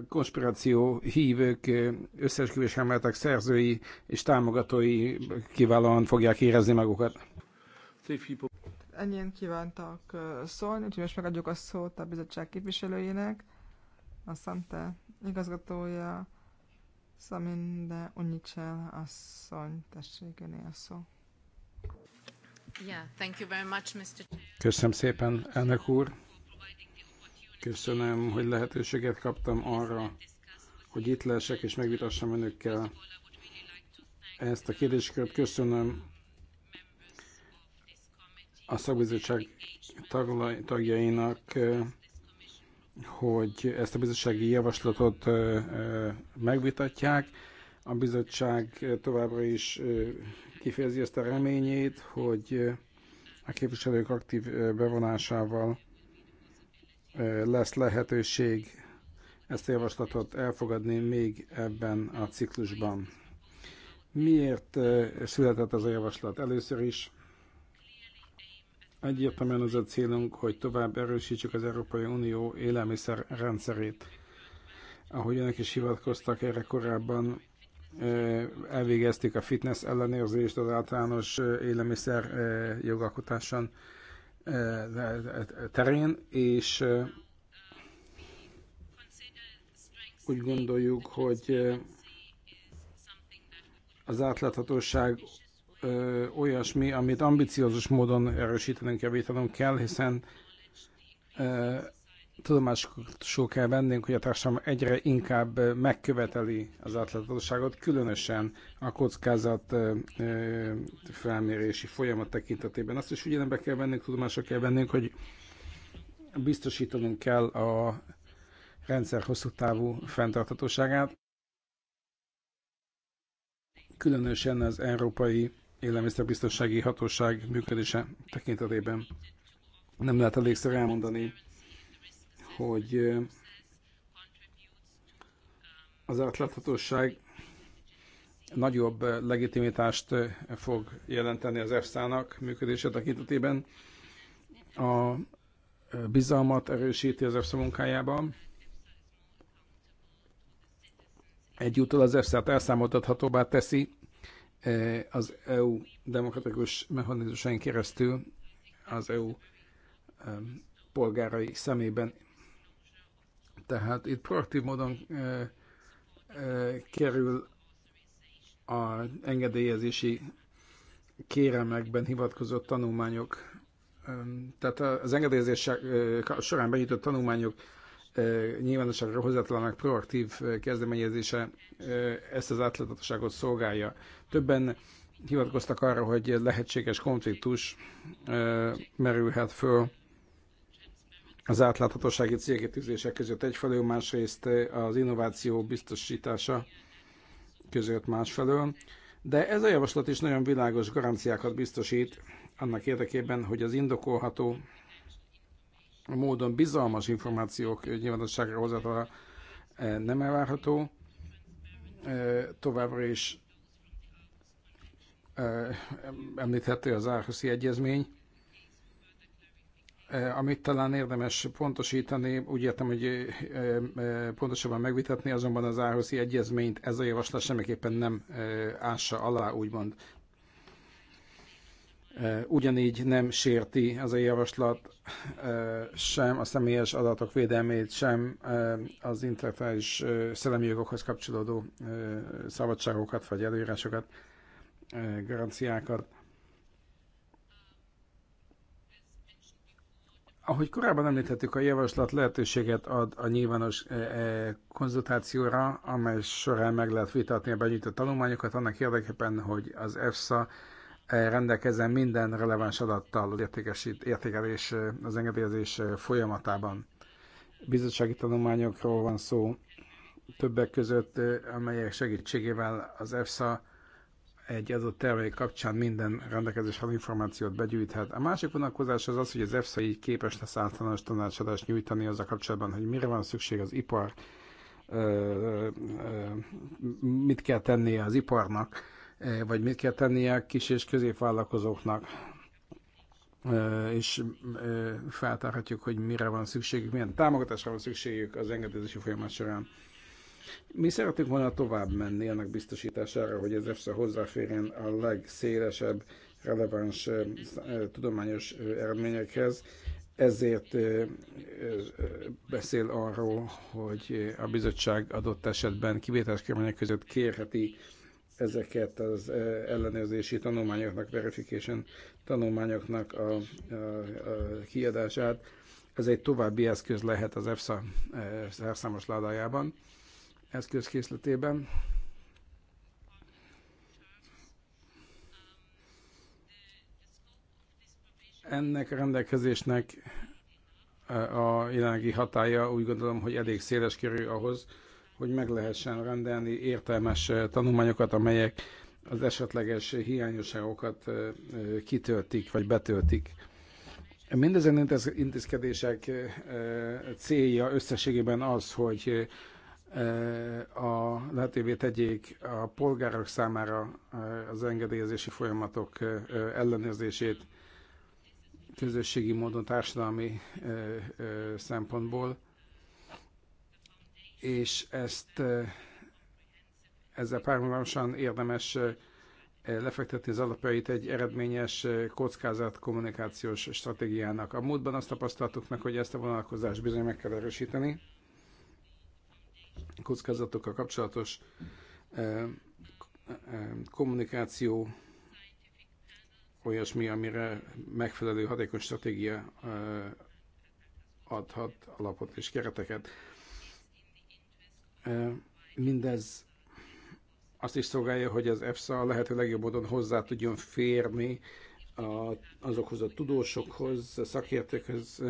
konspiráció hívők, összeesküvés elméletek szerzői és támogatói kiválóan fogják érezni magukat. Ennyien kívántak szólni, úgyhogy most megadjuk a szót a bizottság képviselőjének, a Szante igazgatója, Szaminde Unyicsel asszony, tessék öné a szó. Yeah, thank you very much, Mr. Köszönöm szépen, elnök úr. Köszönöm, hogy lehetőséget kaptam arra, hogy itt lesek és megvitassam önökkel ezt a kérdéskört. Köszönöm a szakbizottság tagjainak, eh, hogy ezt a bizottsági javaslatot eh, eh, megvitatják. A bizottság továbbra is kifejezi ezt a reményét, hogy a képviselők aktív bevonásával lesz lehetőség ezt a javaslatot elfogadni még ebben a ciklusban. Miért született ez a javaslat? Először is egyértelműen az a célunk, hogy tovább erősítsük az Európai Unió élelmiszer rendszerét. Ahogy önök is hivatkoztak erre korábban, elvégezték a fitness ellenőrzést az általános élelmiszer jogalkotáson terén, és úgy gondoljuk, hogy az átláthatóság olyasmi, amit ambiciózus módon erősítenünk, javítanunk kell, hiszen tudomásul kell vennünk, hogy a társadalom egyre inkább megköveteli az átláthatóságot, különösen a kockázat felmérési folyamat tekintetében. Azt is figyelembe kell vennünk, tudomásra kell vennünk, hogy biztosítanunk kell a rendszer hosszú távú fenntarthatóságát, különösen az Európai Élelmiszerbiztonsági Hatóság működése tekintetében. Nem lehet elégszer elmondani, hogy az átláthatóság nagyobb legitimitást fog jelenteni az EFSA-nak működése tekintetében. A bizalmat erősíti az EFSA munkájában. Egyúttal az EFSA-t elszámoltathatóbbá teszi az EU demokratikus mechanizmusain keresztül az EU polgárai szemében tehát itt proaktív módon e, e, kerül a engedélyezési kéremekben hivatkozott tanulmányok, tehát az engedélyezés során benyújtott tanulmányok nyilvánosságra hozatlanak proaktív kezdeményezése ezt az átláthatóságot szolgálja. Többen hivatkoztak arra, hogy lehetséges konfliktus merülhet föl az átláthatósági célkitűzések között egyfelől, másrészt az innováció biztosítása között másfelől. De ez a javaslat is nagyon világos garanciákat biztosít annak érdekében, hogy az indokolható módon bizalmas információk nyilvánosságra hozatala eh, nem elvárható. Eh, továbbra is eh, említhető az Árhuszi Egyezmény, Eh, amit talán érdemes pontosítani, úgy értem, hogy eh, eh, pontosabban megvitatni, azonban az Áhoszi Egyezményt ez a javaslat semmiképpen nem ássa alá, úgymond. Ugyanígy nem sérti az a javaslat sem a személyes adatok védelmét, sem az intellektuális szellemi jogokhoz kapcsolódó szabadságokat vagy előírásokat, garanciákat Ahogy korábban említettük, a javaslat lehetőséget ad a nyilvános e, e, konzultációra, amely során meg lehet vitatni a benyújtott tanulmányokat annak érdekében, hogy az EFSA e, rendelkezzen minden releváns adattal az értékesít, értékelés, az engedélyezés folyamatában. Bizottsági tanulmányokról van szó többek között, amelyek segítségével az EFSA egy adott termék kapcsán minden rendelkezés az információt begyűjthet. A másik vonatkozás az az, hogy az EFSA így képes lesz általános tanácsadást nyújtani az a kapcsolatban, hogy mire van szükség az ipar, mit kell tennie az iparnak, vagy mit kell tennie a kis és középvállalkozóknak, és feltárhatjuk, hogy mire van szükségük, milyen támogatásra van szükségük az engedélyezési folyamat során. Mi szeretünk volna tovább menni annak biztosítására, hogy ez össze hozzáférjen a legszélesebb, releváns tudományos eredményekhez, ezért beszél arról, hogy a bizottság adott esetben kivételes körülmények között kérheti ezeket az ellenőrzési tanulmányoknak, verification tanulmányoknak a, a, a kiadását. Ez egy további eszköz lehet az EFSA szerszámos ládájában eszközkészletében. Ennek a rendelkezésnek e, a jelenlegi hatája úgy gondolom, hogy elég széles körű ahhoz, hogy meg lehessen rendelni értelmes e, tanulmányokat, amelyek az esetleges hiányosságokat e, kitöltik vagy betöltik. Mindezen intézkedések célja összességében az, hogy a, lehetővé tegyék a polgárok számára az engedélyezési folyamatok ellenőrzését közösségi módon, társadalmi szempontból, és ezt ezzel párhuzamosan érdemes lefektetni az alapjait egy eredményes kockázat kommunikációs stratégiának. A múltban azt tapasztaltuk meg, hogy ezt a vonalkozást bizony meg kell erősíteni kockázatokkal kapcsolatos eh, eh, kommunikáció olyasmi, amire megfelelő hatékony stratégia eh, adhat alapot és kereteket. Mindez azt is szolgálja, hogy az EFSA a lehető legjobb módon hozzá tudjon férni a, azokhoz a tudósokhoz, szakértőkhöz,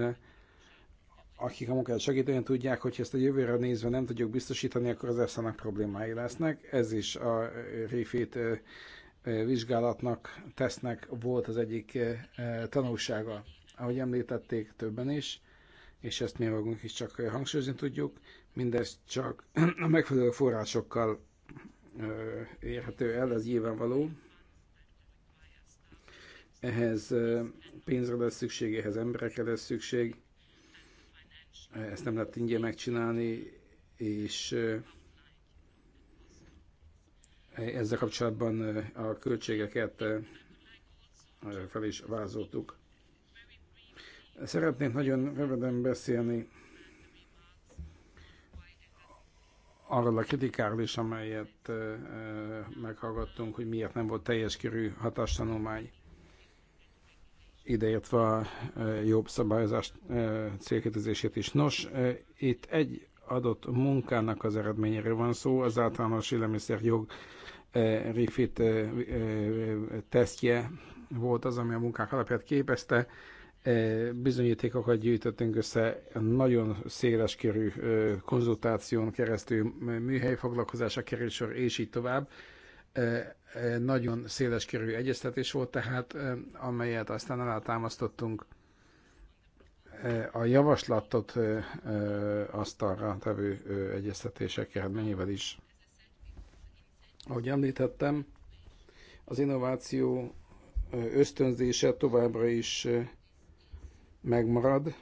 akik a munkáját segíteni tudják, hogy ezt a jövőre nézve nem tudjuk biztosítani, akkor az EFSA-nak problémái lesznek. Ez is a eh, réfét eh, eh, vizsgálatnak, tesznek volt az egyik tanulsága. Ahogy említették többen is, és ezt mi magunk is csak hangsúlyozni tudjuk, Mindez csak a megfelelő forrásokkal érhető el, ez nyilvánvaló. Ehhez pénzre lesz szükség, ehhez emberekre lesz szükség, ezt nem lehet ingyen megcsinálni, és eh, ezzel kapcsolatban eh, a költségeket eh, fel is vázoltuk. Szeretnék nagyon röviden beszélni arról a kritikáról is, amelyet meghallgattunk, hogy miért nem volt teljes körű hatástanulmány ideértve a e, jobb szabályozás e, célkitűzését is. Nos, e, itt egy adott munkának az eredményéről van szó, az általános jog rifit tesztje volt az, ami a munkák alapját képezte. Bizonyítékokat gyűjtöttünk össze nagyon széles körű konzultáción keresztül műhely foglalkozása került sor, és így tovább. Nagyon széles körű egyeztetés volt tehát, amelyet aztán alátámasztottunk a javaslatot asztalra tevő egyeztetések eredményével is. Ahogy említettem, az innováció ösztönzése továbbra is megmarad.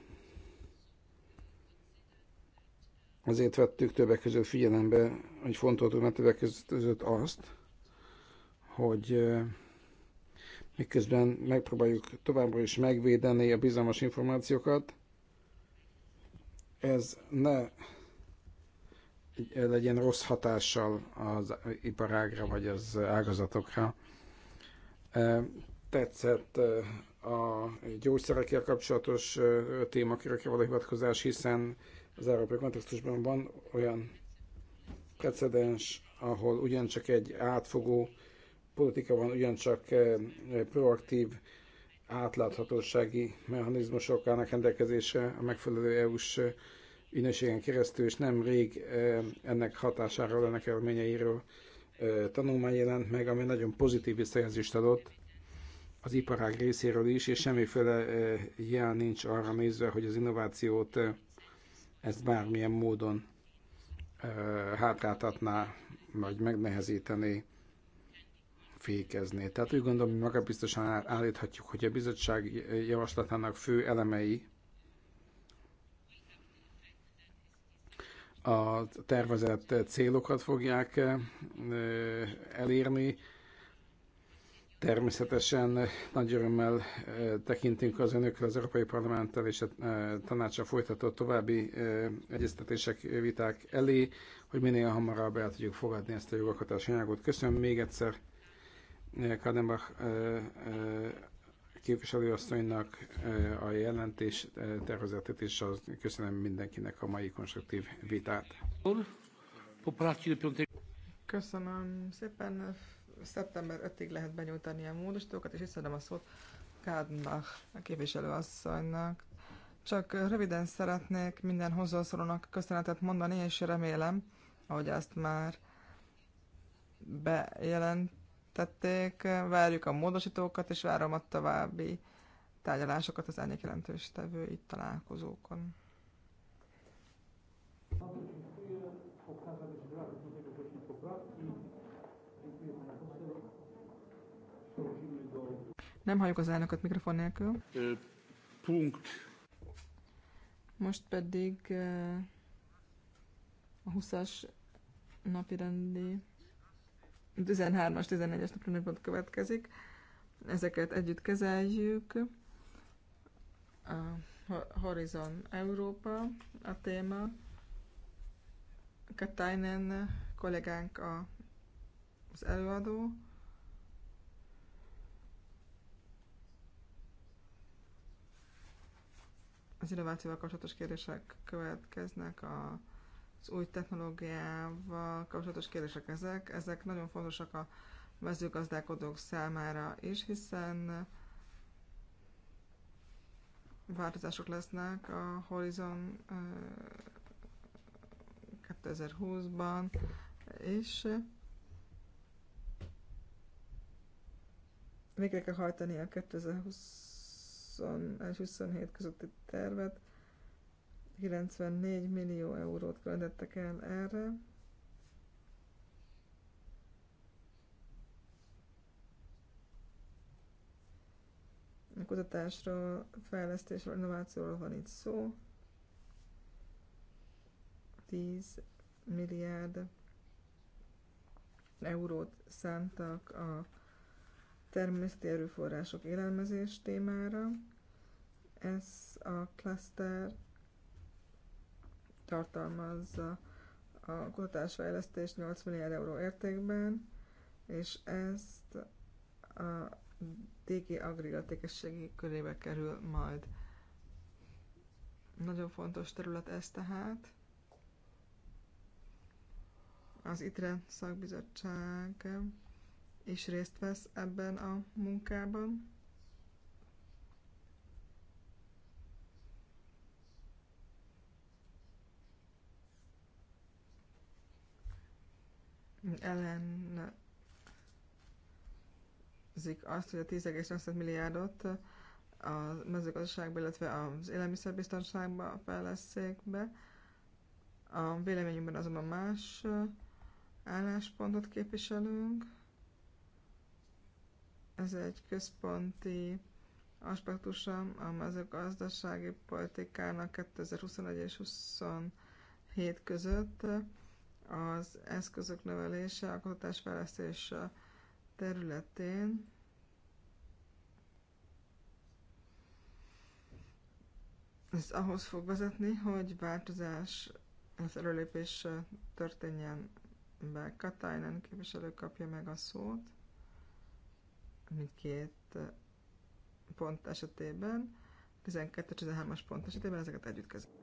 Azért vettük többek között figyelembe, hogy fontoltuk már többek között azt, hogy miközben megpróbáljuk továbbra is megvédeni a bizalmas információkat, ez ne legyen rossz hatással az iparágra vagy az ágazatokra. Tetszett a gyógyszerekkel kapcsolatos témakörökre való hivatkozás, hiszen az európai kontextusban van olyan precedens, ahol ugyancsak egy átfogó politika van ugyancsak eh, eh, proaktív átláthatósági mechanizmusok állnak rendelkezésre a megfelelő EU-s eh, ügynökségen keresztül, és nem rég ennek hatásáról, ennek eredményeiről tanulmány jelent meg, ami nagyon pozitív visszajelzést adott az iparág részéről is, és semmiféle jel nincs arra nézve, hogy az innovációt ezt bármilyen módon hátráltatná, vagy megnehezítené fékezni. Tehát úgy gondolom, hogy magabiztosan állíthatjuk, hogy a bizottság javaslatának fő elemei a tervezett célokat fogják elérni. Természetesen nagy örömmel tekintünk az önökkel, az Európai Parlamenttel és a tanácsa folytatott további egyeztetések, viták elé, hogy minél hamarabb el tudjuk fogadni ezt a jogalkotási anyagot. Köszönöm még egyszer Kadenbach képviselőasszonynak a jelentés tervezetet, és az, köszönöm mindenkinek a mai konstruktív vitát. Köszönöm szépen. Szeptember 5-ig lehet benyújtani a módosítókat, és visszadom a szót Kádnbach a képviselőasszonynak. Csak röviden szeretnék minden hozzászólónak köszönetet mondani, és remélem, ahogy ezt már bejelent, tették, várjuk a módosítókat, és várom a további tárgyalásokat az ennyi jelentős tevő itt találkozókon. Nem halljuk az elnököt mikrofon nélkül. Punkt. Most pedig a 20-as napi rendi 13-as, 14-es napi következik. Ezeket együtt kezeljük. A Horizon Európa a téma. Katainen kollégánk a, az előadó. Az innovációval kapcsolatos kérdések következnek a az új technológiával kapcsolatos kérdések ezek. Ezek nagyon fontosak a mezőgazdálkodók számára is, hiszen változások lesznek a Horizon 2020-ban, és végre kell hajtani a 2021-27 közötti tervet, 94 millió eurót költöttek el erre. A kutatásról, fejlesztésről, innovációról van itt szó. 10 milliárd eurót szántak a természeti erőforrások élelmezés témára. Ez a cluster tartalmazza a kutatásfejlesztés 8 milliárd euró értékben, és ezt a DG Agri értékességi körébe kerül majd. Nagyon fontos terület ez tehát. Az ITRE szakbizottság is részt vesz ebben a munkában. ellenzik azt, hogy a 10,8 milliárdot a mezőgazdaságba, illetve az élelmiszerbiztonságba fejleszték be. A véleményünkben azonban más álláspontot képviselünk. Ez egy központi aspektusa a mezőgazdasági politikának 2021 és 27 között az eszközök növelése a kutatásfejlesztés területén. Ez ahhoz fog vezetni, hogy változás, az előlépés történjen be. Katainen képviselő kapja meg a szót mindkét pont esetében, 12-13-as pont esetében ezeket együtt kezdjük.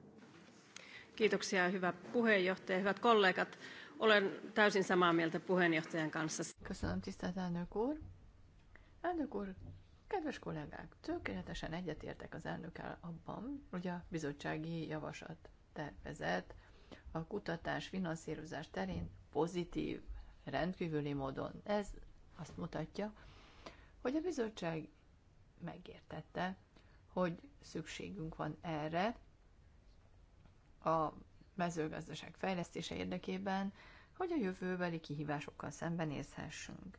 Kiitoksia, hyvä puheenjohtaja, hyvät kollegat. Olen täysin samaa mieltä puheenjohtajan kanssa. Köszönöm, tisztelt elnök úr. Elnök úr, kedves kollégák, tökéletesen egyetértek az elnökkel abban, hogy a bizottsági javaslat tervezet a kutatás finanszírozás terén pozitív, rendkívüli módon. Ez azt mutatja, hogy a bizottság megértette, hogy szükségünk van erre, a mezőgazdaság fejlesztése érdekében, hogy a jövőbeli kihívásokkal szembenézhessünk.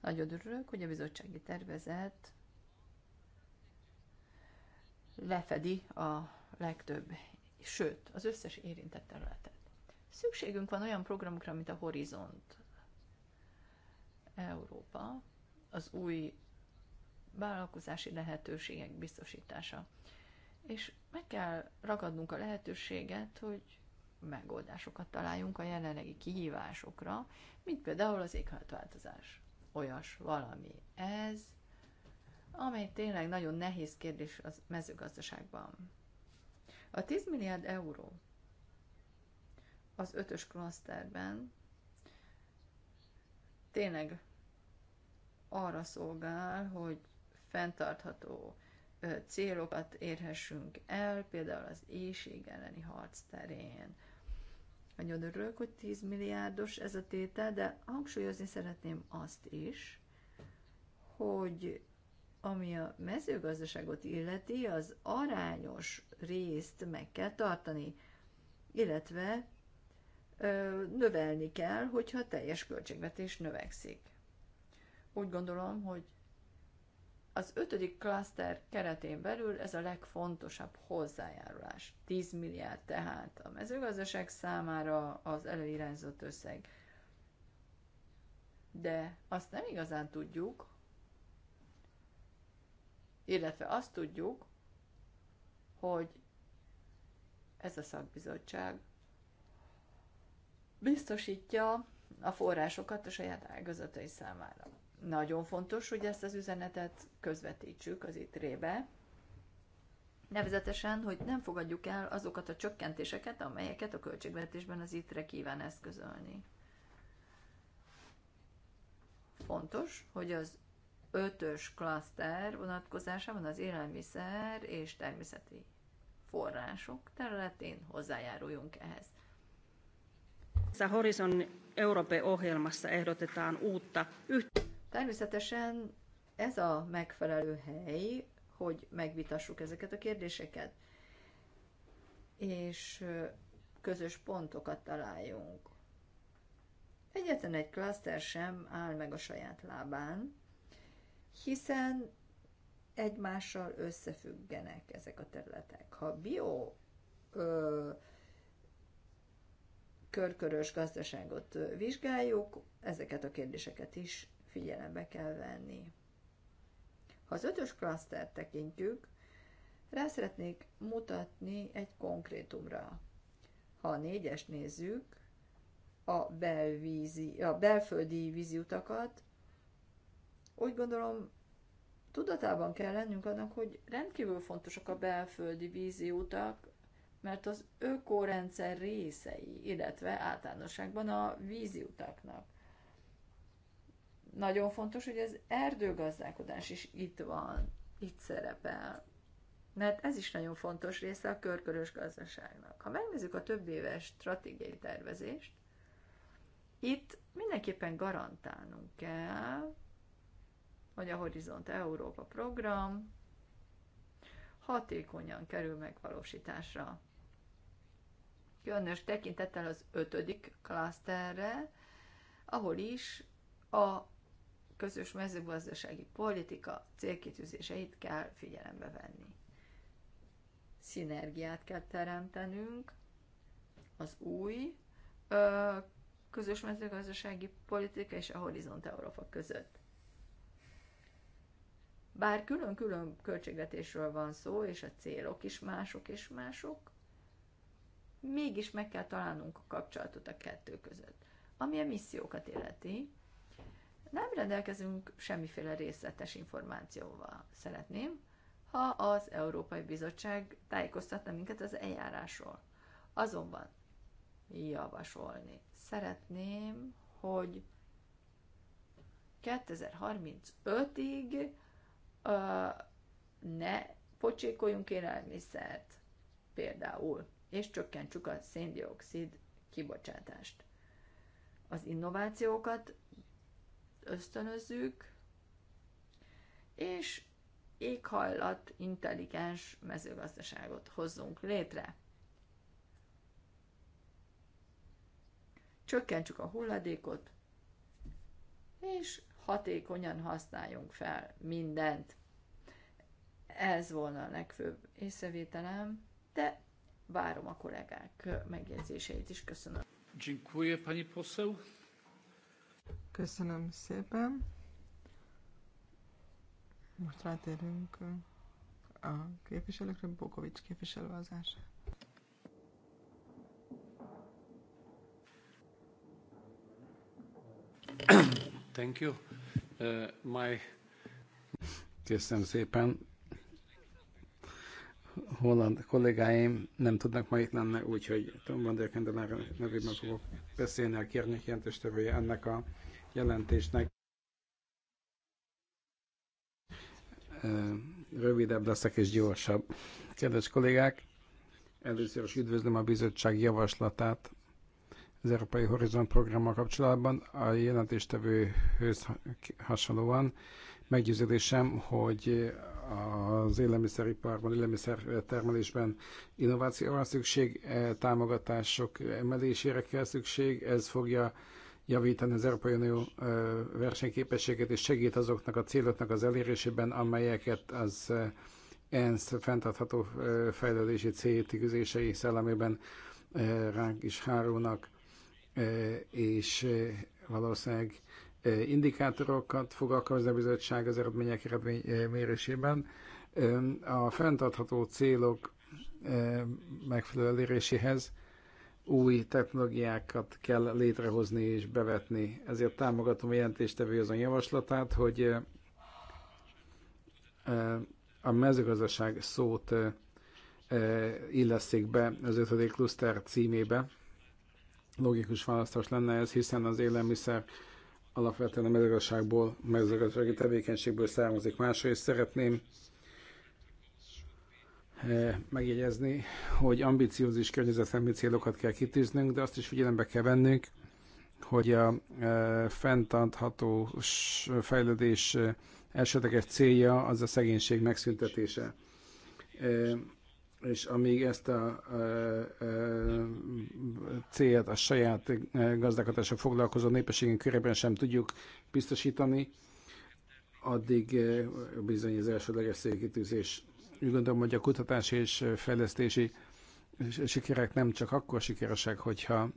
Nagyon örülök, hogy a bizottsági tervezet lefedi a legtöbb, sőt, az összes érintett területet. Szükségünk van olyan programokra, mint a Horizont Európa, az új vállalkozási lehetőségek biztosítása és meg kell ragadnunk a lehetőséget, hogy megoldásokat találjunk a jelenlegi kihívásokra, mint például az éghajlatváltozás. Olyas valami ez, amely tényleg nagyon nehéz kérdés az mezőgazdaságban. A 10 milliárd euró az ötös klaszterben tényleg arra szolgál, hogy fenntartható célokat érhessünk el, például az éjség elleni harc terén. Nagyon örülök, hogy 10 milliárdos ez a tétel, de hangsúlyozni szeretném azt is, hogy ami a mezőgazdaságot illeti, az arányos részt meg kell tartani, illetve ö, növelni kell, hogyha teljes költségvetés növekszik. Úgy gondolom, hogy az ötödik klaszter keretén belül ez a legfontosabb hozzájárulás. 10 milliárd tehát a mezőgazdaság számára az előirányzott összeg. De azt nem igazán tudjuk, illetve azt tudjuk, hogy ez a szakbizottság biztosítja a forrásokat a saját ágazatai számára. Nagyon fontos, hogy ezt az üzenetet közvetítsük az itre Nevezetesen, hogy nem fogadjuk el azokat a csökkentéseket, amelyeket a költségvetésben az ITRE kíván eszközölni. Fontos, hogy az ötös klaszter vonatkozásában az élelmiszer és természeti források területén hozzájáruljunk ehhez. A Horizon Európai ohjelmassa ehdotetaan uutta Természetesen ez a megfelelő hely, hogy megvitassuk ezeket a kérdéseket, és közös pontokat találjunk. Egyetlen egy klaszter sem áll meg a saját lábán, hiszen egymással összefüggenek ezek a területek. Ha bio ö, körkörös gazdaságot vizsgáljuk, ezeket a kérdéseket is figyelembe kell venni. Ha az ötös klasztert tekintjük, rá szeretnék mutatni egy konkrétumra. Ha a négyes nézzük, a, belvízi, a belföldi víziutakat, úgy gondolom, tudatában kell lennünk annak, hogy rendkívül fontosak a belföldi víziutak, mert az ökorendszer részei, illetve általánosságban a víziutaknak nagyon fontos, hogy az erdőgazdálkodás is itt van, itt szerepel. Mert ez is nagyon fontos része a körkörös gazdaságnak. Ha megnézzük a több éves stratégiai tervezést, itt mindenképpen garantálnunk kell, hogy a Horizont Európa program hatékonyan kerül megvalósításra. Különös tekintettel az ötödik klaszterre, ahol is a közös mezőgazdasági politika célkitűzéseit kell figyelembe venni. Szinergiát kell teremtenünk az új ö, közös mezőgazdasági politika és a Horizont Európa között. Bár külön-külön költségvetésről van szó, és a célok is mások és mások, mégis meg kell találnunk a kapcsolatot a kettő között. Ami a missziókat illeti, nem rendelkezünk semmiféle részletes információval. Szeretném, ha az Európai Bizottság tájékoztatna minket az eljárásról. Azonban javasolni szeretném, hogy 2035-ig ne pocsékoljunk élelmiszert például, és csökkentsük a széndiokszid kibocsátást. Az innovációkat ösztönözzük, és éghajlat intelligens mezőgazdaságot hozzunk létre. Csökkentsük a hulladékot, és hatékonyan használjunk fel mindent. Ez volna a legfőbb észrevételem, de várom a kollégák megjegyzéseit is. Köszönöm. Dziękuję, pani poseł. Köszönöm szépen. Most rátérünk a képviselőkre, Bokovics képviselő az első. Thank you. Uh, my... Köszönöm szépen. Holland kollégáim nem tudnak ma itt lenni, úgyhogy Tom van der nevében fogok beszélni a kérnék jelentéstevője ennek a jelentésnek. Rövidebb leszek és gyorsabb. Kedves kollégák, először is üdvözlöm a bizottság javaslatát az Európai Horizont programmal kapcsolatban. A jelentéstevőhöz hasonlóan meggyőződésem, hogy az élelmiszeriparban, élelmiszertermelésben innovációra van szükség, e, támogatások emelésére kell szükség, ez fogja javítani az Európai Unió e, versenyképességet, és segít azoknak a céloknak az elérésében, amelyeket az e, ENSZ fenntartható fejlődési céltűzései szellemében ránk is hárulnak, és valószínűleg indikátorokat fog alkalmazni a bizottság az eredmények eredmény eh, mérésében. A fenntartható célok eh, megfelelő eléréséhez új technológiákat kell létrehozni és bevetni. Ezért támogatom a jelentéstevő azon javaslatát, hogy eh, a mezőgazdaság szót illeszik be az ötödik kluszter címébe. Logikus választás lenne ez, hiszen az élelmiszer alapvetően a mezőgazdaságból, mezőgazdasági tevékenységből származik. Másrészt szeretném eh, megjegyezni, hogy ambiciózis környezetemi célokat kell kitűznünk, de azt is figyelembe kell vennünk, hogy a eh, fenntartható fejlődés eh, elsődleges célja az a szegénység megszüntetése és amíg ezt a e, e, célt a saját gazdálkodásra foglalkozó népességünk körében sem tudjuk biztosítani, addig e, bizony az elsődleges célkitűzés. Úgy gondolom, hogy a kutatás és fejlesztési sikerek nem csak akkor sikeresek, hogyha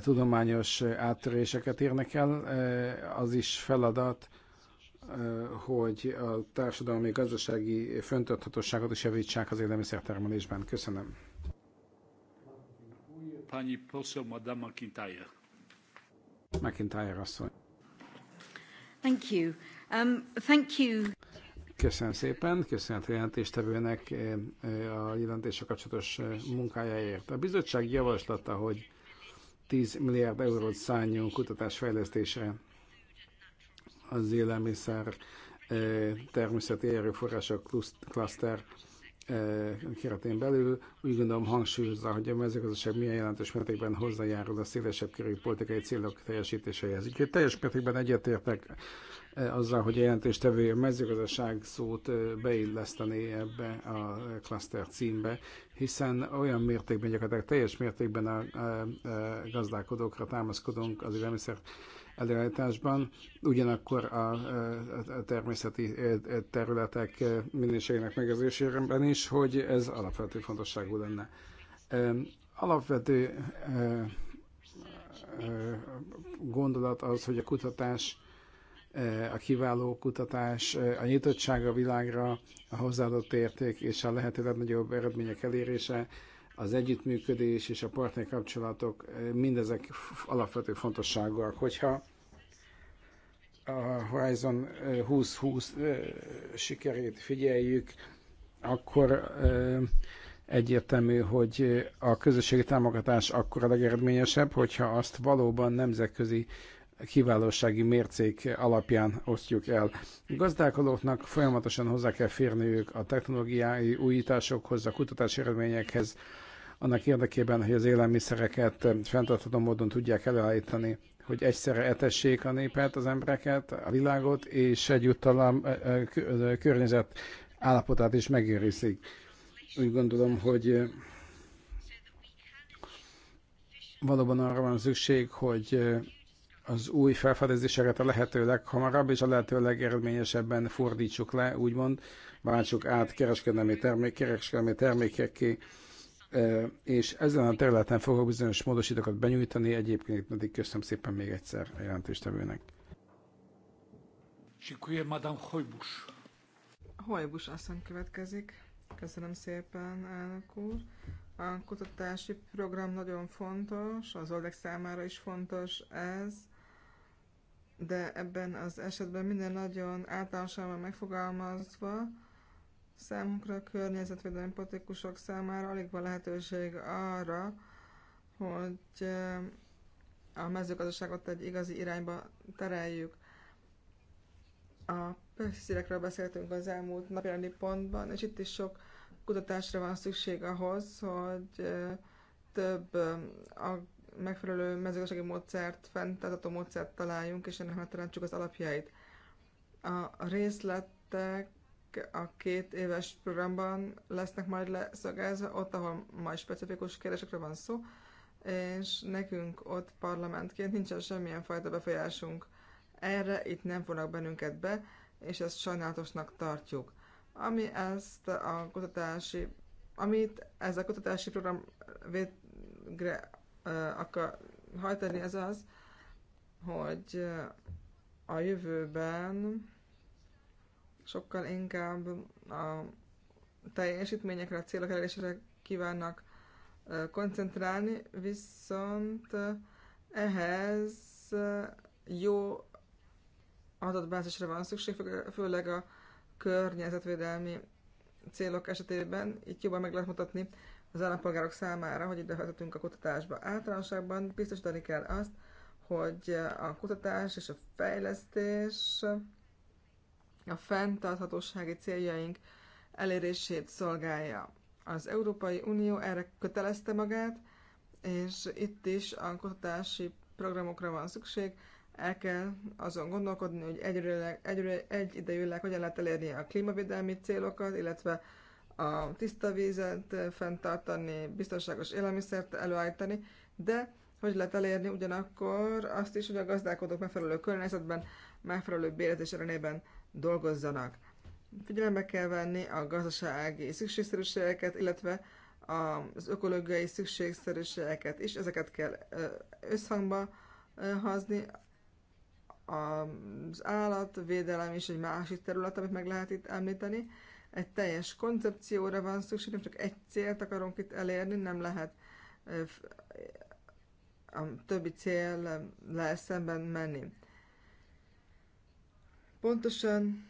tudományos áttöréseket érnek el, az is feladat, hogy a társadalmi gazdasági föntarthatóságot is javítsák az élelmiszertermelésben. Köszönöm. Pani poseł Madame McIntyre. McIntyre asszony. Thank you. Um, thank you. Köszönöm szépen, köszönet a jelentéstevőnek eh, eh, a jelentése kapcsolatos eh, munkájáért. A bizottság javaslata, hogy 10 milliárd eurót szálljunk kutatásfejlesztésre az élelmiszer eh, természeti erőforrások klaszter eh, keretén belül. Úgy gondolom hangsúlyozza, hogy a mezőgazdaság milyen jelentős mértékben hozzájárul a szélesebb körű politikai célok teljesítéséhez. Úgyhogy teljes mértékben egyetértek eh, azzal, hogy a jelentéstevő mezőgazdaság szót beilleszteni ebbe a cluster címbe, hiszen olyan mértékben, gyakorlatilag teljes mértékben a, a gazdálkodókra támaszkodunk az élelmiszer előállításban, ugyanakkor a, a természeti területek minőségének megőrzésében is, hogy ez alapvető fontosságú lenne. Alapvető gondolat az, hogy a kutatás, a kiváló kutatás, a nyitottság a világra, a hozzáadott érték és a lehető legnagyobb eredmények elérése az együttműködés és a kapcsolatok eh, mindezek alapvető fontosságúak. Hogyha a Horizon 2020 eh, eh, sikerét figyeljük, akkor egyértelmű, hogy a közösségi támogatás akkor a legeredményesebb, hogyha azt valóban nemzetközi kiválósági mércék alapján osztjuk el. gazdálkodóknak folyamatosan hozzá kell férniük a technológiai újításokhoz, a kutatási eredményekhez, annak érdekében, hogy az élelmiszereket fenntartható módon tudják előállítani, hogy egyszerre etessék a népet, az embereket, a világot, és egyúttal a környezet állapotát is megőrizik. Úgy gondolom, hogy valóban arra van szükség, hogy az új felfedezéseket a lehető leghamarabb és a lehető legeredményesebben fordítsuk le, úgymond, váltsuk át kereskedelmi, termék, kereskedelmi termékekké, és ezen a területen fogok bizonyos módosítókat benyújtani, egyébként pedig köszönöm szépen még egyszer a jelentéstevőnek. Dziękuję, Madame Hojbus. Hojbus asszony következik. Köszönöm szépen, elnök úr. A kutatási program nagyon fontos, az OLEG számára is fontos ez, de ebben az esetben minden nagyon általánosan megfogalmazva, Számunkra a környezetvédelmi politikusok számára alig van lehetőség arra, hogy a mezőgazdaságot egy igazi irányba tereljük. A pesticidekről beszéltünk az elmúlt napjelenti pontban, és itt is sok kutatásra van szükség ahhoz, hogy több a megfelelő mezőgazdasági módszert, fenntartató módszert találjunk, és ennek megteremtsük az alapjait. A részletek a két éves programban lesznek majd leszögezve, ott, ahol majd specifikus kérdésekről van szó, és nekünk ott parlamentként nincsen semmilyen fajta befolyásunk erre, itt nem fognak bennünket be, és ezt sajnálatosnak tartjuk. Ami ezt a kutatási, amit ez a kutatási program végre uh, akar hajtani, ez az, hogy a jövőben sokkal inkább a teljesítményekre, a célok elérésére kívánnak koncentrálni, viszont ehhez jó adatbázisra van szükség, főleg a környezetvédelmi célok esetében. Itt jobban meg lehet mutatni az állampolgárok számára, hogy idehajtottunk a kutatásba. Általánosságban biztosítani kell azt, hogy a kutatás és a fejlesztés a fenntarthatósági céljaink elérését szolgálja. Az Európai Unió erre kötelezte magát, és itt is a kutatási programokra van szükség, el kell azon gondolkodni, hogy egyidejűleg, egyidejűleg, hogyan lehet elérni a klímavédelmi célokat, illetve a tiszta vízet fenntartani, biztonságos élelmiszert előállítani, de hogy lehet elérni ugyanakkor azt is, hogy a gazdálkodók megfelelő környezetben, megfelelő bérezés ellenében dolgozzanak. Figyelembe kell venni a gazdasági szükségszerűségeket, illetve az ökológiai szükségszerűségeket is, ezeket kell összhangba hazni. Az állatvédelem is egy másik terület, amit meg lehet itt említeni. Egy teljes koncepcióra van szükség, nem csak egy célt akarunk itt elérni, nem lehet a többi cél le szemben menni. Pontosan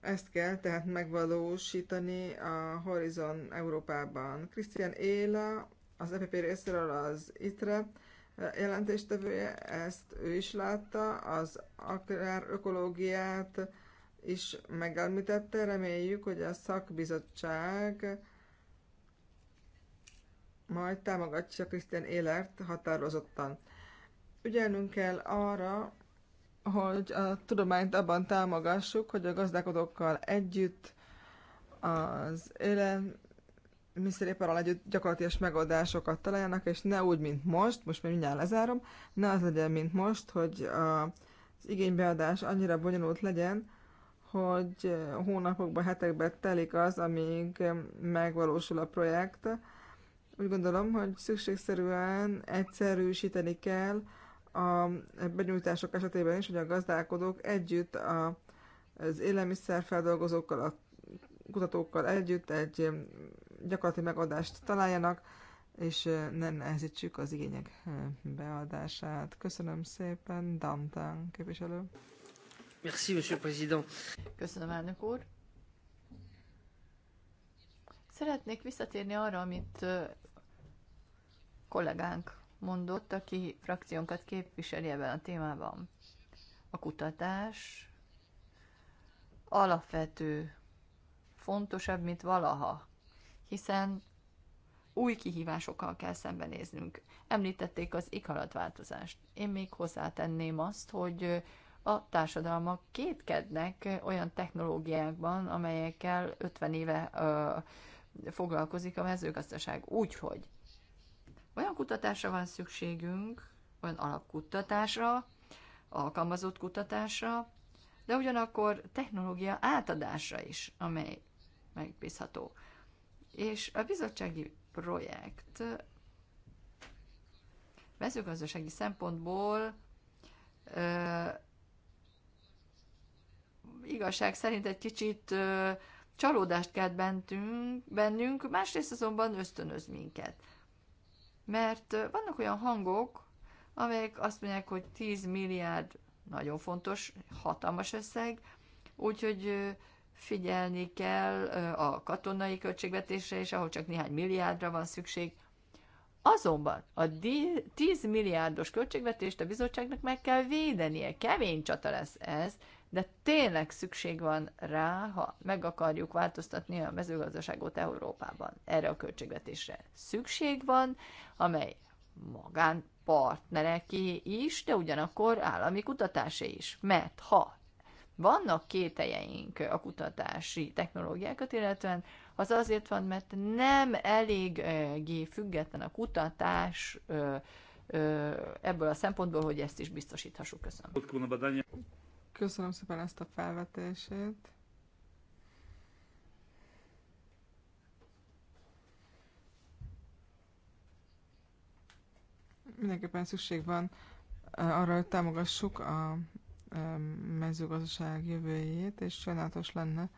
ezt kell tehát megvalósítani a Horizon Európában. Krisztián Éla, az EPP részéről az ITRE jelentéstevője, ezt ő is látta, az akár ökológiát is megelmítette. Reméljük, hogy a szakbizottság majd támogatja Krisztián Élert határozottan. Ügyelnünk kell arra, hogy a tudományt abban támogassuk, hogy a gazdálkodókkal együtt az élelmiszeriparral együtt gyakorlatilag megoldásokat találjanak, és ne úgy, mint most, most még mindjárt lezárom, ne az legyen, mint most, hogy a, az igénybeadás annyira bonyolult legyen, hogy hónapokba, hetekbe telik az, amíg megvalósul a projekt. Úgy gondolom, hogy szükségszerűen egyszerűsíteni kell a benyújtások esetében is, hogy a gazdálkodók együtt a, az élelmiszerfeldolgozókkal, a kutatókkal együtt egy um, gyakorlati megoldást találjanak, és uh, ne nehezítsük az igények uh, beadását. Köszönöm szépen, Dantán képviselő. Merci, Monsieur Président. Köszönöm, elnök úr. Szeretnék visszatérni arra, amit uh, kollégánk mondott, aki frakciónkat képviseli ebben a témában. A kutatás alapvető, fontosabb, mint valaha, hiszen új kihívásokkal kell szembenéznünk. Említették az éghajlatváltozást. Én még hozzátenném azt, hogy a társadalmak kétkednek olyan technológiákban, amelyekkel 50 éve ö, foglalkozik a mezőgazdaság. Úgyhogy olyan kutatásra van szükségünk, olyan alapkutatásra, alkalmazott kutatásra, de ugyanakkor technológia átadásra is, amely megbízható. És a bizottsági projekt mezőgazdasági szempontból ö, igazság szerint egy kicsit ö, csalódást kelt bentünk, bennünk, másrészt azonban ösztönöz minket. Mert vannak olyan hangok, amelyek azt mondják, hogy 10 milliárd nagyon fontos, hatalmas összeg, úgyhogy figyelni kell a katonai költségvetésre és ahol csak néhány milliárdra van szükség. Azonban a 10 milliárdos költségvetést a bizottságnak meg kell védenie. Kemény csata lesz ez, de tényleg szükség van rá, ha meg akarjuk változtatni a mezőgazdaságot Európában. Erre a költségvetésre szükség van, amely magánpartnereké is, de ugyanakkor állami kutatásé is. Mert ha vannak kételjeink a kutatási technológiákat, illetően az azért van, mert nem eléggé független a kutatás ebből a szempontból, hogy ezt is biztosíthassuk. Köszönöm. Köszönöm szépen ezt a felvetését. Mindenképpen szükség van arra, hogy támogassuk a mezőgazdaság jövőjét, és sajnálatos lenne,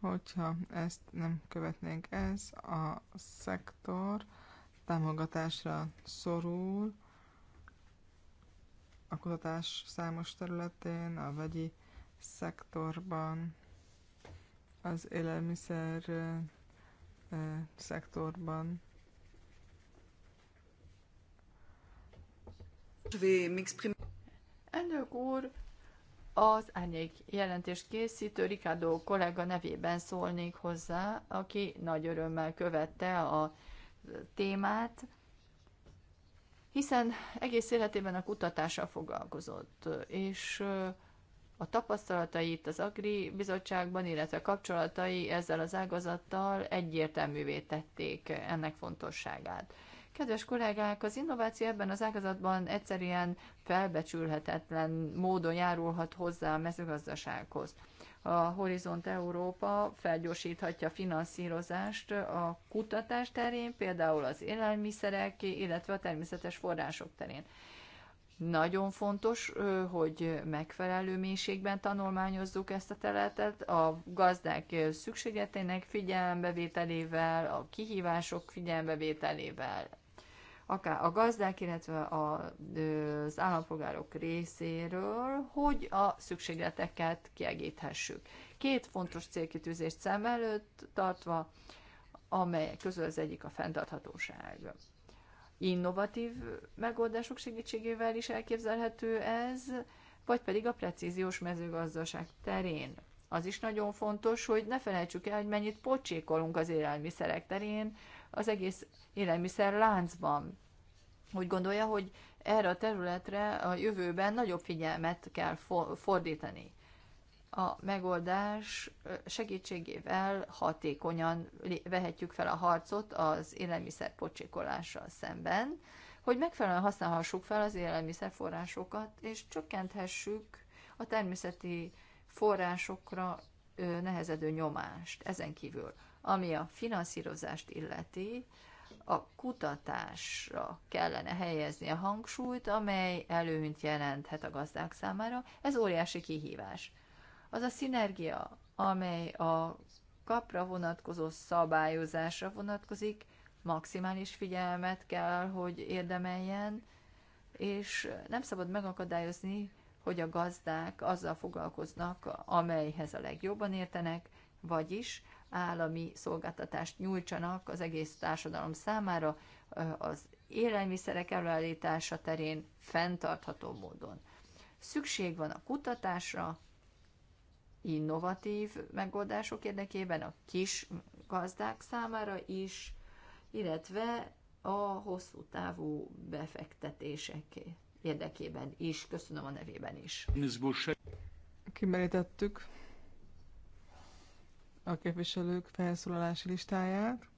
hogyha ezt nem követnénk. Ez a szektor támogatásra szorul, a kutatás számos területén, a vegyi szektorban, az élelmiszer szektorban. Elnök úr, az árnyék jelentést készítő Ricardo kollega nevében szólnék hozzá, aki nagy örömmel követte a témát, hiszen egész életében a kutatással foglalkozott, és a tapasztalatait az Agri Bizottságban, illetve kapcsolatai ezzel az ágazattal egyértelművé tették ennek fontosságát. Kedves kollégák, az innováció ebben az ágazatban egyszerűen felbecsülhetetlen módon járulhat hozzá a mezőgazdasághoz a Horizont Európa felgyorsíthatja a finanszírozást a kutatás terén, például az élelmiszerek, illetve a természetes források terén. Nagyon fontos, hogy megfelelő mélységben tanulmányozzuk ezt a területet, a gazdák szükségetének figyelembevételével, a kihívások figyelembevételével, akár a gazdák, illetve a, az állampolgárok részéről, hogy a szükségleteket kiegíthessük. Két fontos célkitűzést szem előtt tartva, amelyek közül az egyik a fenntarthatóság. Innovatív megoldások segítségével is elképzelhető ez, vagy pedig a precíziós mezőgazdaság terén. Az is nagyon fontos, hogy ne felejtsük el, hogy mennyit pocsékolunk az élelmiszerek terén, az egész élelmiszer láncban. Úgy gondolja, hogy erre a területre a jövőben nagyobb figyelmet kell fordítani. A megoldás segítségével hatékonyan vehetjük fel a harcot az élelmiszer pocsékolással szemben, hogy megfelelően használhassuk fel az élelmiszerforrásokat, és csökkenthessük a természeti forrásokra nehezedő nyomást ezen kívül. Ami a finanszírozást illeti, a kutatásra kellene helyezni a hangsúlyt, amely előnyt jelenthet a gazdák számára. Ez óriási kihívás. Az a szinergia, amely a kapra vonatkozó szabályozásra vonatkozik, maximális figyelmet kell, hogy érdemeljen, és nem szabad megakadályozni, hogy a gazdák azzal foglalkoznak, amelyhez a legjobban értenek, vagyis állami szolgáltatást nyújtsanak az egész társadalom számára az élelmiszerek előállítása terén fenntartható módon. Szükség van a kutatásra, innovatív megoldások érdekében a kis gazdák számára is, illetve a hosszú távú befektetések érdekében is. Köszönöm a nevében is. Kimerítettük a képviselők felszólalási listáját.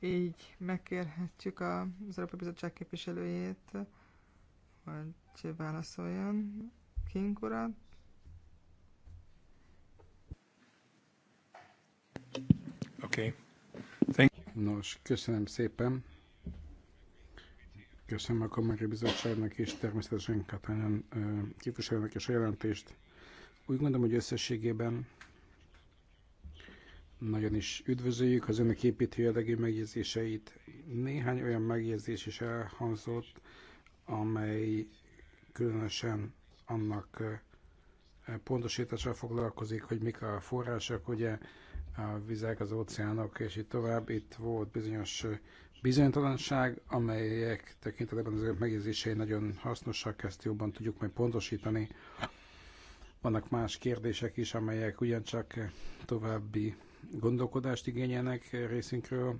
Így megkérhetjük az Európai Bizottság képviselőjét, hogy válaszoljon King urat. Oké. Okay. Nos, köszönöm szépen. Köszönöm a Kamerai Bizottságnak és természetesen Katalin képviselőnek és a jelentést. Úgy gondolom, hogy összességében nagyon is üdvözöljük az önök építő jellegű megjegyzéseit. Néhány olyan megjegyzés is elhangzott, amely különösen annak pontosítással foglalkozik, hogy mik a források, ugye a vizek, az óceánok, és így tovább. Itt volt bizonyos bizonytalanság, amelyek tekintetében az önök megjegyzései nagyon hasznosak, ezt jobban tudjuk majd pontosítani. Vannak más kérdések is, amelyek ugyancsak további gondolkodást igényelnek részünkről.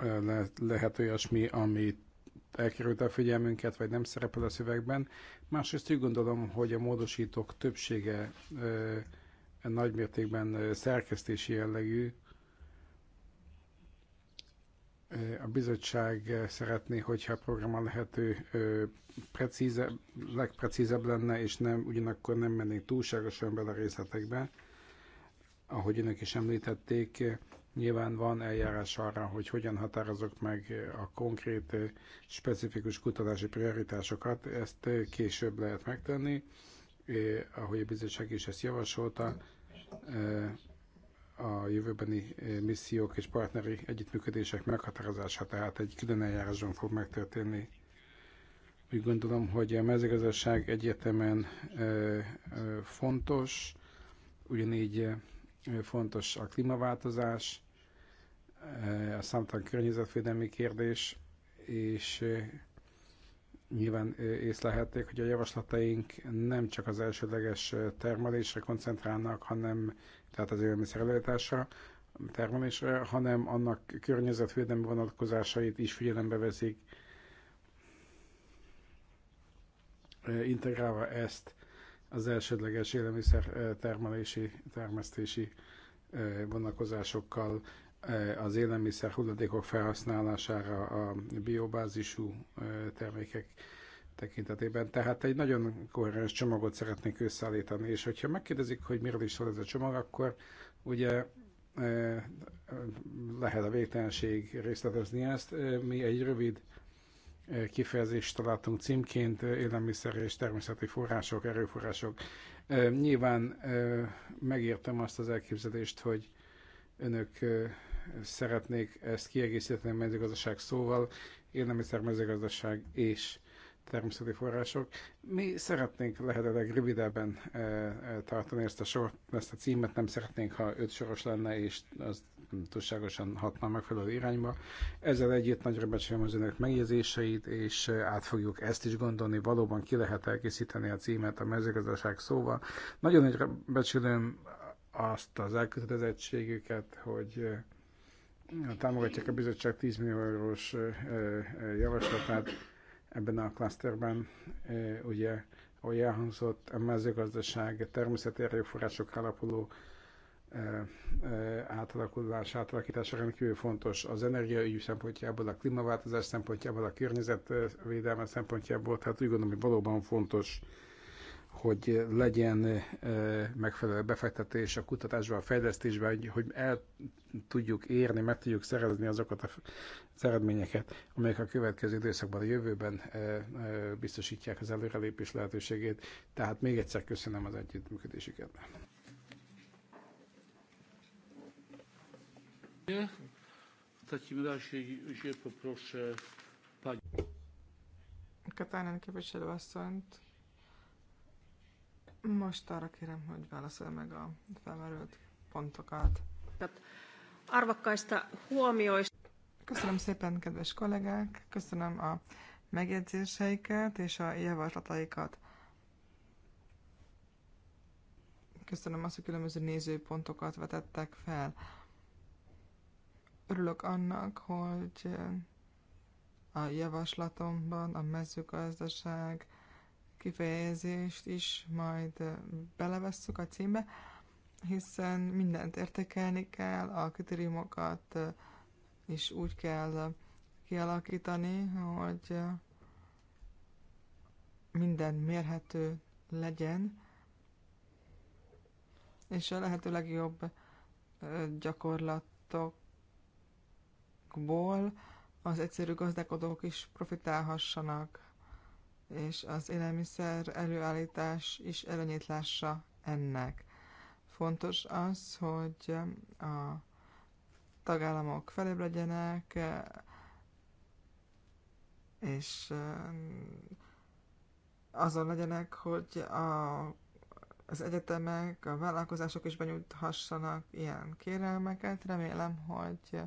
Le, lehet olyasmi, amit elkerült a figyelmünket, vagy nem szerepel a szövegben. Másrészt úgy gondolom, hogy a módosítók többsége nagymértékben szerkesztési jellegű, a bizottság szeretné, hogyha a program a lehető precízebb, legprecízebb lenne, és nem ugyanakkor nem mennénk túlságosan bele a részletekbe. Ahogy önök is említették, nyilván van eljárás arra, hogy hogyan határozok meg a konkrét, specifikus kutatási prioritásokat, ezt később lehet megtenni. Ahogy a bizottság is ezt javasolta, a jövőbeni eh, missziók és partneri együttműködések meghatározása, tehát egy külön eljárásban fog megtörténni. Úgy gondolom, hogy a mezőgazdaság egyetemen eh, eh, fontos, ugyanígy fontos a klímaváltozás, a számtalan környezetvédelmi kérdés, és nyilván észlelhették, hogy a javaslataink nem csak az elsődleges termelésre koncentrálnak, hanem tehát az élelmiszer előállítása termelésre, hanem annak környezetvédelmi vonatkozásait is figyelembe veszik, e, integrálva ezt az elsődleges élelmiszer e, termelési, termesztési e, vonatkozásokkal, az élelmiszer hulladékok felhasználására, a biobázisú termékek tekintetében. Tehát egy nagyon koherens csomagot szeretnék összeállítani, és hogyha megkérdezik, hogy miről is szól ez a csomag, akkor ugye e, lehet a végtelenség részletezni ezt. E, mi egy rövid e, kifejezést találtunk címként, élelmiszer és természeti források, erőforrások. Nyilván megértem azt az elképzelést, hogy önök szeretnék ezt kiegészíteni a mezőgazdaság szóval, élelmiszer, mezőgazdaság és természeti források. Mi szeretnénk lehetőleg rövidebben eh, eh, tartani ezt a sort, ezt a címet nem szeretnénk, ha öt soros lenne, és az túlságosan hatna megfelelő irányba. Ezzel együtt nagyra becsülöm az önök megjegyzéseit, és eh, át fogjuk ezt is gondolni. Valóban ki lehet elkészíteni a címet a mezőgazdaság szóval. Nagyon nagyra becsülöm azt az elkötelezettségüket, hogy támogatják a bizottság 10 millió eurós javaslatát ebben a klaszterben, ugye, ahogy elhangzott, a mezőgazdaság természeti erőforrások alapuló átalakulás, átalakítása rendkívül fontos az energiaügy szempontjából, a klímaváltozás szempontjából, a környezetvédelme szempontjából, tehát úgy gondolom, hogy valóban fontos hogy legyen megfelelő befektetés a kutatásba, a fejlesztésbe, hogy el tudjuk érni, meg tudjuk szerezni azokat az eredményeket, amelyek a következő időszakban, a jövőben biztosítják az előrelépés lehetőségét. Tehát még egyszer köszönöm az együttműködésüket. Köszönöm. takim razie się most arra kérem, hogy válaszolja meg a felmerült pontokat. Arvakkaista huomioista. Köszönöm szépen, kedves kollégák, köszönöm a megjegyzéseiket és a javaslataikat. Köszönöm azt, hogy különböző nézőpontokat vetettek fel. Örülök annak, hogy a javaslatomban a mezőgazdaság, kifejezést is majd belevesszük a címbe, hiszen mindent értékelni kell, a kritériumokat is úgy kell kialakítani, hogy minden mérhető legyen, és a lehető legjobb gyakorlatokból az egyszerű gazdálkodók is profitálhassanak és az élelmiszer előállítás is előnyét lássa ennek. Fontos az, hogy a tagállamok felébb legyenek, és eh, azon legyenek, hogy a, az egyetemek, a vállalkozások is benyújthassanak ilyen kérelmeket. Remélem, hogy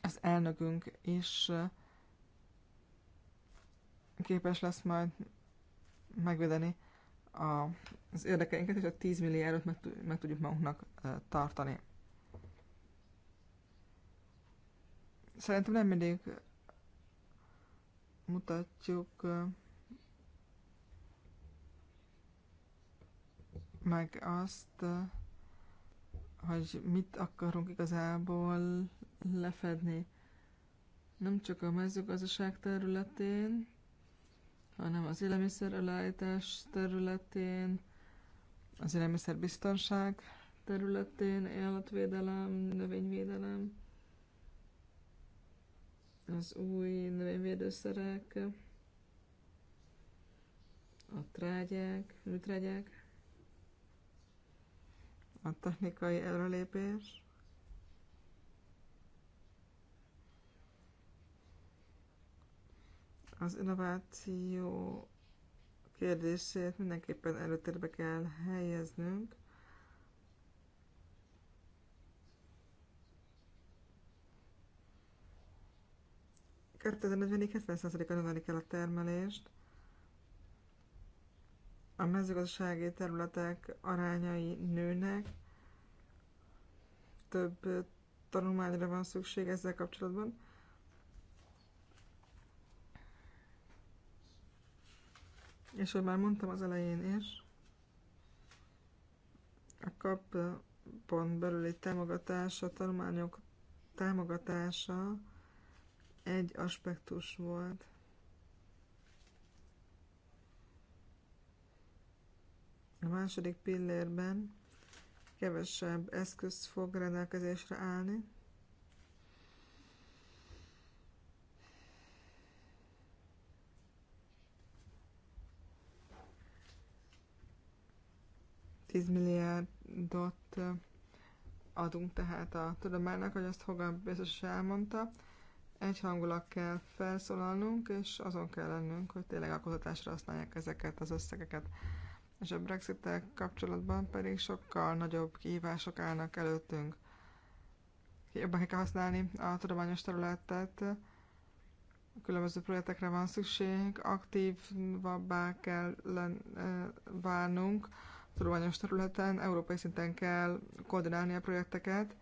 az elnökünk is képes lesz majd megvédeni a, az érdekeinket, és a 10 milliárdot meg, meg tudjuk magunknak tartani. Szerintem nem mindig mutatjuk meg azt, hogy mit akarunk igazából lefedni. Nem csak a mezőgazdaság területén, hanem az előállítás területén, az élelmiszerbiztonság területén, állatvédelem, növényvédelem, az új növényvédőszerek, a trágyák, műtrágyák, a technikai előlépés, Az innováció kérdését mindenképpen előtérbe kell helyeznünk. Kertezenedvenik 70%-a növelni kell a termelést. A mezőgazdasági területek arányai nőnek. Több tanulmányra van szükség ezzel kapcsolatban. És hogy már mondtam az elején is, a kapon belüli támogatása, a tanulmányok támogatása egy aspektus volt. A második pillérben kevesebb eszköz fog rendelkezésre állni, 10 milliárdot adunk tehát a tudománynak, hogy azt Hogan biztos elmondta. egy hangulat kell felszólalnunk, és azon kell lennünk, hogy tényleg a kutatásra használják ezeket az összegeket. És a brexit kapcsolatban pedig sokkal nagyobb kihívások állnak előttünk. Jobban kell használni a tudományos területet, különböző projektekre van szükség, aktívabbá kell len, válnunk, tudományos területen, európai szinten kell koordinálni a projekteket.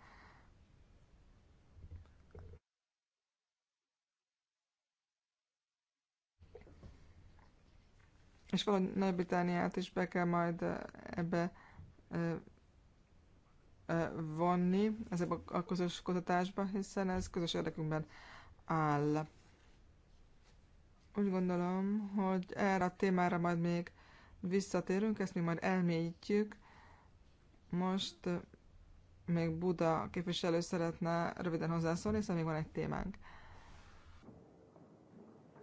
És valahogy Nagy-Britániát is be kell majd eh, ebbe eh, eh, vonni ezekbe a közös kutatásba, hiszen ez közös érdekünkben áll. Úgy gondolom, hogy erre a témára majd még visszatérünk, ezt még majd elmélyítjük. Most még Buda képviselő szeretne röviden hozzászólni, hiszen szóval még van egy témánk.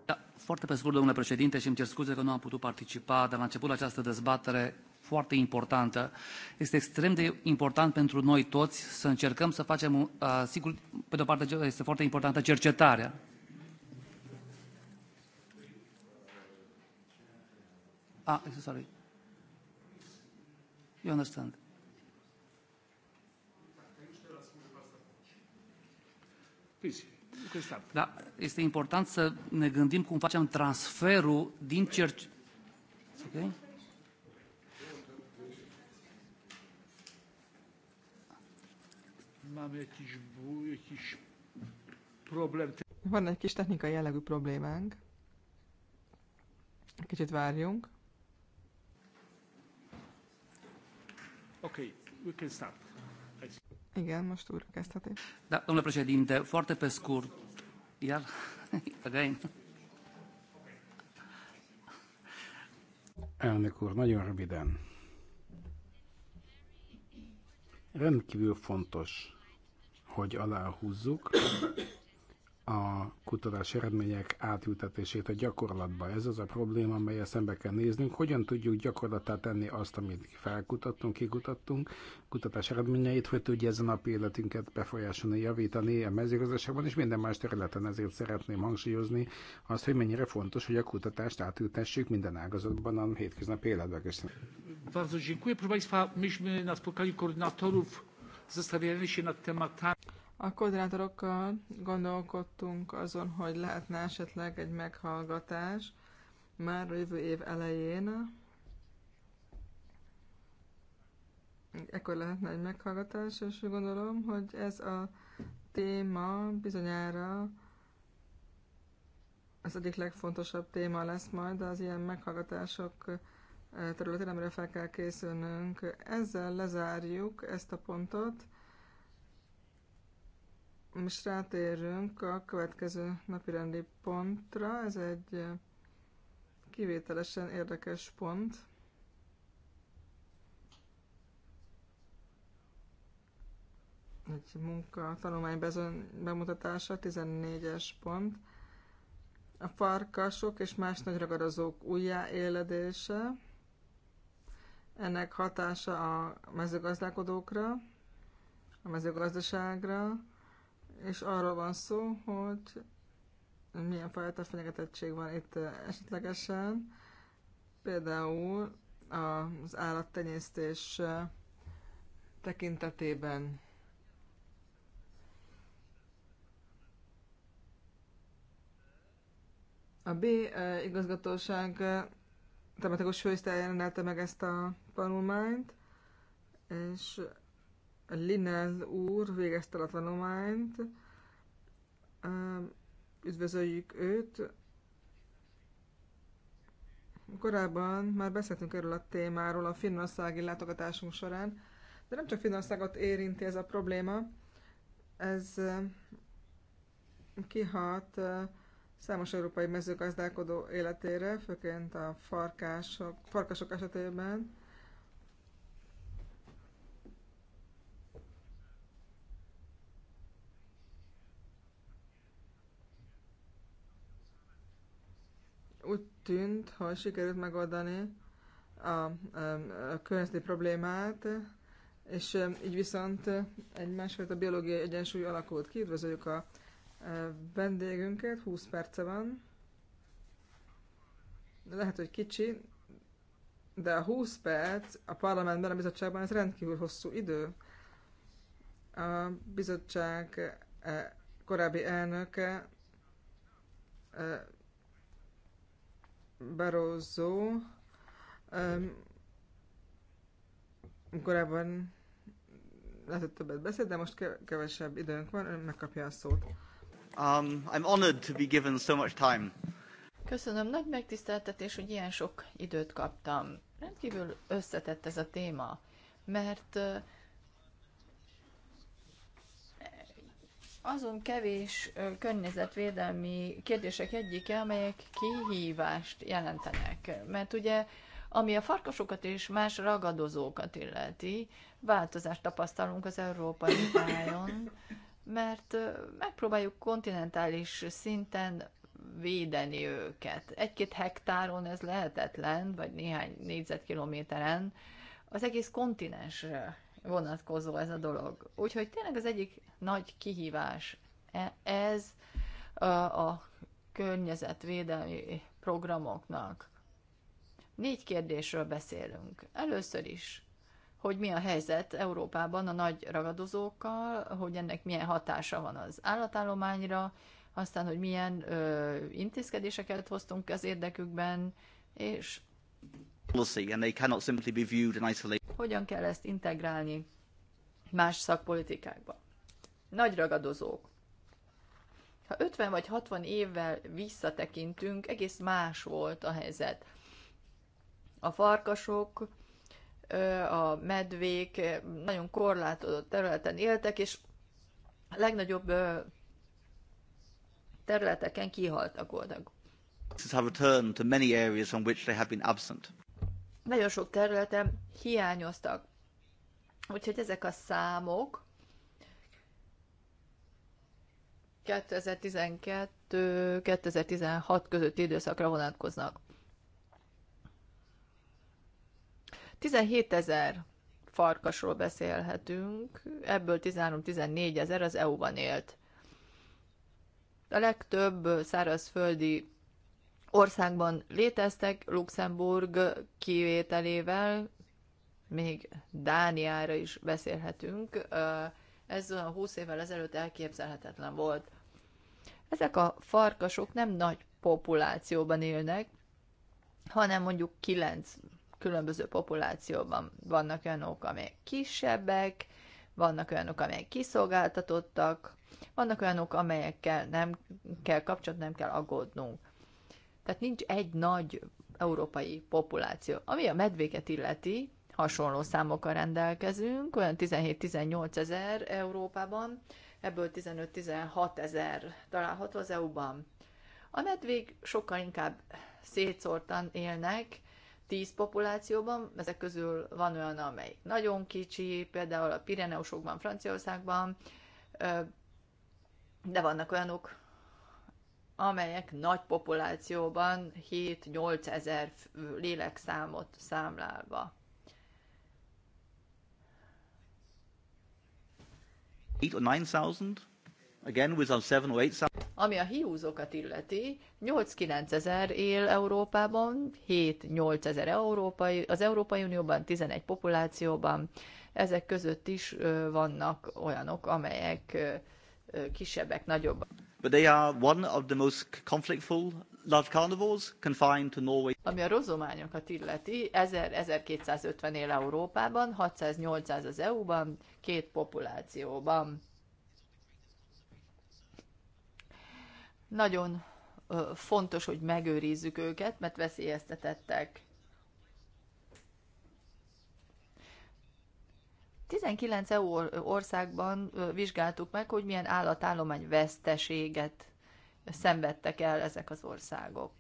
Da, foarte pe scurt, domnule președinte, și îmi cer scuze că nu am putut participa, dar la început această dezbatere foarte importantă. Este extrem de important pentru noi toți să încercăm să facem, uh, sigur, pe de-o parte este foarte importantă cercetarea, Ah, sorry. You understand? Please. Da, este important să ne gândim cum facem transferul din cerci... Okay? Van egy kis technikai jellegű problémánk. Kicsit várjunk. Okay, we can start. Igen, most újra kezdheti. Da, domnule președinte, foarte pe scurt, iar, again. Elnök úr, nagyon röviden. Rendkívül fontos, hogy aláhúzzuk, a kutatás eredmények átültetését a gyakorlatba. Ez az a probléma, amelyet szembe kell néznünk. Hogyan tudjuk gyakorlatát tenni azt, amit felkutattunk, kikutattunk, kutatás eredményeit, hogy tudja ez a napi életünket befolyásolni, javítani a mezőgazdaságban és minden más területen. Ezért szeretném hangsúlyozni azt, hogy mennyire fontos, hogy a kutatást átültessük minden ágazatban a hétköznapi életbe. Köszönöm. Bardzo dziękuję. Proszę Państwa, myśmy na spotkaniu koordynatorów zastanawiali się nad tematami. A koordinátorokkal gondolkodtunk azon, hogy lehetne esetleg egy meghallgatás már a jövő év elején. Ekkor lehetne egy meghallgatás, és gondolom, hogy ez a téma bizonyára az egyik legfontosabb téma lesz majd az ilyen meghallgatások eh, területén, amire fel kell készülnünk. Ezzel lezárjuk ezt a pontot. Most rátérünk a következő napirendi pontra. Ez egy eh, kivételesen érdekes pont. Egy munka tanulmány bemutatása, 14-es pont. A farkasok és más ragadozók újjáéledése. Ennek hatása a mezőgazdálkodókra, a mezőgazdaságra, és arról van szó, hogy milyen fajta fenyegetettség van itt eh, esetlegesen. Például az állattenyésztés eh, tekintetében A B eh, igazgatóság tematikus főosztály rendelte meg ezt a tanulmányt, és Linez úr végezte a tanulmányt, üdvözöljük őt. Korábban már beszéltünk erről a témáról a finnországi látogatásunk során, de nem csak Finnországot érinti ez a probléma, ez hm, kihat számos európai mezőgazdálkodó életére, főként a farkások, farkasok esetében tűnt, hogy sikerült megoldani a, a, a környezeti problémát, és így viszont egy másfajta biológiai egyensúly alakult ki. Üdvözöljük a vendégünket, 20 perce van. Lehet, hogy kicsi, de a 20 perc a parlamentben, a bizottságban ez rendkívül hosszú idő. A bizottság e, korábbi elnöke e, Barroso um, korábban lehet, többet beszélt, de most kevesebb időnk van, ön megkapja a szót. Um, I'm honored to be given so much time. Köszönöm, nagy megtiszteltetés, hogy ilyen sok időt kaptam. Rendkívül összetett ez a téma, mert uh, azon kevés környezetvédelmi kérdések egyike, amelyek kihívást jelentenek. Mert ugye, ami a farkasokat és más ragadozókat illeti, változást tapasztalunk az európai pályon, mert megpróbáljuk kontinentális szinten védeni őket. Egy-két hektáron ez lehetetlen, vagy néhány négyzetkilométeren, az egész kontinens vonatkozó ez a dolog. Úgyhogy tényleg az egyik nagy kihívás e- ez a környezetvédelmi programoknak. Négy kérdésről beszélünk. Először is, hogy mi a helyzet Európában a nagy ragadozókkal, hogy ennek milyen hatása van az állatállományra, aztán, hogy milyen ö, intézkedéseket hoztunk az érdekükben, és hogyan kell ezt integrálni más szakpolitikákba? Nagy ragadozók. Ha 50 vagy 60 évvel visszatekintünk, egész más volt a helyzet. A farkasok, a medvék nagyon korlátozott területen éltek, és a legnagyobb területeken kihaltak voltak. Have returned to many areas from which they have been absent nagyon sok területen hiányoztak. Úgyhogy ezek a számok 2012-2016 közötti időszakra vonatkoznak. 17 ezer farkasról beszélhetünk, ebből 13-14 ezer az EU-ban élt. A legtöbb szárazföldi országban léteztek, Luxemburg kivételével, még Dániára is beszélhetünk. Ez olyan 20 évvel ezelőtt elképzelhetetlen volt. Ezek a farkasok nem nagy populációban élnek, hanem mondjuk kilenc különböző populációban vannak olyanok, amelyek kisebbek, vannak olyanok, amelyek kiszolgáltatottak, vannak olyanok, amelyekkel nem kell kapcsolat, nem kell aggódnunk. Tehát nincs egy nagy európai populáció. Ami a medvéket illeti, hasonló számokkal rendelkezünk, olyan 17-18 ezer Európában, ebből 15-16 ezer található az EU-ban. A medvék sokkal inkább szétszórtan élnek, 10 populációban, ezek közül van olyan, amelyik nagyon kicsi, például a Pireneusokban, Franciaországban, de vannak olyanok, amelyek nagy populációban 7-8 ezer lélekszámot számlálva. Ami a hiúzókat illeti, 8-9 ezer él Európában, 7-8 ezer európai, az Európai Unióban, 11 populációban. Ezek között is vannak olyanok, amelyek kisebbek, nagyobbak but they are one of the most conflictful large carnivores confined to Norway. Ami a rozományokat illeti, 1000-1250 él Európában, 600-800 az EU-ban, két populációban. Nagyon fontos, hogy megőrizzük őket, mert veszélyeztetettek. 19 EU országban vizsgáltuk meg, hogy milyen állatállomány veszteséget szenvedtek el ezek az országok.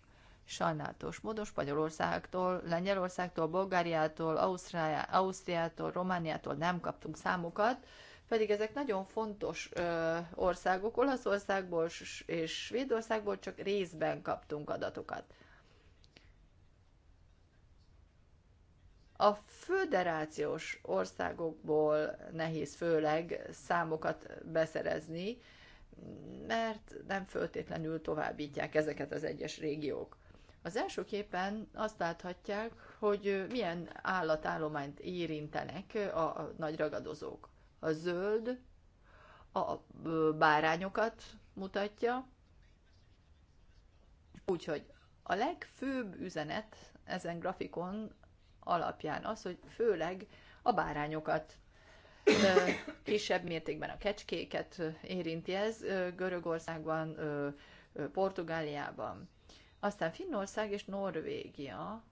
Sajnálatos módon Spanyolországtól, Lengyelországtól, Bulgáriától, Ausztriától, Romániától nem kaptunk számokat, pedig ezek nagyon fontos ö, országok, Olaszországból és Svédországból csak részben kaptunk adatokat. A föderációs országokból nehéz főleg számokat beszerezni, mert nem föltétlenül továbbítják ezeket az egyes régiók. Az első képen azt láthatják, hogy milyen állatállományt érintenek a nagy ragadozók. A zöld a bárányokat mutatja, úgyhogy a legfőbb üzenet ezen grafikon alapján az, hogy főleg a bárányokat, kisebb mértékben a kecskéket érinti ez Görögországban, Portugáliában. Aztán Finnország és Norvégia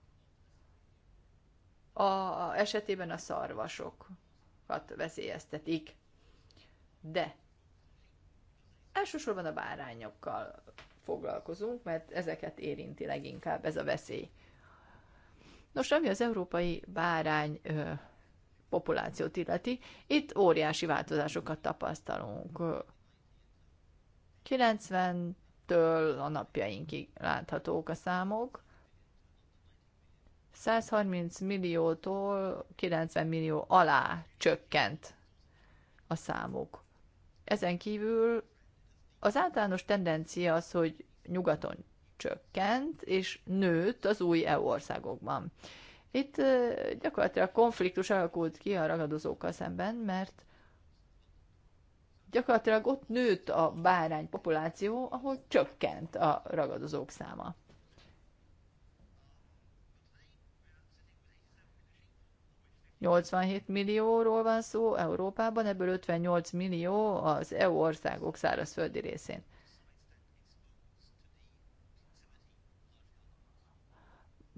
a esetében a szarvasokat veszélyeztetik. De elsősorban a bárányokkal foglalkozunk, mert ezeket érinti leginkább ez a veszély. Nos, ami az európai bárány ö, populációt illeti, itt óriási változásokat tapasztalunk. 90-től a napjainkig láthatók a számok. 130 milliótól 90 millió alá csökkent a számok. Ezen kívül az általános tendencia az, hogy nyugaton csökkent, és nőtt az új EU országokban. Itt gyakorlatilag konfliktus alakult ki a ragadozókkal szemben, mert gyakorlatilag ott nőtt a bárány populáció, ahol csökkent a ragadozók száma. ...87 millióról van szó Európában, ebből 58 millió az EU országok szárazföldi részén.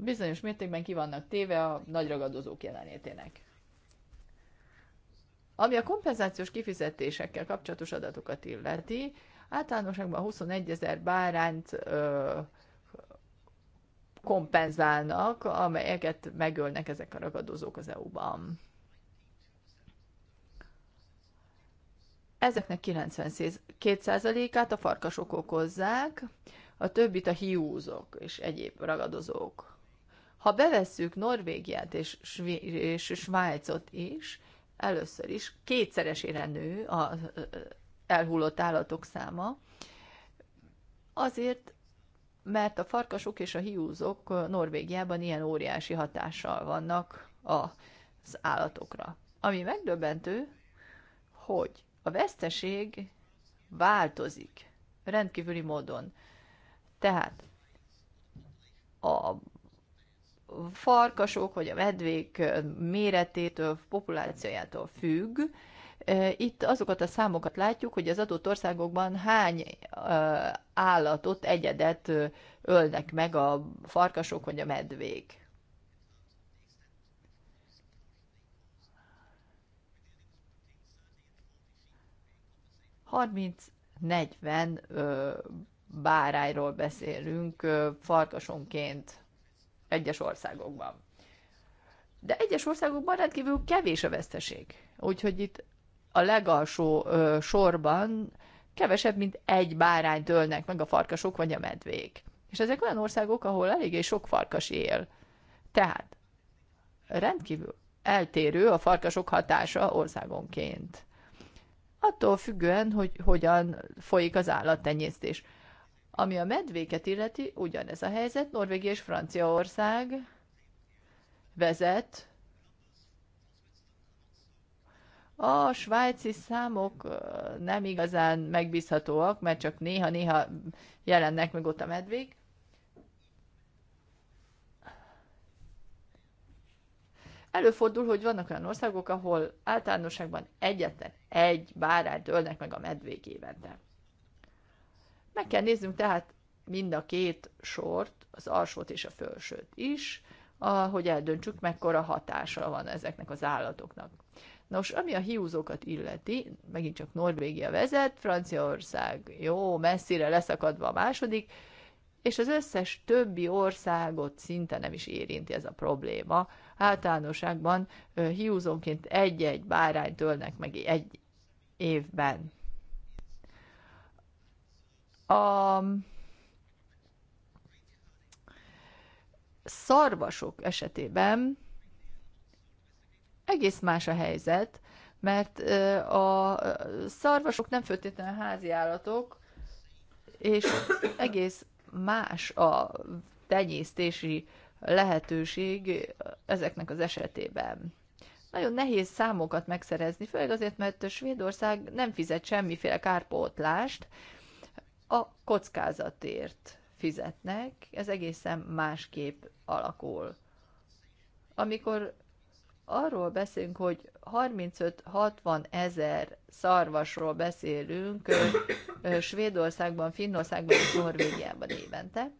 bizonyos mértékben ki vannak téve a nagy ragadozók jelenlétének. Ami a kompenzációs kifizetésekkel kapcsolatos adatokat illeti, általánosságban 21 ezer bárányt ö, kompenzálnak, amelyeket megölnek ezek a ragadozók az EU-ban. Ezeknek 92%-át a farkasok okozzák, a többit a hiúzok és egyéb ragadozók. Ha bevesszük Norvégiát és, Svi- és Svájcot is, először is kétszeresére nő a elhullott állatok száma, azért, mert a farkasok és a hiúzok Norvégiában ilyen óriási hatással vannak az állatokra. Ami megdöbbentő, hogy a veszteség változik rendkívüli módon. Tehát a farkasok vagy a medvék méretétől, populációjától függ. Itt azokat a számokat látjuk, hogy az adott országokban hány állatot, egyedet ölnek meg a farkasok vagy a medvék. Harminc 40 bárányról beszélünk farkasonként egyes országokban. De egyes országokban rendkívül kevés a veszteség. Úgyhogy itt a legalsó ö, sorban kevesebb, mint egy bárányt ölnek meg a farkasok vagy a medvék. És ezek olyan országok, ahol eléggé sok farkas él. Tehát rendkívül eltérő a farkasok hatása országonként. Attól függően, hogy hogyan folyik az állattenyésztés. Ami a medvéket illeti, ugyanez a helyzet. Norvégia és Franciaország vezet. A svájci számok nem igazán megbízhatóak, mert csak néha-néha jelennek meg ott a medvék. Előfordul, hogy vannak olyan országok, ahol általánosságban egyetlen egy bárát ölnek meg a medvék évente. Meg kell néznünk tehát mind a két sort, az alsót és a felsőt is, hogy eldöntsük, mekkora hatása van ezeknek az állatoknak. Nos, ami a hiúzókat illeti, megint csak Norvégia vezet, Franciaország jó, messzire leszakadva a második, és az összes többi országot szinte nem is érinti ez a probléma. Általánosságban hiúzónként egy-egy bárányt ölnek meg egy évben a szarvasok esetében egész más a helyzet, mert a szarvasok nem feltétlenül házi állatok, és egész más a tenyésztési lehetőség ezeknek az esetében. Nagyon nehéz számokat megszerezni, főleg azért, mert Svédország nem fizet semmiféle kárpótlást, a kockázatért fizetnek, ez egészen másképp alakul. Amikor arról beszélünk, hogy 35-60 ezer szarvasról beszélünk Svédországban, Finnországban és Norvégiában évente,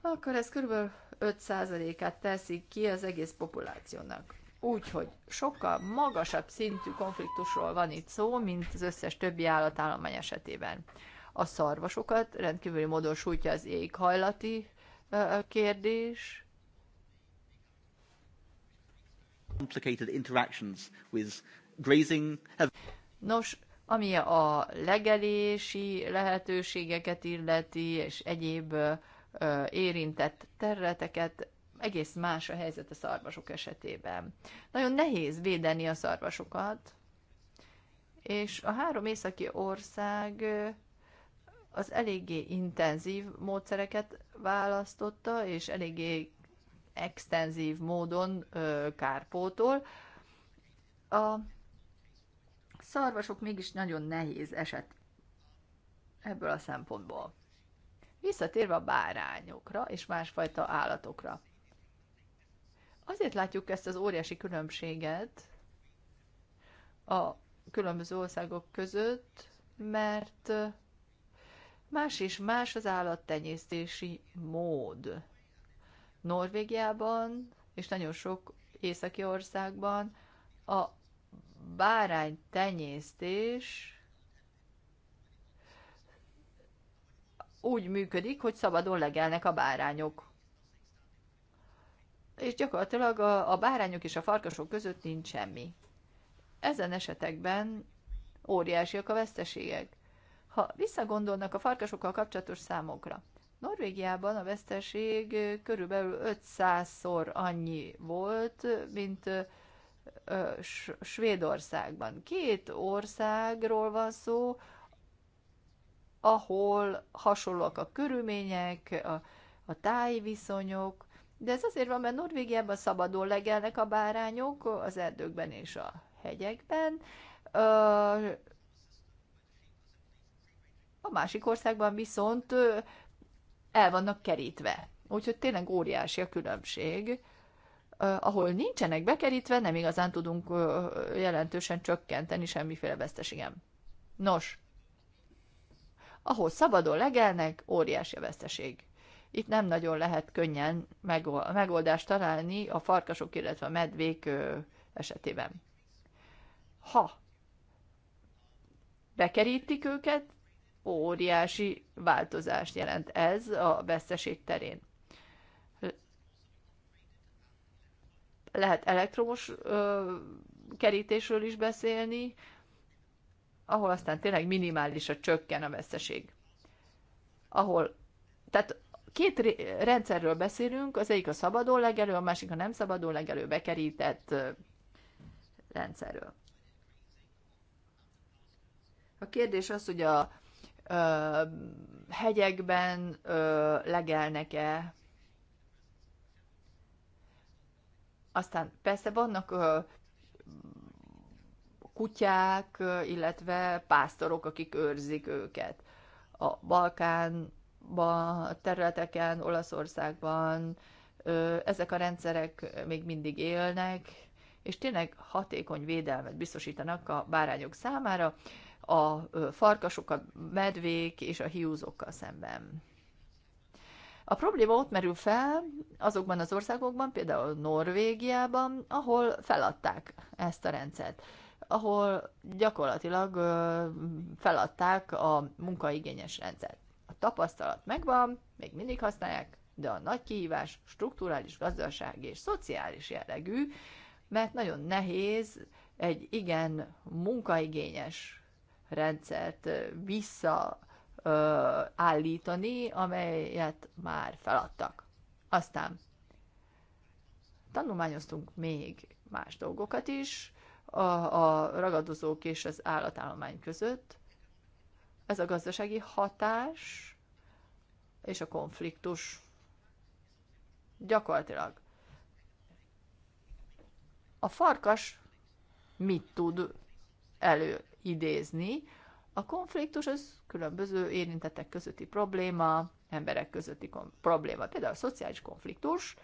akkor ez kb. 5%-át teszik ki az egész populációnak. Úgyhogy sokkal magasabb szintű konfliktusról van itt szó, mint az összes többi állatállomány esetében. A szarvasokat rendkívüli módon sújtja az éghajlati kérdés, complicated interactions with grazing. Nos, ami a legelési lehetőségeket illeti, és egyéb érintett területeket, egész más a helyzet a szarvasok esetében. Nagyon nehéz védeni a szarvasokat, és a három északi ország az eléggé intenzív módszereket választotta, és eléggé extenzív módon ö, kárpótol. A szarvasok mégis nagyon nehéz eset ebből a szempontból. Visszatérve a bárányokra és másfajta állatokra. Azért látjuk ezt az óriási különbséget a különböző országok között, mert más és más az állattenyésztési mód. Norvégiában és nagyon sok északi országban a bárány tenyésztés úgy működik, hogy szabadon legelnek a bárányok és gyakorlatilag a, a bárányok és a farkasok között nincs semmi. Ezen esetekben óriásiak a veszteségek. Ha visszagondolnak a farkasokkal kapcsolatos számokra, Norvégiában a veszteség körülbelül 500-szor annyi volt, mint Svédországban. Két országról van szó, ahol hasonlóak a körülmények, a, a tájviszonyok, de ez azért van, mert Norvégiában szabadon legelnek a bárányok az erdőkben és a hegyekben. A másik országban viszont el vannak kerítve. Úgyhogy tényleg óriási a különbség. Ahol nincsenek bekerítve, nem igazán tudunk jelentősen csökkenteni semmiféle veszteségem. Nos, ahol szabadon legelnek, óriási a veszteség. Itt nem nagyon lehet könnyen megoldást találni a farkasok, illetve a medvék esetében. Ha bekerítik őket, óriási változást jelent ez a veszteség terén. Lehet elektromos ö, kerítésről is beszélni, ahol aztán tényleg minimálisra csökken a veszteség. Ahol, tehát két rendszerről beszélünk, az egyik a szabadon legelő, a másik a nem szabadon legelő bekerített rendszerről. A kérdés az, hogy a ö, hegyekben ö, legelnek-e. Aztán persze vannak ö, kutyák, illetve pásztorok, akik őrzik őket. A Balkán a területeken, Olaszországban ezek a rendszerek még mindig élnek, és tényleg hatékony védelmet biztosítanak a bárányok számára, a farkasok, a medvék és a hiúzokkal szemben. A probléma ott merül fel azokban az országokban, például Norvégiában, ahol feladták ezt a rendszert, ahol gyakorlatilag feladták a munkaigényes rendszert tapasztalat megvan, még mindig használják, de a nagy kihívás strukturális, gazdasági és szociális jellegű, mert nagyon nehéz egy igen munkaigényes rendszert visszaállítani, amelyet már feladtak. Aztán tanulmányoztunk még más dolgokat is a, a ragadozók és az állatállomány között, ez a gazdasági hatás és a konfliktus. Gyakorlatilag. A farkas mit tud előidézni? A konfliktus az különböző érintettek közötti probléma, emberek közötti probléma. Például a szociális konfliktus,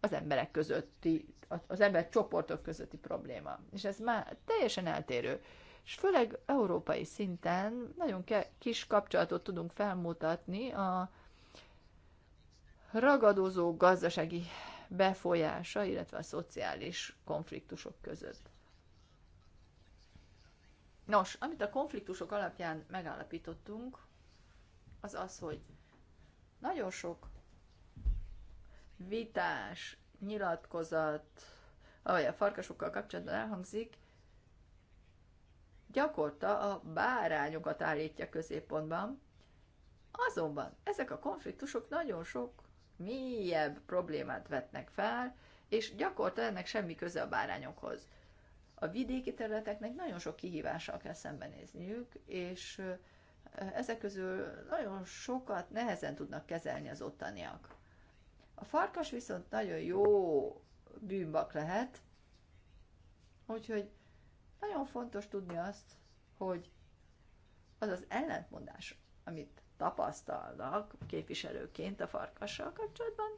az emberek közötti, az ember csoportok közötti probléma. És ez már teljesen eltérő és főleg európai szinten nagyon kis kapcsolatot tudunk felmutatni a ragadozó gazdasági befolyása, illetve a szociális konfliktusok között. Nos, amit a konfliktusok alapján megállapítottunk, az az, hogy nagyon sok vitás nyilatkozat, ahogy a farkasokkal kapcsolatban elhangzik, gyakorta a bárányokat állítja középpontban, azonban ezek a konfliktusok nagyon sok mélyebb problémát vetnek fel, és gyakorta ennek semmi köze a bárányokhoz. A vidéki területeknek nagyon sok kihívással kell szembenézniük, és ezek közül nagyon sokat nehezen tudnak kezelni az ottaniak. A farkas viszont nagyon jó bűnbak lehet, úgyhogy nagyon fontos tudni azt, hogy az az ellentmondás, amit tapasztalnak képviselőként a farkassal kapcsolatban,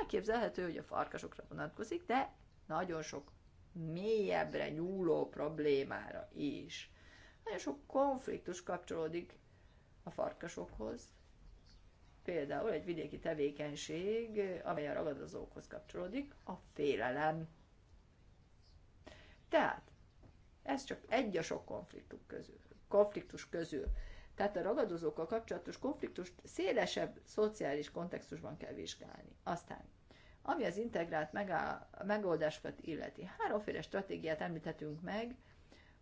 elképzelhető, hogy a farkasokra vonatkozik, de nagyon sok mélyebbre nyúló problémára is. Nagyon sok konfliktus kapcsolódik a farkasokhoz. Például egy vidéki tevékenység, amely a ragadozókhoz kapcsolódik, a félelem. Tehát ez csak egy a sok konfliktus közül. Konfliktus közül. Tehát a ragadozókkal kapcsolatos konfliktust szélesebb szociális kontextusban kell vizsgálni. Aztán, ami az integrált megáll, megoldásokat illeti, háromféle stratégiát említhetünk meg,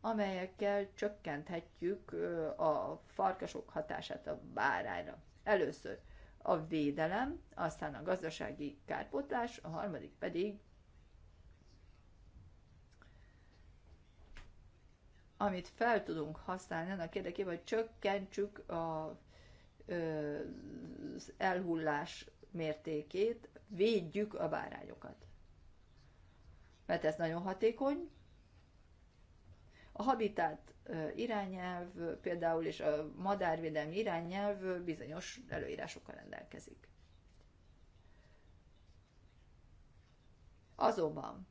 amelyekkel csökkenthetjük a farkasok hatását a bárányra. Először a védelem, aztán a gazdasági kárpótlás, a harmadik pedig amit fel tudunk használni annak érdekében, hogy csökkentsük a, az elhullás mértékét, védjük a bárányokat. Mert ez nagyon hatékony. A habitát irányelv például és a madárvédelmi irányelv bizonyos előírásokkal rendelkezik. Azonban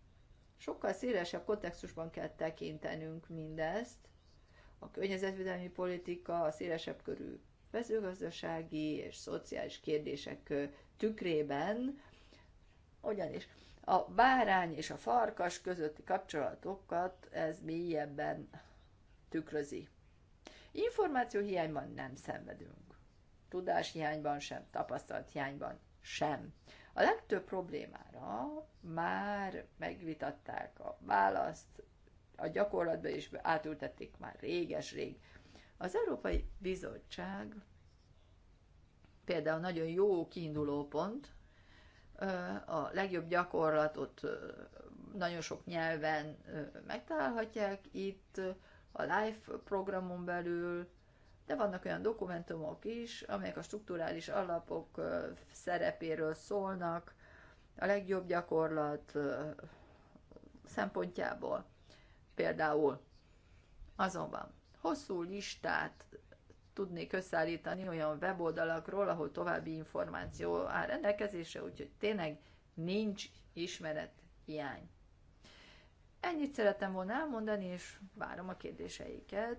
Sokkal szélesebb kontextusban kell tekintenünk mindezt, a környezetvédelmi politika a szélesebb körű mezőgazdasági és szociális kérdések tükrében, ugyanis a bárány és a farkas közötti kapcsolatokat ez mélyebben tükrözi. Információhiányban nem szenvedünk. Tudáshiányban sem, tapasztalathiányban sem. A legtöbb problémára már megvitatták a választ, a gyakorlatban is átültették már réges-rég. Az Európai Bizottság például nagyon jó kiinduló pont, a legjobb gyakorlatot nagyon sok nyelven megtalálhatják itt, a LIFE programon belül, de vannak olyan dokumentumok is, amelyek a strukturális alapok szerepéről szólnak, a legjobb gyakorlat szempontjából. Például azonban hosszú listát tudnék összeállítani olyan weboldalakról, ahol további információ áll rendelkezésre, úgyhogy tényleg nincs ismeret hiány. Ennyit szerettem volna elmondani, és várom a kérdéseiket.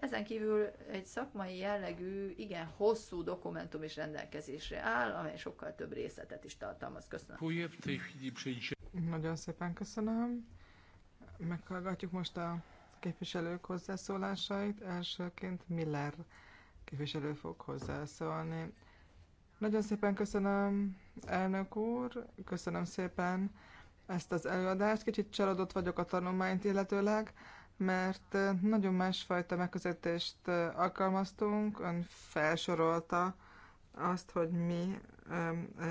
Ezen kívül egy szakmai jellegű, igen hosszú dokumentum is rendelkezésre áll, amely sokkal több részletet is tartalmaz. Köszönöm. Nagyon szépen köszönöm. Meghallgatjuk most a képviselők hozzászólásait. Elsőként Miller képviselő fog hozzászólni. Nagyon szépen köszönöm, elnök úr, köszönöm szépen ezt az előadást. Kicsit csalódott vagyok a tanulmányt illetőleg mert nagyon másfajta megközelítést alkalmaztunk. Ön felsorolta azt, hogy mi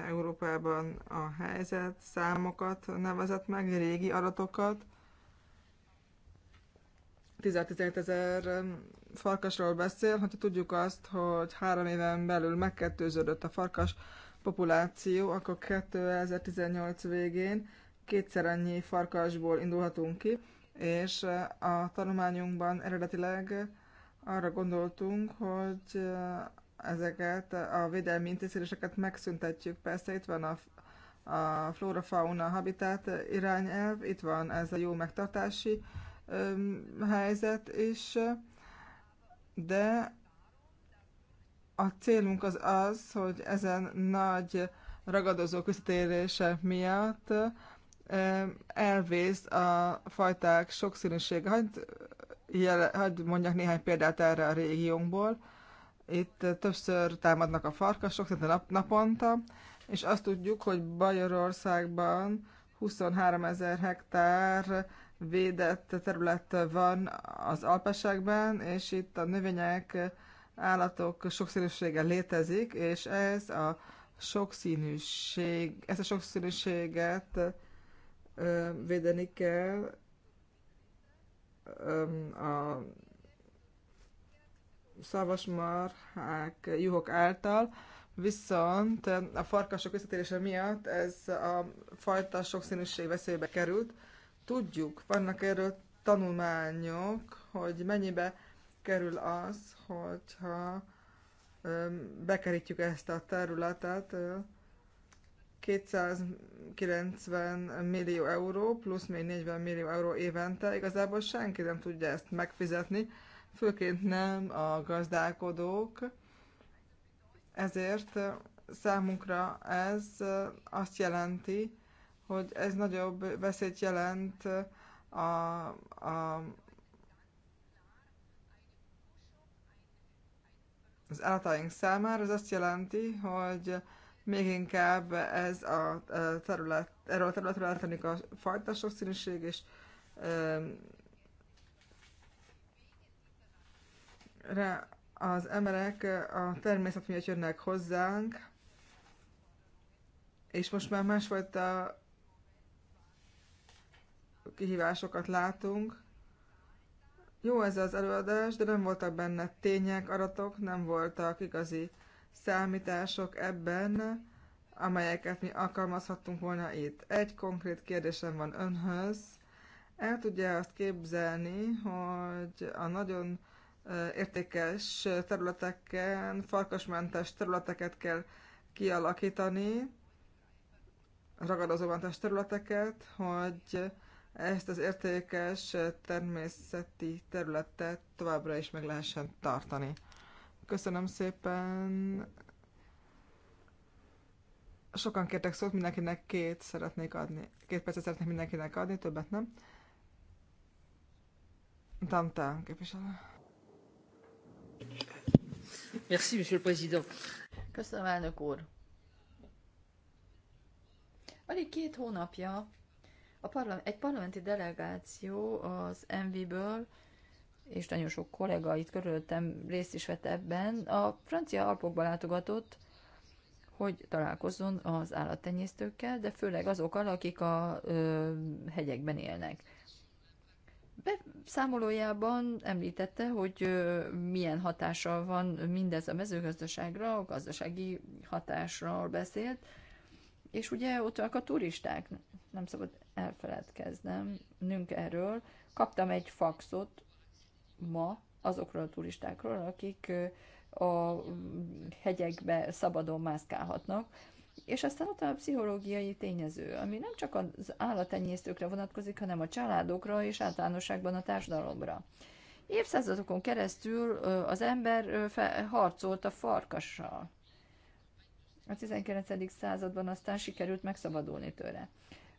Európában a helyzet, számokat nevezett meg, régi adatokat. 17 ezer farkasról beszél, hogyha tudjuk azt, hogy három éven belül megkettőződött a farkas populáció, akkor 2018 végén kétszer annyi farkasból indulhatunk ki, és a tanulmányunkban eredetileg arra gondoltunk, hogy ezeket a védelmi intézkedéseket megszüntetjük. Persze itt van a, a flora fauna habitat irányelv, itt van ez a jó megtartási öm, helyzet is, de a célunk az az, hogy ezen nagy ragadozó visszatérése miatt elvész a fajták sokszínűsége. Hogy jele, mondjak néhány példát erre a régiónkból. Itt többször támadnak a farkasok, szinte nap, naponta, és azt tudjuk, hogy Bajorországban 23 ezer hektár védett terület van az alpesekben, és itt a növények, állatok sokszínűsége létezik, és ez a sokszínűség, ezt a sokszínűséget védeni kell a szarvasmarhák, juhok által, viszont a farkasok visszatérése miatt ez a fajta sokszínűség veszélybe került. Tudjuk, vannak erről tanulmányok, hogy mennyibe kerül az, hogyha bekerítjük ezt a területet 290 millió euró, plusz még 40 millió euró évente, igazából senki nem tudja ezt megfizetni, főként nem a gazdálkodók, ezért számunkra ez azt jelenti, hogy ez nagyobb veszélyt jelent a, a, az állataink számára. Ez azt jelenti, hogy még inkább ez a terület, erről a területről eltenik a fajta sokszínűség, és rá az emberek a természet miatt jönnek hozzánk, és most már másfajta kihívásokat látunk. Jó ez az előadás, de nem voltak benne tények, aratok, nem voltak igazi számítások ebben, amelyeket mi alkalmazhattunk volna itt. Egy konkrét kérdésem van önhöz. El tudja azt képzelni, hogy a nagyon értékes területeken, farkasmentes területeket kell kialakítani, ragadozómentes területeket, hogy ezt az értékes természeti területet továbbra is meg lehessen tartani. Köszönöm szépen. Sokan kértek szót, mindenkinek két szeretnék adni. Két percet szeretnék mindenkinek adni, többet nem. Tamtán képviselő. Merci, monsieur le président. Köszönöm, elnök úr. Alig két hónapja a parla- egy parlamenti delegáció az MV-ből és nagyon sok kollega itt körülöttem részt is vett ebben, a francia alpokba látogatott, hogy találkozzon az állattenyésztőkkel, de főleg azokkal, akik a ö, hegyekben élnek. Beszámolójában említette, hogy ö, milyen hatással van mindez a mezőgazdaságra, a gazdasági hatásról beszélt, és ugye ott vannak a turisták, nem szabad elfeledkeznem nünk erről. Kaptam egy faxot ma azokról a turistákról, akik a mm, hegyekbe szabadon mászkálhatnak. És aztán ott a pszichológiai tényező, ami nem csak az állatenyésztőkre vonatkozik, hanem a családokra és általánosságban a társadalomra. Évszázadokon keresztül az ember harcolt a farkassal. A 19. században aztán sikerült megszabadulni tőle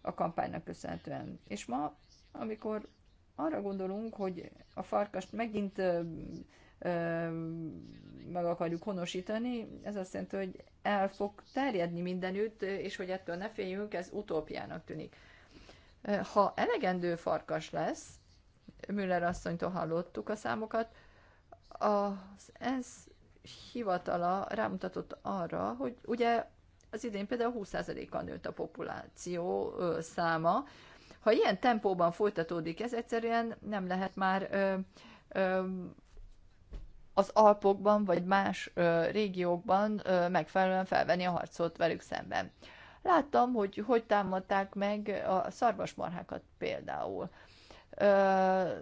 a kampánynak köszönhetően. És ma, amikor arra gondolunk, hogy a farkast megint ö, ö, meg akarjuk honosítani, ez azt jelenti, hogy el fog terjedni mindenütt, és hogy ettől ne féljünk, ez utópiának tűnik. Ha elegendő farkas lesz, Müller asszonytól hallottuk a számokat, az ENSZ hivatala rámutatott arra, hogy ugye az idén például 20%-kal nőtt a populáció száma, ha ilyen tempóban folytatódik, ez egyszerűen nem lehet már ö, ö, az Alpokban vagy más ö, régiókban ö, megfelelően felvenni a harcot velük szemben. Láttam, hogy hogy támadták meg a szarvasmarhákat például. Ö,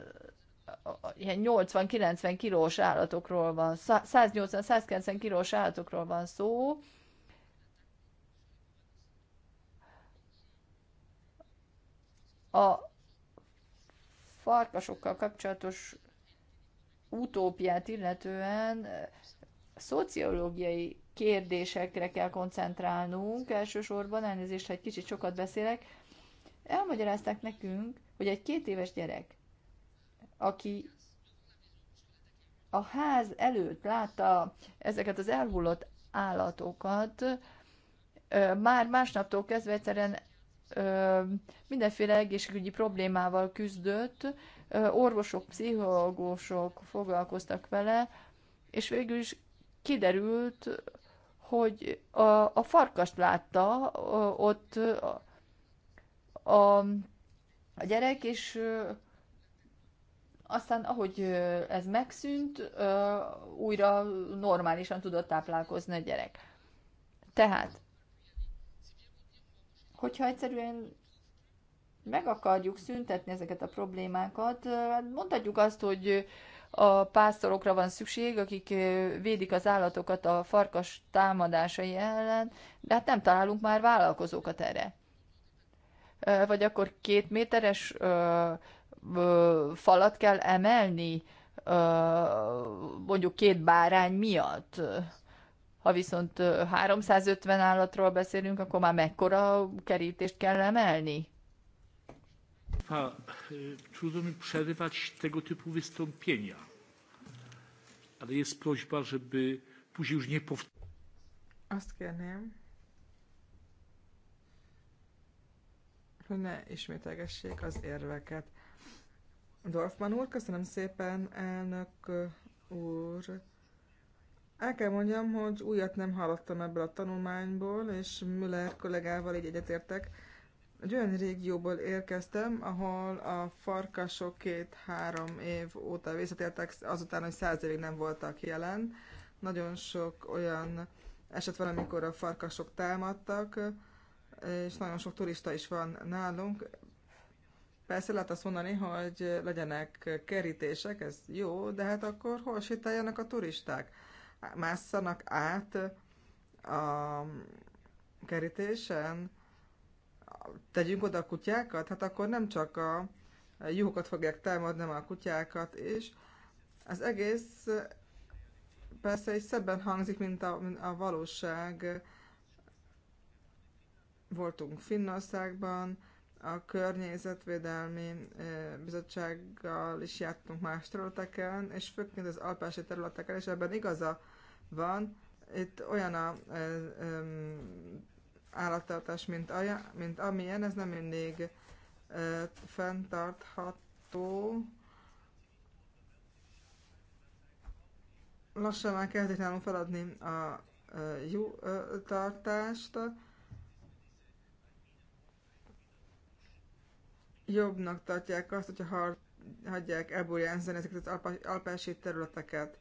ilyen 80-90 kilós állatokról van, 180-190 kilós állatokról van szó, a farkasokkal kapcsolatos utópiát illetően eh, szociológiai kérdésekre kell koncentrálnunk elsősorban, elnézést, ha egy kicsit sokat beszélek. Elmagyarázták nekünk, hogy egy két éves gyerek, aki a ház előtt látta ezeket az elhullott állatokat, eh, már másnaptól kezdve egyszerűen mindenféle egészségügyi problémával küzdött, orvosok, pszichológusok foglalkoztak vele, és végül is kiderült, hogy a, a farkast látta ott a, a, a gyerek, és aztán ahogy ez megszűnt, újra normálisan tudott táplálkozni a gyerek. Tehát hogyha egyszerűen meg akarjuk szüntetni ezeket a problémákat, hát mondhatjuk azt, hogy a pásztorokra van szükség, akik védik az állatokat a farkas támadásai ellen, de hát nem találunk már vállalkozókat erre. Vagy akkor két méteres ö, ö, falat kell emelni, ö, mondjuk két bárány miatt. Ha viszont 350 állatról beszélünk, akkor már mekkora kerítést kell emelni? Ha e, trudno mi przerywać tego typu wystąpienia, ale jest prośba, żeby później już nie powtórzyć. Azt kérném, hogy ne ismételgessék az érveket. Dorfman úr, köszönöm szépen, elnök úr. El kell mondjam, hogy újat nem hallottam ebből a tanulmányból, és Müller kollégával így egyetértek. Egy olyan régióból érkeztem, ahol a farkasok két-három év óta visszatértek, azután, hogy száz évig nem voltak jelen. Nagyon sok olyan eset van, amikor a farkasok támadtak, és nagyon sok turista is van nálunk. Persze lehet azt mondani, hogy legyenek kerítések, ez jó, de hát akkor hol sétáljanak a turisták? másszanak át a kerítésen, tegyünk oda a kutyákat, hát akkor nem csak a juhokat fogják támadni, hanem a kutyákat is. Az egész persze is szebben hangzik, mint a, mint a valóság. Voltunk Finnországban, a környezetvédelmi bizottsággal is jártunk más területeken, és főként az alpási területeken, és ebben igaza van, itt olyan a állattartás, mint, mint amilyen, ez nem mindig fenntartható. Lassan már kezdik nálunk feladni a jó tartást, jobbnak tartják azt, hogyha hagyják elbújjánzani ezeket az alpási területeket.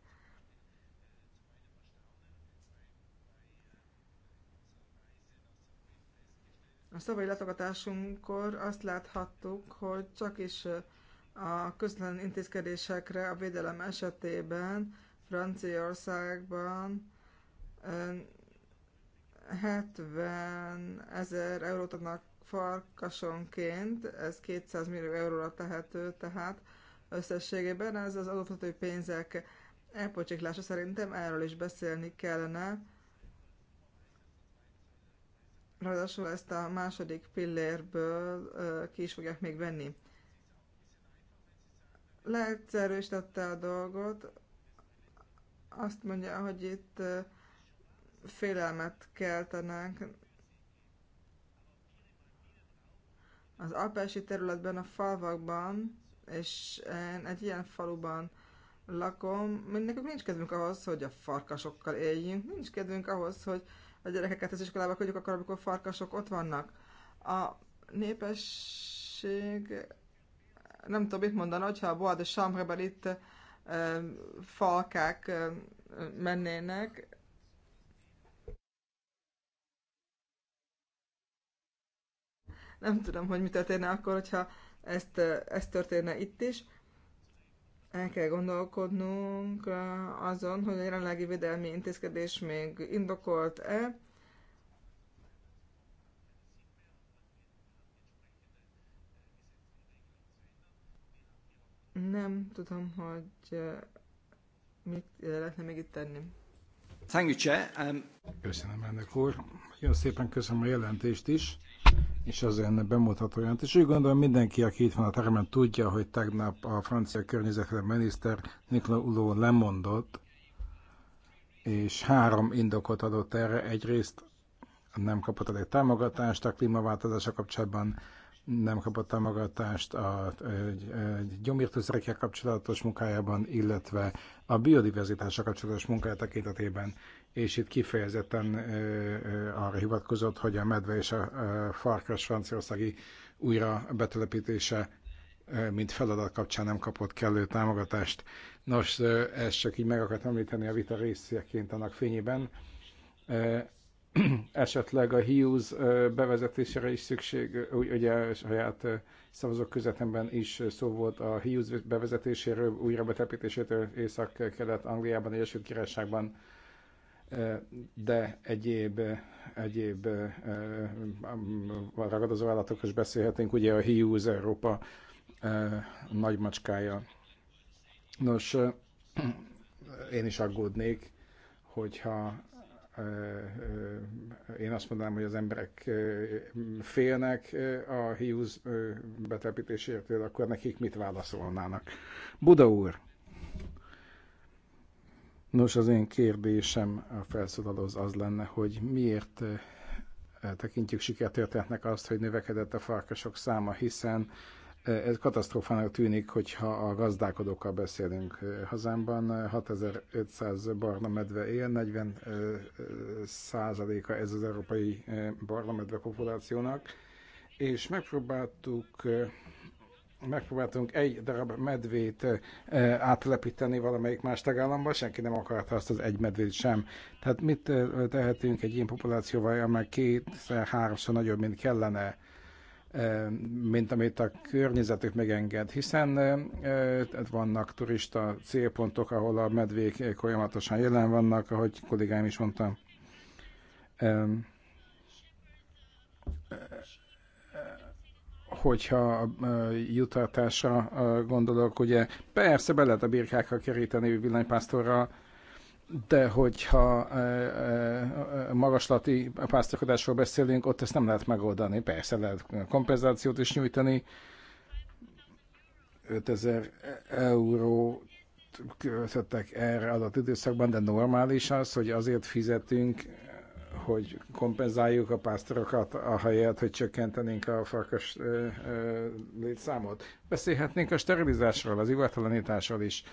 A szavai látogatásunkkor azt láthattuk, hogy csak is a közlen intézkedésekre a védelem esetében Franciaországban 70 ezer eurót adnak farkasonként, ez 200 millió euróra tehető, tehát összességében ez az adófizetői pénzek elpocsiklása szerintem erről is beszélni kellene. Ráadásul ezt a második pillérből ki is fogják még venni. Leegyszerűsítette a dolgot, azt mondja, hogy itt félelmet keltenek Az alpási területben, a falvakban, és én egy ilyen faluban lakom, nekünk nincs kedvünk ahhoz, hogy a farkasokkal éljünk, nincs kedvünk ahhoz, hogy a gyerekeket az iskolába küldjük akkor, amikor farkasok ott vannak. A népesség, nem tudom mit mondani, hogyha a Bois de itt e, falkák e, mennének, Nem tudom, hogy mi történne akkor, hogyha ezt, ezt történne itt is. El kell gondolkodnunk azon, hogy a jelenlegi védelmi intézkedés még indokolt-e, Nem tudom, hogy mit lehetne még itt tenni. Thank you, Chair. Um... Köszönöm, elnök úr. Nagyon szépen köszönöm a jelentést is és az ön bemutató jelent. És úgy gondolom mindenki, aki itt van a teremben, tudja, hogy tegnap a francia környezetre miniszter Nicolas Hulot lemondott, és három indokot adott erre. Egyrészt nem kapott elég támogatást a klímaváltozása kapcsolatban, nem kapott támogatást a gyomírtószerekkel kapcsolatos munkájában, illetve a biodiverzitással kapcsolatos munkája tekintetében és itt kifejezetten arra hivatkozott, hogy a medve és a farkas franciaországi újra betelepítése mint feladat kapcsán nem kapott kellő támogatást. Nos, ezt csak így meg akartam említeni a vita részeként annak fényében. Esetleg a Hughes bevezetésére is szükség, ugye saját szavazók közvetemben is szó volt a Hughes bevezetéséről, újra betelepítésétől Észak-Kelet-Angliában, Egyesült Királyságban, de egyéb, egyéb ragadozó is beszélhetünk, ugye a hiúz Európa nagymacskája. Nos, én is aggódnék, hogyha én azt mondanám, hogy az emberek félnek a hiúz betelepítésértől, akkor nekik mit válaszolnának? Buda úr! Nos, az én kérdésem a felszólalóz az lenne, hogy miért eh, tekintjük sikertörténetnek azt, hogy növekedett a farkasok száma, hiszen eh, ez katasztrófának tűnik, hogyha a gazdálkodókkal beszélünk. Eh, hazámban 6500 barna medve él, 40 százaléka ez az európai barna medve populációnak, és megpróbáltuk megpróbáltunk egy darab medvét átlepíteni valamelyik más tagállamba, senki nem akarta azt az egy medvét sem. Tehát mit tehetünk egy ilyen populációval, amely kétszer-háromszor nagyobb, mint kellene, mint amit a környezetük megenged, hiszen vannak turista célpontok, ahol a medvék folyamatosan jelen vannak, ahogy kollégáim is mondtam hogyha a jutatásra gondolok, ugye persze be lehet a birkákkal keríteni villanypásztorral, de hogyha magaslati pásztorkodásról beszélünk, ott ezt nem lehet megoldani. Persze lehet kompenzációt is nyújtani, 5000 euró költöttek erre adott időszakban, de normális az, hogy azért fizetünk hogy kompenzáljuk a pásztorokat, helyet, hogy csökkentenénk a farkas ö, ö, létszámot. Beszélhetnénk a sterilizásról, az ivartalanításról is.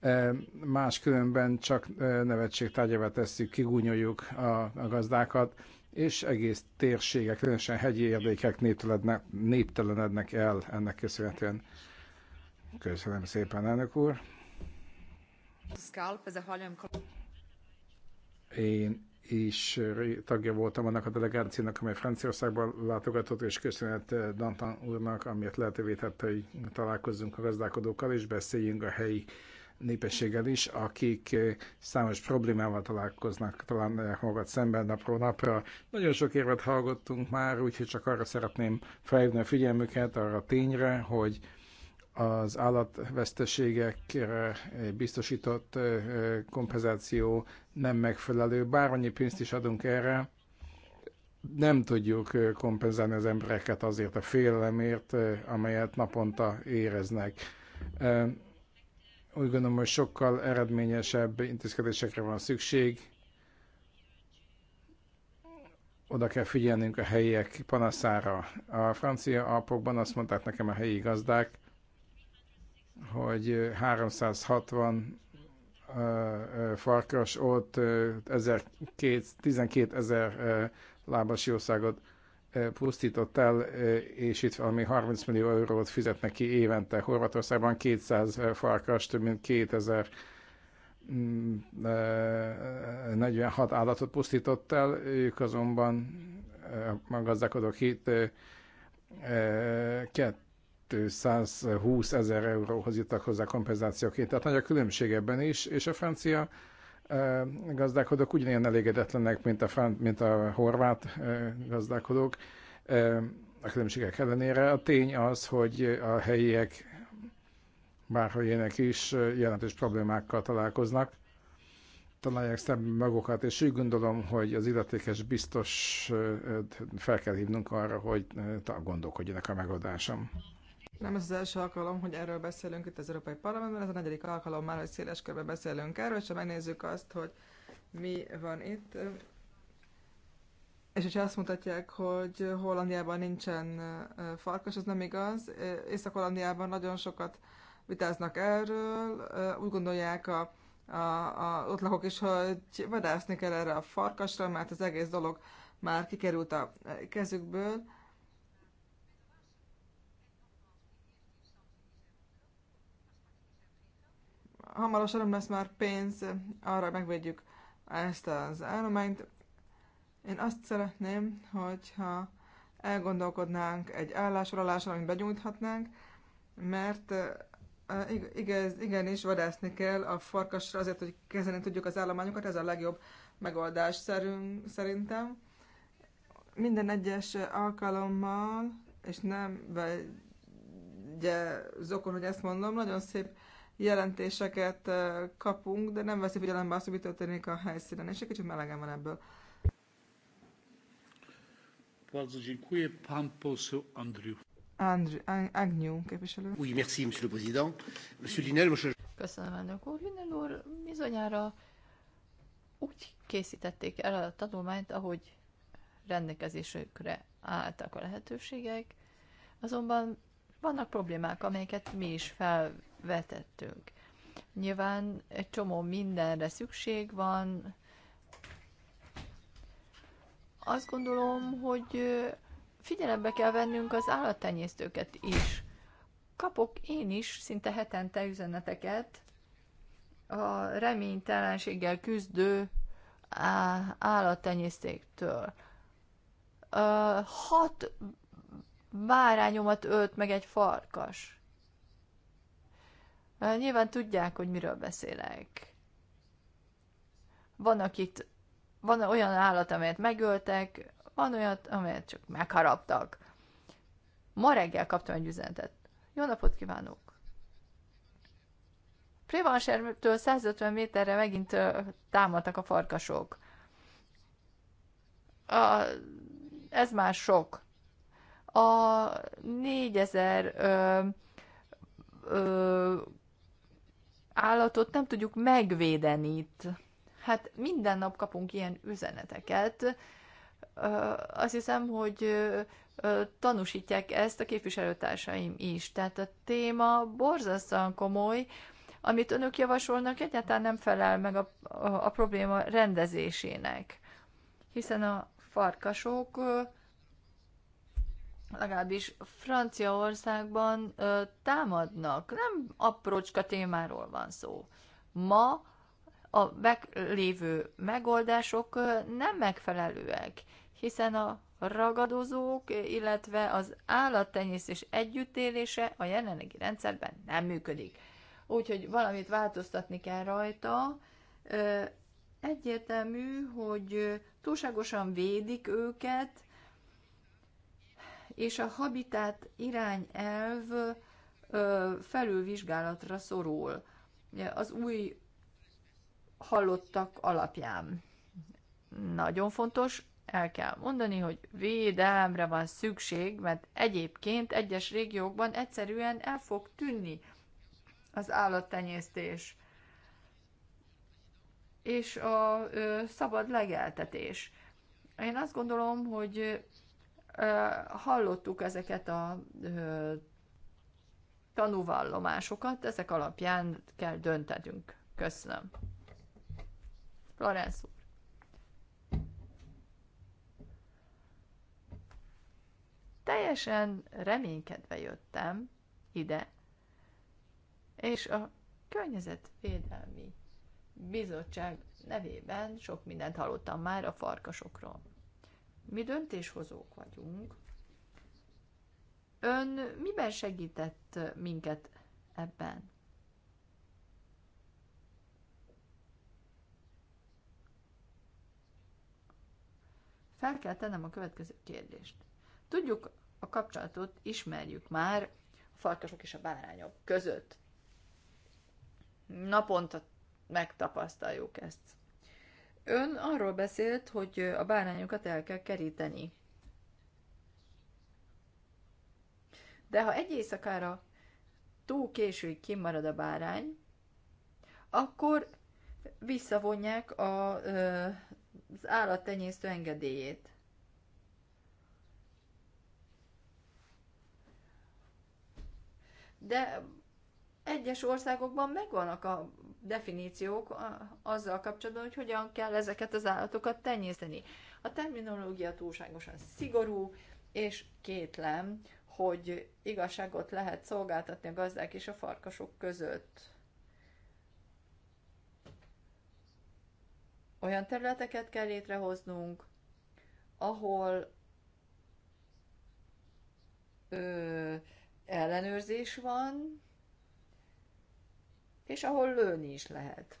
E, máskülönben csak nevetség tárgyává tesszük, kigúnyoljuk a, a gazdákat, és egész térségek, különösen hegyi érdékek néptelenednek, néptelenednek el ennek köszönhetően. Köszönöm szépen, elnök úr! Én is tagja voltam annak a delegációnak, amely Franciaországba látogatott, és köszönet Dantan úrnak, amiért lehetővé tette, hogy találkozzunk a gazdálkodókkal, és beszéljünk a helyi népességgel is, akik számos problémával találkoznak, talán magad szemben napról napra. Nagyon sok érvet hallgattunk már, úgyhogy csak arra szeretném felhívni a figyelmüket, arra a tényre, hogy az állatveszteségekre biztosított kompenzáció nem megfelelő. annyi pénzt is adunk erre, nem tudjuk kompenzálni az embereket azért a félelemért, amelyet naponta éreznek. Úgy gondolom, hogy sokkal eredményesebb intézkedésekre van szükség. Oda kell figyelnünk a helyiek panaszára. A francia alpokban azt mondták nekem a helyi gazdák, hogy 360 farkas ott 12 ezer lábas jószágot pusztított el, és itt valami 30 millió eurót fizetnek ki évente. Horvátországban 200 farkas, több mint 2000 46 mm, állatot pusztított el, ők azonban a gazdálkodók itt 220 ezer euróhoz jutottak hozzá kompenzációként. Tehát nagy a különbség ebben is, és a francia eh, gazdálkodók ugyanilyen elégedetlenek, mint a, mint a horvát eh, gazdálkodók eh, a különbségek ellenére. A tény az, hogy a helyiek bárhol ének is jelentős problémákkal találkoznak, találják szemben magukat, és úgy gondolom, hogy az illetékes biztos fel kell hívnunk arra, hogy gondolkodjanak a megoldásom. Nem ez az első alkalom, hogy erről beszélünk itt az Európai Parlamentben, ez a negyedik alkalom már, hogy széles körben beszélünk erről, és ha megnézzük azt, hogy mi van itt, és hogyha azt mutatják, hogy Hollandiában nincsen farkas, ez nem igaz. Észak-Hollandiában nagyon sokat vitáznak erről, úgy gondolják a, a, a ott lakók is, hogy vadászni kell erre a farkasra, mert az egész dolog már kikerült a kezükből, hamarosan nem lesz már pénz arra, megvédjük ezt az állományt. Én azt szeretném, hogyha elgondolkodnánk egy állásfoglalásra, amit begyújthatnánk, mert eh, igaz, igenis vadászni kell a farkasra azért, hogy kezelni tudjuk az állományokat, ez a legjobb megoldás szerünk, szerintem. Minden egyes alkalommal, és nem vegye zokon, hogy ezt mondom, nagyon szép jelentéseket kapunk, de nem veszi figyelembe azt, hogy mi történik a helyszínen, és egy kicsit melegen van ebből. Bardzo dziękuję. Pan poseł Andrew. Andrew, Agnew képviselő. Oui, merci, monsieur le président. Monsieur Linel, monsieur... Köszönöm, elnök úr. Linel úr, bizonyára úgy készítették el a tanulmányt, ahogy rendelkezésükre álltak a lehetőségek, azonban vannak problémák, amelyeket mi is fel vetettünk. Nyilván egy csomó mindenre szükség van. Azt gondolom, hogy figyelembe kell vennünk az állattenyésztőket is. Kapok én is szinte hetente üzeneteket a reménytelenséggel küzdő állattenyésztéktől. Hat bárányomat ölt meg egy farkas. Nyilván tudják, hogy miről beszélek. Van, itt, van olyan állat, amelyet megöltek, van olyat, amelyet csak megharaptak. Ma reggel kaptam egy üzenetet. Jó napot kívánok! Prévansertől 150 méterre megint támadtak a farkasok. A, ez már sok. A 4000 ö, ö, állatot nem tudjuk megvédeni itt. Hát minden nap kapunk ilyen üzeneteket. Azt hiszem, hogy tanúsítják ezt a képviselőtársaim is. Tehát a téma borzasztóan komoly, amit önök javasolnak, egyáltalán nem felel meg a, a, a probléma rendezésének. Hiszen a farkasok legalábbis Franciaországban ö, támadnak. Nem aprócska témáról van szó. Ma a meglévő megoldások ö, nem megfelelőek, hiszen a ragadozók, illetve az állattenyésztés együttélése a jelenlegi rendszerben nem működik. Úgyhogy valamit változtatni kell rajta. Ö, egyértelmű, hogy túlságosan védik őket, és a habitat irányelv felülvizsgálatra szorul az új hallottak alapján. Nagyon fontos, el kell mondani, hogy védelemre van szükség, mert egyébként egyes régiókban egyszerűen el fog tűnni az állattenyésztés és a ö, szabad legeltetés. Én azt gondolom, hogy hallottuk ezeket a tanúvallomásokat, ezek alapján kell döntenünk. Köszönöm. Florence úr. Teljesen reménykedve jöttem ide, és a Környezetvédelmi Bizottság nevében sok mindent hallottam már a farkasokról. Mi döntéshozók vagyunk. Ön miben segített minket ebben? Fel kell tennem a következő kérdést. Tudjuk, a kapcsolatot ismerjük már a farkasok és a bárányok között. Naponta megtapasztaljuk ezt. Ön arról beszélt, hogy a bárányokat el kell keríteni. De ha egy éjszakára túl későig kimarad a bárány, akkor visszavonják a, az állattenyésztő engedélyét. De egyes országokban megvannak a definíciók azzal kapcsolatban, hogy hogyan kell ezeket az állatokat tenyészteni. A terminológia túlságosan szigorú, és kétlem, hogy igazságot lehet szolgáltatni a gazdák és a farkasok között. Olyan területeket kell létrehoznunk, ahol ö, ellenőrzés van, és ahol lőni is lehet.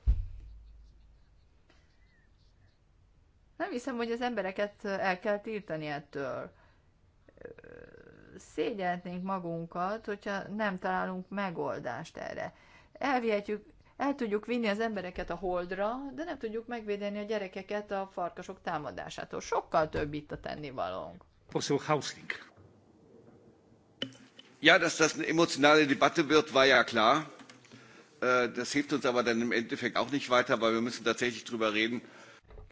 Nem hiszem, hogy az embereket el kell tiltani ettől. Szégyeltnénk magunkat, hogyha nem találunk megoldást erre. Elvihetjük, el tudjuk vinni az embereket a holdra, de nem tudjuk megvédeni a gyerekeket a farkasok támadásától. Sokkal több itt a tennivalónk. Poszol Ja, dass das eine emotionale Debatte wird, war ja klar. Äh, das hilft uns aber dann im Endeffekt auch nicht weiter, weil wir müssen tatsächlich drüber reden.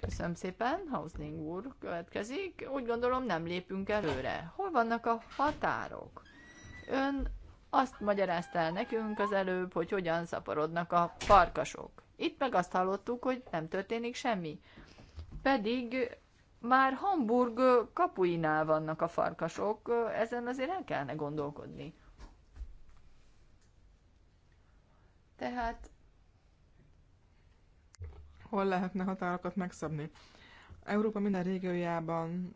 Köszönöm szépen, Hausling úr következik. Úgy gondolom nem lépünk előre. Hol vannak a határok? Ön azt magyarázta el nekünk az előbb, hogy hogyan szaporodnak a farkasok. Itt meg azt hallottuk, hogy nem történik semmi. Pedig már Hamburg kapuinál vannak a farkasok, ezen azért el kellene gondolkodni. Tehát hol lehetne határokat megszabni? Európa minden régiójában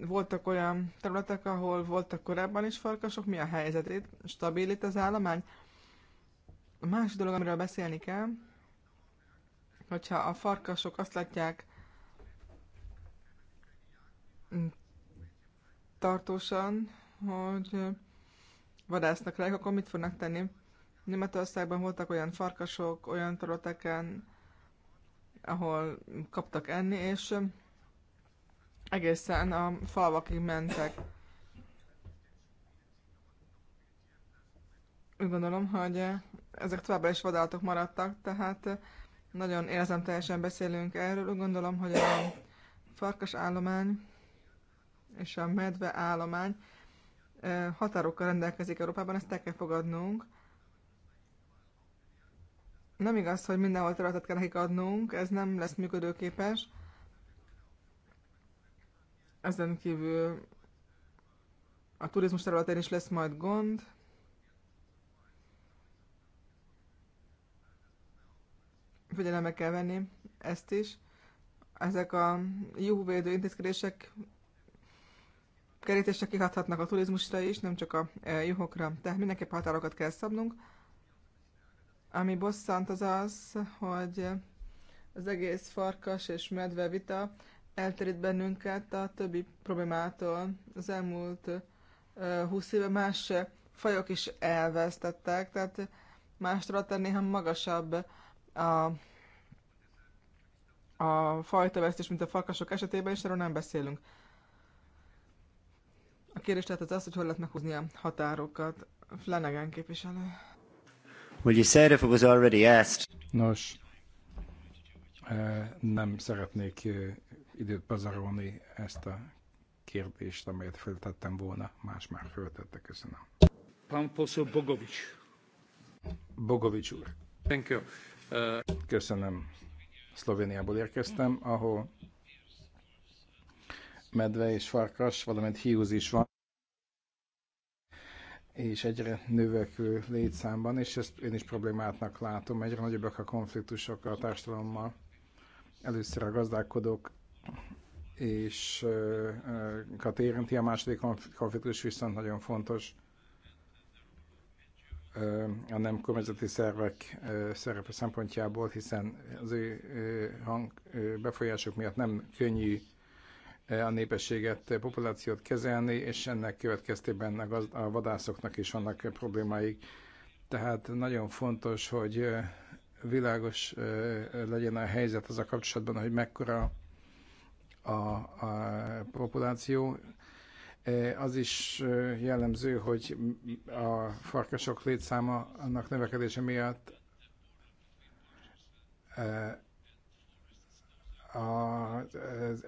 voltak olyan területek, ahol voltak korábban is farkasok, mi a helyzet? Stabil itt az állomány? A másik dolog, amiről beszélni kell, hogyha a farkasok azt látják tartósan, hogy vadásznak rájuk, akkor mit fognak tenni? Németországban voltak olyan farkasok, olyan területeken, ahol kaptak enni, és egészen a falvakig mentek. Úgy gondolom, hogy ezek továbbra is vadállatok maradtak, tehát nagyon teljesen beszélünk erről. Úgy gondolom, hogy a farkas állomány és a medve állomány határokkal rendelkezik Európában, ezt el kell fogadnunk. Nem igaz, hogy mindenhol területet kell nekik adnunk, ez nem lesz működőképes. Ezen kívül a turizmus területén is lesz majd gond. Figyelembe kell venni ezt is. Ezek a jóvédő intézkedések kerítésre kihathatnak a turizmusra is, nem csak a e, juhokra. Tehát mindenképp határokat kell szabnunk. Ami bosszant az az, hogy az egész farkas és medve vita elterít bennünket a többi problémától. Az elmúlt e, húsz éve más fajok is elvesztettek, tehát más területen néha magasabb a, a fajta vesztés, mint a farkasok esetében, és erről nem beszélünk. A kérdés tehát az az, hogy hol lehet meghúzni a határokat. Flanagan képviselő. Would you say if it was already asked. Nos, eh, nem szeretnék eh, időt pazarolni ezt a kérdést, amelyet föltettem volna, más már föltette, köszönöm. Pán Poszó Bogovic. Bogovic úr. Thank you. Uh... Köszönöm. Szlovéniából érkeztem, ahol medve és farkas, valamint hiúz is van és egyre növekvő létszámban, és ezt én is problémátnak látom, egyre nagyobbak a konfliktusok a társadalommal. Először a gazdálkodók és kat érinti, a második konfliktus viszont nagyon fontos a nem kormányzati szervek szerepe szempontjából, hiszen az ő hang befolyások miatt nem könnyű E, a népességet, a e, populációt kezelni, és ennek következtében a, a vadászoknak is vannak e, problémáik. Tehát nagyon fontos, hogy világos legyen a helyzet az a kapcsolatban, hogy mekkora a, a populáció. Az is jellemző, hogy a farkasok létszáma annak növekedése miatt a,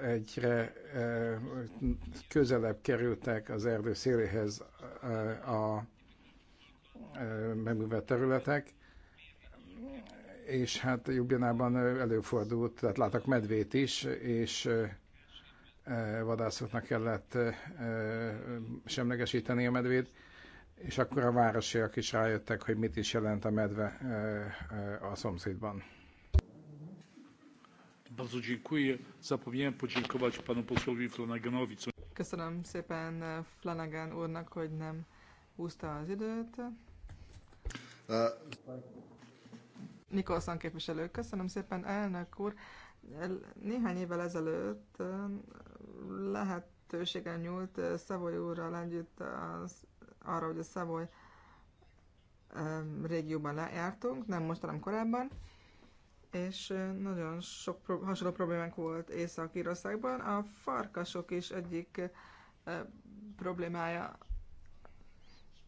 egyre közelebb kerültek az erdő széléhez a megművelt területek, és hát Jubjanában előfordult, tehát láttak medvét is, és vadászoknak kellett semlegesíteni a medvét, és akkor a városiak is rájöttek, hogy mit is jelent a medve a szomszédban. Köszönöm szépen eh, Flanagan úrnak, hogy nem húzta az időt. Uh, Nikolson képviselő, köszönöm szépen, elnök úr. Néhány évvel ezelőtt eh, lehetőségen nyúlt Szavoly úrral együtt az, arra, hogy a Szavoly régióban lejártunk, nem most, hanem korábban, és nagyon sok pro- hasonló problémák volt Észak-Írországban. A farkasok is egyik e, problémája,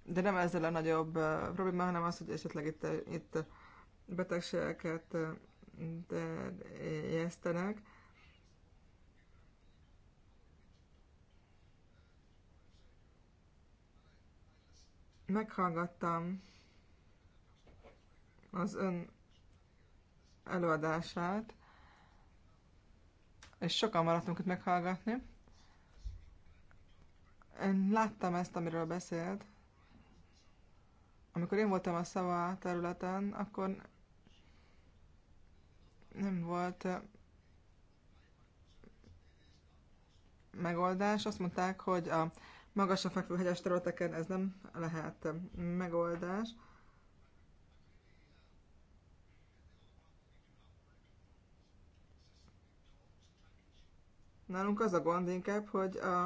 de nem ezzel a nagyobb e, probléma, hanem az, hogy esetleg itt, itt betegségeket terjesztenek. Meghallgattam az ön előadását, és sokan maradtunk itt meghallgatni. Én láttam ezt, amiről beszélt. Amikor én voltam a szava területen, akkor nem volt eh, megoldás. Azt mondták, hogy a magasra fekvő hegyes területeken ez nem lehet eh, megoldás. Nálunk az a gond inkább, hogy a,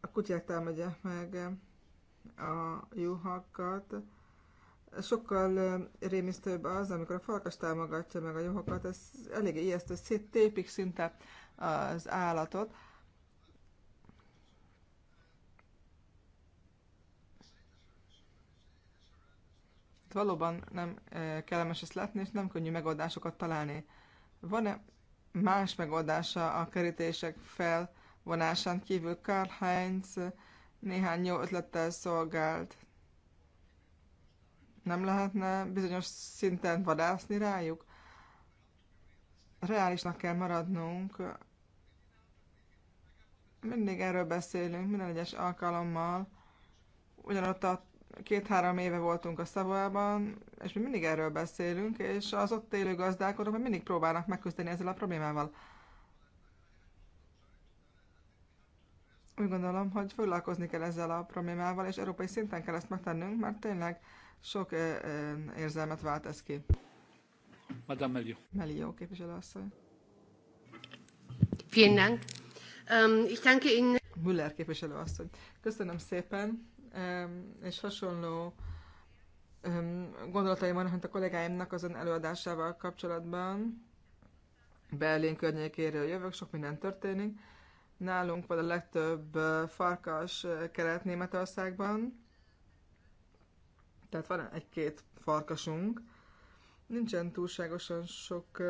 a kutyák támadják meg a juhakat. Sokkal rémisztőbb az, amikor a farkas támogatja meg a juhokat, ez elég ijesztő, széttépik szinte az állatot. valóban nem kellemes ezt látni, és nem könnyű megoldásokat találni. Van-e más megoldása a kerítések felvonásán kívül. Karl Heinz néhány jó ötlettel szolgált. Nem lehetne bizonyos szinten vadászni rájuk? Reálisnak kell maradnunk. Mindig erről beszélünk, minden egyes alkalommal. Ugyanott a két-három éve voltunk a Szavában, és mi mindig erről beszélünk, és az ott élő gazdálkodók mindig próbálnak megküzdeni ezzel a problémával. Úgy gondolom, hogy foglalkozni kell ezzel a problémával, és európai szinten kell ezt megtennünk, mert tényleg sok érzelmet vált ez ki. Madame Melio. Melio asszony. Vielen Dank. Um, ich danke Ihnen. Müller asszony. Köszönöm szépen és hasonló gondolataim vannak, mint a kollégáimnak azon előadásával kapcsolatban. Berlin környékéről jövök, sok minden történik. Nálunk van a legtöbb farkas Kelet-Németországban, tehát van egy-két farkasunk. Nincsen túlságosan sok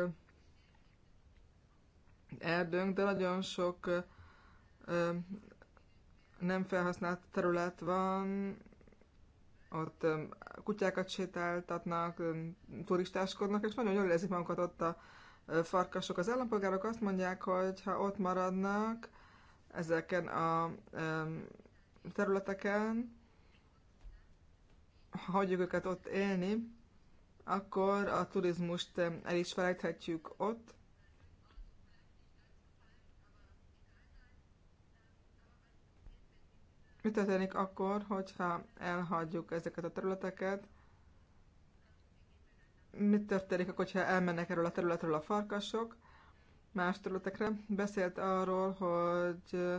erdőnk, de nagyon sok nem felhasznált terület van, ott kutyákat sétáltatnak, turistáskodnak, és nagyon jól érzik magukat ott a farkasok. Az állampolgárok azt mondják, hogy ha ott maradnak ezeken a területeken, ha hagyjuk őket ott élni, akkor a turizmust el is felejthetjük ott, Mi történik akkor, hogyha elhagyjuk ezeket a területeket? Mit történik akkor, ha elmennek erről a területről a farkasok más területekre? Beszélt arról, hogy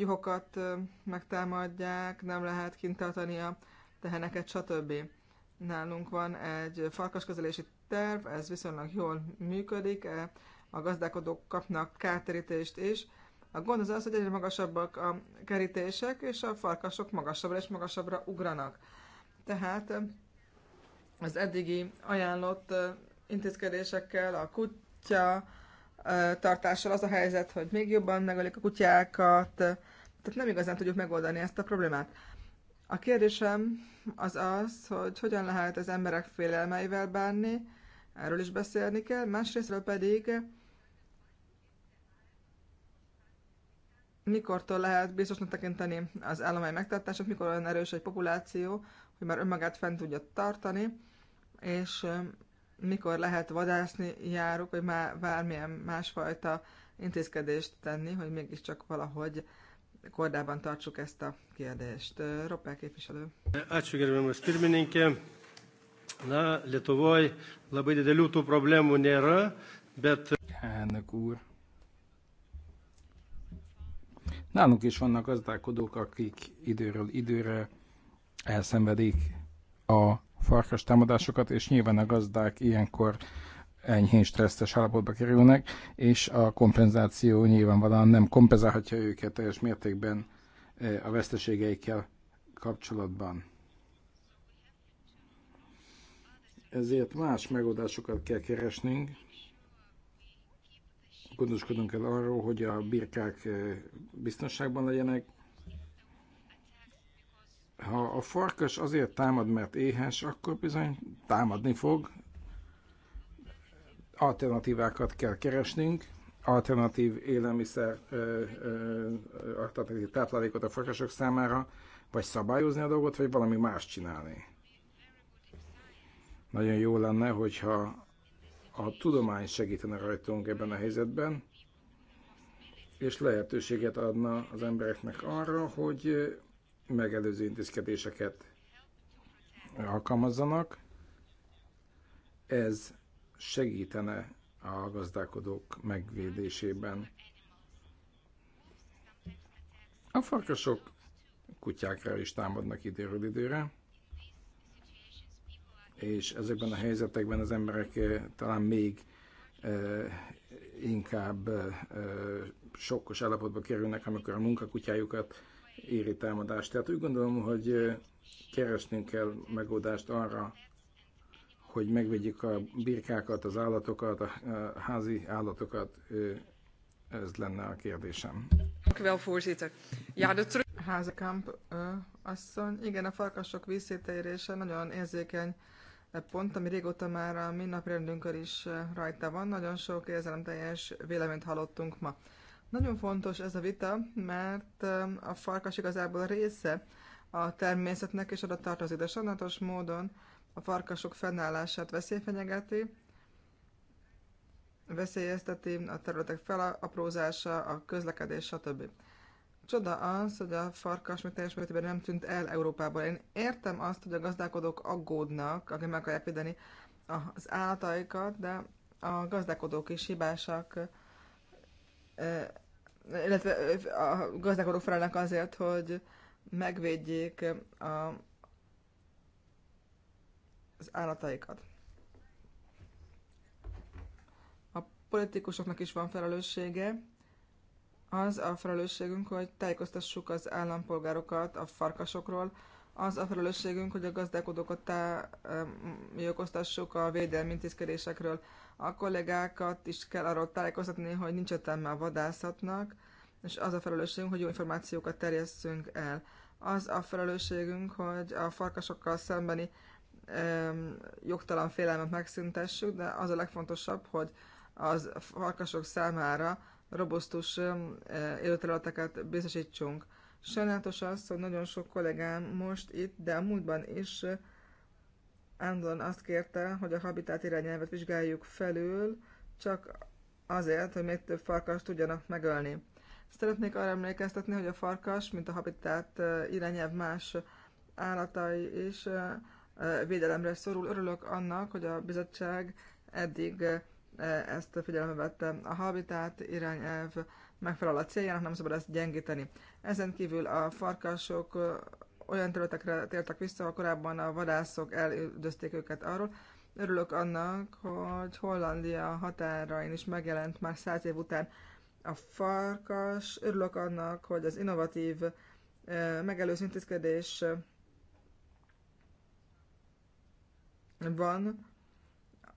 juhokat megtámadják, nem lehet kint tartani a teheneket, stb. Nálunk van egy farkaskezelési terv, ez viszonylag jól működik, e, a gazdálkodók kapnak kárterítést is, a gond az az, hogy egyre magasabbak a kerítések, és a farkasok magasabbra és magasabbra ugranak. Tehát az eddigi ajánlott intézkedésekkel, a kutya tartással az a helyzet, hogy még jobban megölik a kutyákat, tehát nem igazán tudjuk megoldani ezt a problémát. A kérdésem az az, hogy hogyan lehet az emberek félelmeivel bánni, erről is beszélni kell, másrésztről pedig mikortól lehet biztosnak tekinteni az állomány megtartását, mikor olyan erős egy populáció, hogy már önmagát fent tudja tartani, és mikor lehet vadászni járuk, vagy már bármilyen másfajta intézkedést tenni, hogy mégiscsak valahogy kordában tartsuk ezt a kérdést. Roppel képviselő. Ačiū gerbiamas pirmininkė. Na, Lietuvoje labai didelių tų problemų nėra, bet... Elnök úr, Nálunk is vannak gazdálkodók, akik időről időre elszenvedik a farkas támadásokat, és nyilván a gazdák ilyenkor enyhén stresszes állapotba kerülnek, és a kompenzáció nyilvánvalóan nem kompenzálhatja őket teljes mértékben e, a veszteségeikkel kapcsolatban. Ezért más megoldásokat kell keresnünk, gondoskodnunk kell arról, hogy a birkák eh, biztonságban legyenek. Ha a farkas azért támad, mert éhes, akkor bizony támadni fog. Alternatívákat kell keresnünk, alternatív élelmiszer, eh, eh, alternatív táplálékot a farkasok számára, vagy szabályozni a dolgot, vagy valami más csinálni. Nagyon jó lenne, hogyha a tudomány segítene rajtunk ebben a helyzetben, és lehetőséget adna az embereknek arra, hogy megelőző intézkedéseket alkalmazzanak. Ez segítene a gazdálkodók megvédésében. A farkasok kutyákra is támadnak időről időre és ezekben a helyzetekben az emberek eh, talán még eh, inkább eh, sokkos állapotba kerülnek, amikor a munkakutyájukat éri támadást. Tehát úgy gondolom, hogy keresnünk kell megoldást arra, hogy megvegyük a birkákat, az állatokat, a házi állatokat. Ez lenne a kérdésem. Kivel voorzitter. Ja, de terug... Házakamp asszony, igen, a farkasok visszatérése nagyon érzékeny E pont, ami régóta már a mi rendünkön is e, rajta van. Nagyon sok érzelemteljes véleményt hallottunk ma. Nagyon fontos ez a vita, mert e, a farkas igazából része a természetnek, és oda tartozik, de sajnálatos módon a farkasok fennállását veszélyfenyegeti, veszélyezteti a területek felaprózása, a közlekedés, stb. Csoda az, hogy a farkas még teljes mértékben nem tűnt el Európából. Én értem azt, hogy a gazdálkodók aggódnak, akik meg akarják védeni az állataikat, de a gazdálkodók is hibásak, illetve a gazdálkodók felelnek azért, hogy megvédjék a, az állataikat. A politikusoknak is van felelőssége, az a felelősségünk, hogy tájékoztassuk az állampolgárokat a farkasokról, az a felelősségünk, hogy a gazdálkodókat tájékoztassuk a védelmi intézkedésekről. A kollégákat is kell arról tájékoztatni, hogy nincs értelme a vadászatnak, és az a felelősségünk, hogy jó információkat terjesszünk el. Az a felelősségünk, hogy a farkasokkal szembeni öm, jogtalan félelmet megszüntessük, de az a legfontosabb, hogy az farkasok számára robosztus eh, élőterületeket biztosítsunk. Sajnálatos az, hogy nagyon sok kollégám most itt, de a múltban is Andon azt kérte, hogy a habitát irányelvet vizsgáljuk felül, csak azért, hogy még több farkas tudjanak megölni. Szeretnék arra emlékeztetni, hogy a farkas, mint a habitát irányelv más állatai is védelemre szorul. Örülök annak, hogy a bizottság eddig E, ezt figyelembe vette. A habitat irányelv megfelel a céljának, nem szabad ezt gyengíteni. Ezen kívül a farkasok e, olyan területekre tértek vissza, ahol korábban a vadászok elüldözték őket arról. Örülök annak, hogy Hollandia határain is megjelent már száz év után a farkas. Örülök annak, hogy az innovatív e, megelőző intézkedés van,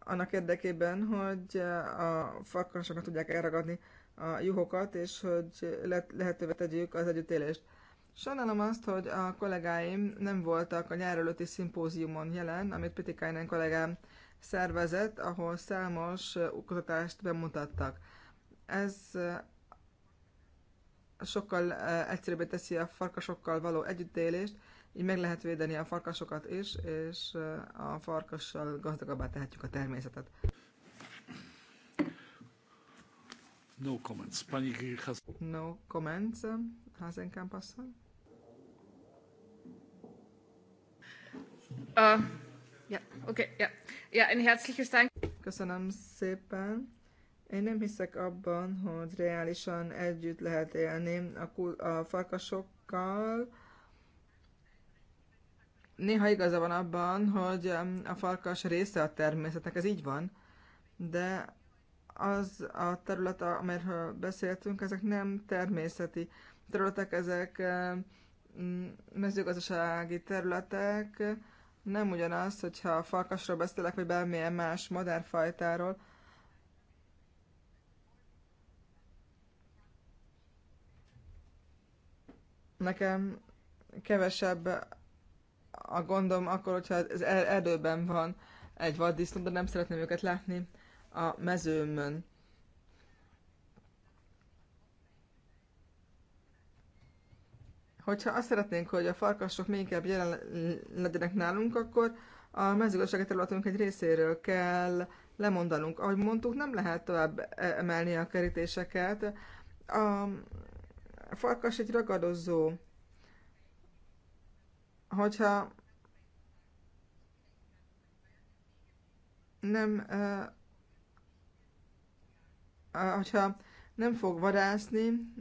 annak érdekében, hogy eh, a farkasokat tudják elragadni a juhokat, és hogy le- lehetővé tegyük az együttélést. Sajnálom azt, hogy a kollégáim nem voltak a nyár előtti szimpóziumon jelen, amit Pitikainen kollégám szervezett, ahol számos eh, kutatást bemutattak. Ez eh, sokkal egyszerűbbé teszi a farkasokkal való együttélést, így meg lehet védeni a farkasokat is, és eh, a farkassal gazdagabbá tehetjük a természetet. No comments. Pani No comments, eh, Hazenkamp passzol. Uh, ja, oké, ja. Ja, ein herzliches Dank. Köszönöm szépen. Én nem hiszek abban, hogy reálisan együtt lehet élni a, a farkasokkal, néha igaza van abban, hogy a farkas része a természetnek, ez így van, de az a terület, amelyről beszéltünk, ezek nem természeti területek, ezek mm, mezőgazdasági területek, nem ugyanaz, hogyha a farkasról beszélek, vagy bármilyen más madárfajtáról, nekem kevesebb a gondom akkor, hogyha az erdőben van egy vaddisznó, de nem szeretném őket látni a mezőmön. Hogyha azt szeretnénk, hogy a farkasok még inkább jelen legyenek nálunk, akkor a mezőgazdasági területünk egy részéről kell lemondanunk. Ahogy mondtuk, nem lehet tovább e- emelni a kerítéseket. A farkas egy ragadozó hogyha nem hogyha nem fog vadászni,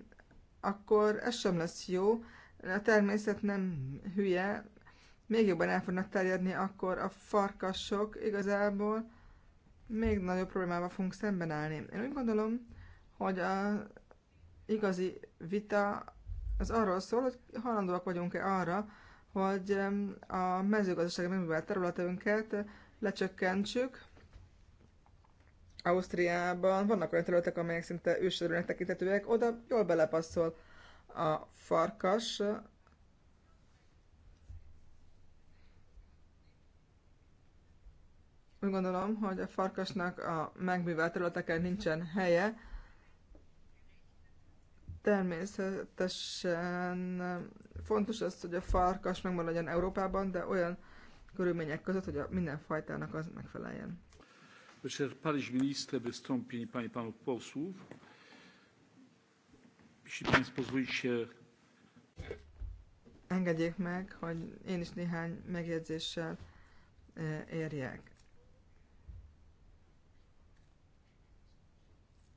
akkor ez sem lesz jó. A természet nem hülye, még jobban el fognak terjedni akkor a farkasok igazából, még nagyobb problémával fogunk állni. Én úgy gondolom, hogy a igazi vita az arról szól, hogy halandóak vagyunk-e arra, hogy a mezőgazdasági megművelt területünket lecsökkentsük. Ausztriában vannak olyan területek, amelyek szinte ősörülnek tekintetőek, oda jól belepasszol a farkas, úgy gondolom, hogy a farkasnak a megművelt területeken nincsen helye, Természetesen fontos az, hogy a farkas megmaradjon Európában, de olyan körülmények között, hogy a minden fajtának az megfeleljen. Wyczerpaliśmy listę wystąpień pań panów posłów. Jeśli państwo pozwolicie... Engedjék meg, hogy én is néhány megjegyzéssel eh, érjek.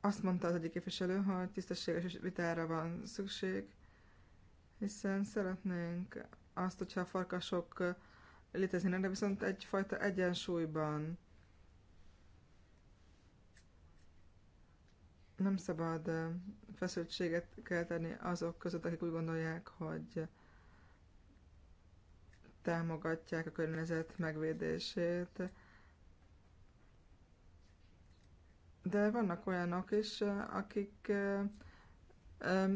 Azt mondta az egyik képviselő, hogy tisztességes vitára van szükség, hiszen szeretnénk azt, hogyha a farkasok léteznének, de viszont egyfajta egyensúlyban. Nem szabad feszültséget kelteni azok között, akik úgy gondolják, hogy támogatják a környezet megvédését, De vannak olyanok is, akik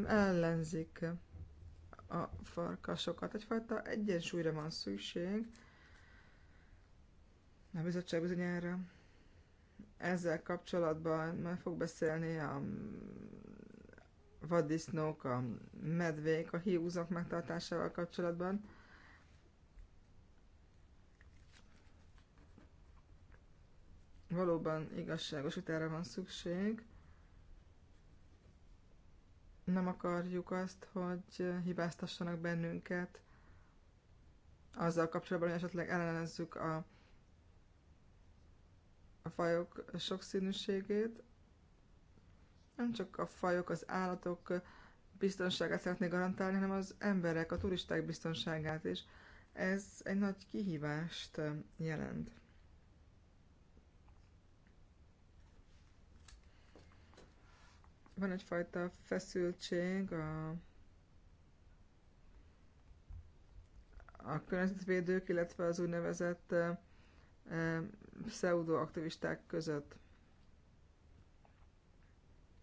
ellenzik a farkasokat. Egyfajta egyensúlyra van szükség. A bizottság bizonyára ezzel kapcsolatban már fog beszélni a vaddisznók, a medvék, a hiúzak megtartásával kapcsolatban. valóban igazságos vitára van szükség. Nem akarjuk azt, hogy hibáztassanak bennünket azzal kapcsolatban, hogy esetleg ellenezzük a, a fajok sokszínűségét. Nem csak a fajok, az állatok biztonságát szeretnék garantálni, hanem az emberek, a turisták biztonságát is. Ez egy nagy kihívást jelent. Van egyfajta feszültség a, a környezetvédők, illetve az úgynevezett e, e, pseudoaktivisták között.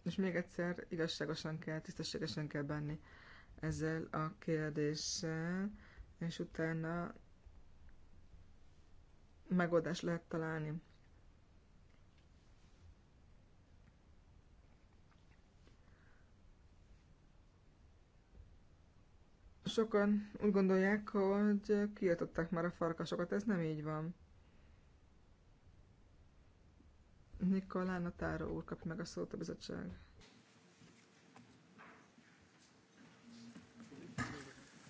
És még egyszer igazságosan kell, tisztességesen kell benni ezzel a kérdéssel, és utána megoldást lehet találni. sokan úgy gondolják, hogy kiadották már a farkasokat, ez nem így van. Nikolá Natára úr kapja meg a szót a bizottság.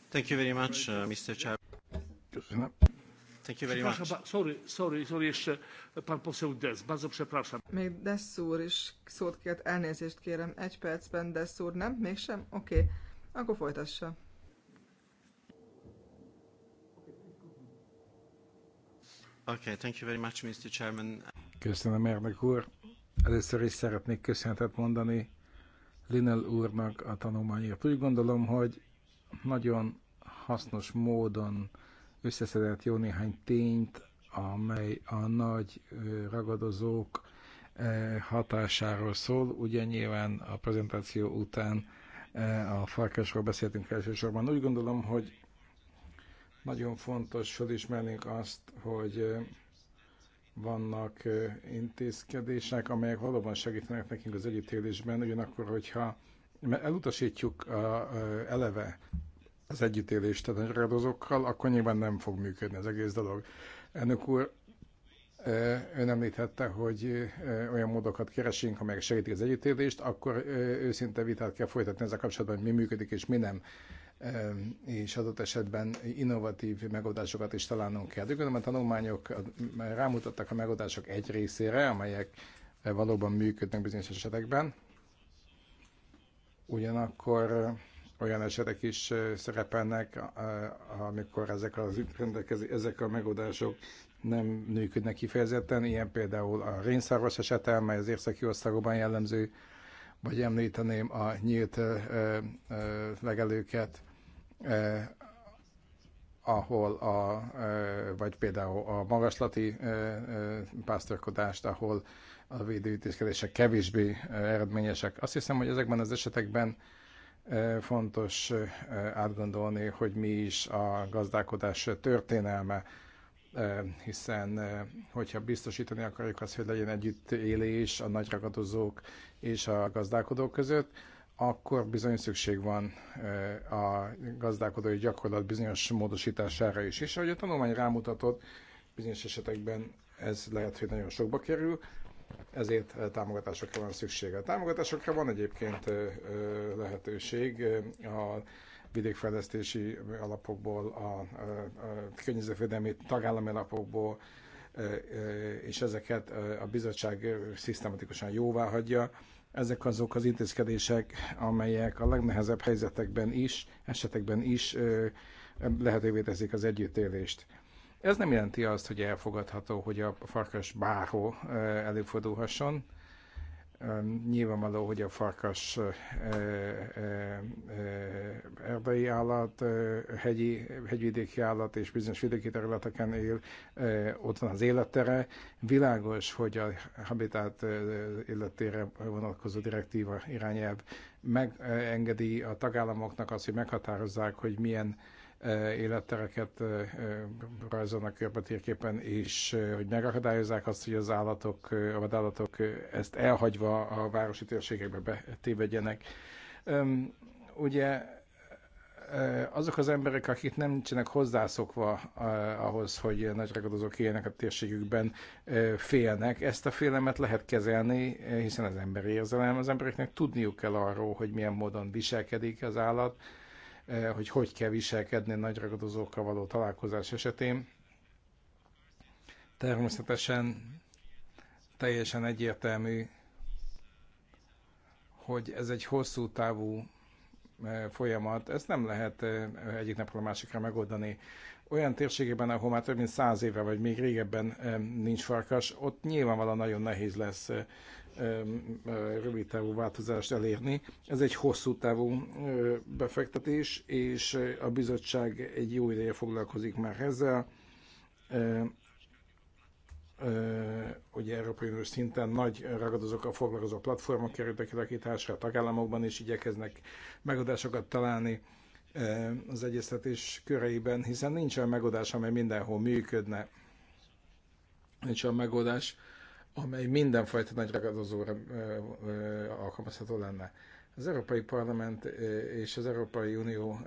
Thank you very much, uh, Mr. Chair. Köszönöm. Thank you very much. Sorry, sorry, sorry, és pan poseł Dess, bardzo przepraszam. Még Dess úr is szót kért, elnézést kérem, egy percben Dess úr, nem? Mégsem? Oké, okay. akkor folytassa. Okay, thank you very much, Mr. Chairman. Köszönöm, elnök úr. Először is szeretnék köszönetet mondani Linel úrnak a tanulmányért. Úgy gondolom, hogy nagyon hasznos módon összeszedett jó néhány tényt, amely a nagy ragadozók hatásáról szól. Ugye nyilván a prezentáció után a farkasról beszéltünk elsősorban. Úgy gondolom, hogy nagyon fontos felismernünk azt, hogy vannak intézkedések, amelyek valóban segítenek nekünk az együttélésben, ugyanakkor, hogyha elutasítjuk a, eleve az együttélést a ragadozókkal, akkor nyilván nem fog működni az egész dolog. Ennök úr, ön említette, hogy olyan módokat keresünk, amelyek segítik az együttélést, akkor őszinte vitát kell folytatni ezzel kapcsolatban, hogy mi működik és mi nem és adott esetben innovatív megoldásokat is találnunk kell. Gyakran a tanulmányok rámutattak a megoldások egy részére, amelyek valóban működnek bizonyos esetekben. Ugyanakkor eh, olyan esetek is eh, szerepelnek, amikor ezek, az ezek a megoldások nem működnek kifejezetten, ilyen például a rénszarvas esete, mely az érszaki országokban jellemző, vagy említeném a nyílt eh, legelőket, Eh, ahol a, eh, vagy például a magaslati eh, pásztorkodást, ahol a védőítézkedések kevésbé eredményesek. Azt hiszem, hogy ezekben az esetekben fontos átgondolni, hogy mi is a gazdálkodás történelme, hiszen hogyha biztosítani akarjuk azt, hogy legyen együttélés a nagy ragadozók és a gazdálkodók között, akkor bizony szükség van a gazdálkodói gyakorlat bizonyos módosítására is. És ahogy a tanulmány rámutatott, bizonyos esetekben ez lehet, hogy nagyon sokba kerül, ezért támogatásokra van szüksége. A támogatásokra van egyébként lehetőség a vidékfejlesztési alapokból, a, a környezetvédelmi tagállami alapokból, és ezeket a bizottság szisztematikusan jóvá hagyja ezek azok az intézkedések, amelyek a legnehezebb helyzetekben is, esetekben is lehetővé teszik az együttélést. Ez nem jelenti azt, hogy elfogadható, hogy a farkas bárhol előfordulhasson, Nyilvánvaló, hogy a farkas erdei állat, hegyi, hegyvidéki állat és bizonyos vidéki területeken él, ott van az élettere. Világos, hogy a habitat életére vonatkozó direktíva irányelv megengedi a tagállamoknak azt, hogy meghatározzák, hogy milyen élettereket rajzolnak körbe térképen, és hogy megakadályozzák azt, hogy az állatok, a vadállatok ezt elhagyva a városi térségekbe betévedjenek. Ugye azok az emberek, akik nem nincsenek hozzászokva ahhoz, hogy nagy ragadozók élnek a térségükben, félnek. Ezt a félemet lehet kezelni, hiszen az emberi érzelem, az embereknek tudniuk kell arról, hogy milyen módon viselkedik az állat, Eh, hogy hogy kell viselkedni nagy ragadozókkal való találkozás esetén. Természetesen teljesen egyértelmű, hogy ez egy hosszú távú eh, folyamat, ezt nem lehet eh, egyik napról a másikra megoldani. Olyan térségében, ahol már több mint száz éve, vagy még régebben nincs farkas, ott nyilvánvalóan nagyon nehéz lesz rövid távú változást elérni. Ez egy hosszú távú befektetés, és eh, a bizottság egy jó ideje foglalkozik már ezzel. Ugye Európai Uniós szinten nagy ragadozókkal foglalkozó platformok kerültek kialakításra a tagállamokban, és igyekeznek megoldásokat találni az egyeztetés köreiben, hiszen nincs olyan megoldás, amely mindenhol működne. Nincs olyan megoldás, amely mindenfajta nagy ragadozóra alkalmazható lenne. Az Európai Parlament és az Európai Unió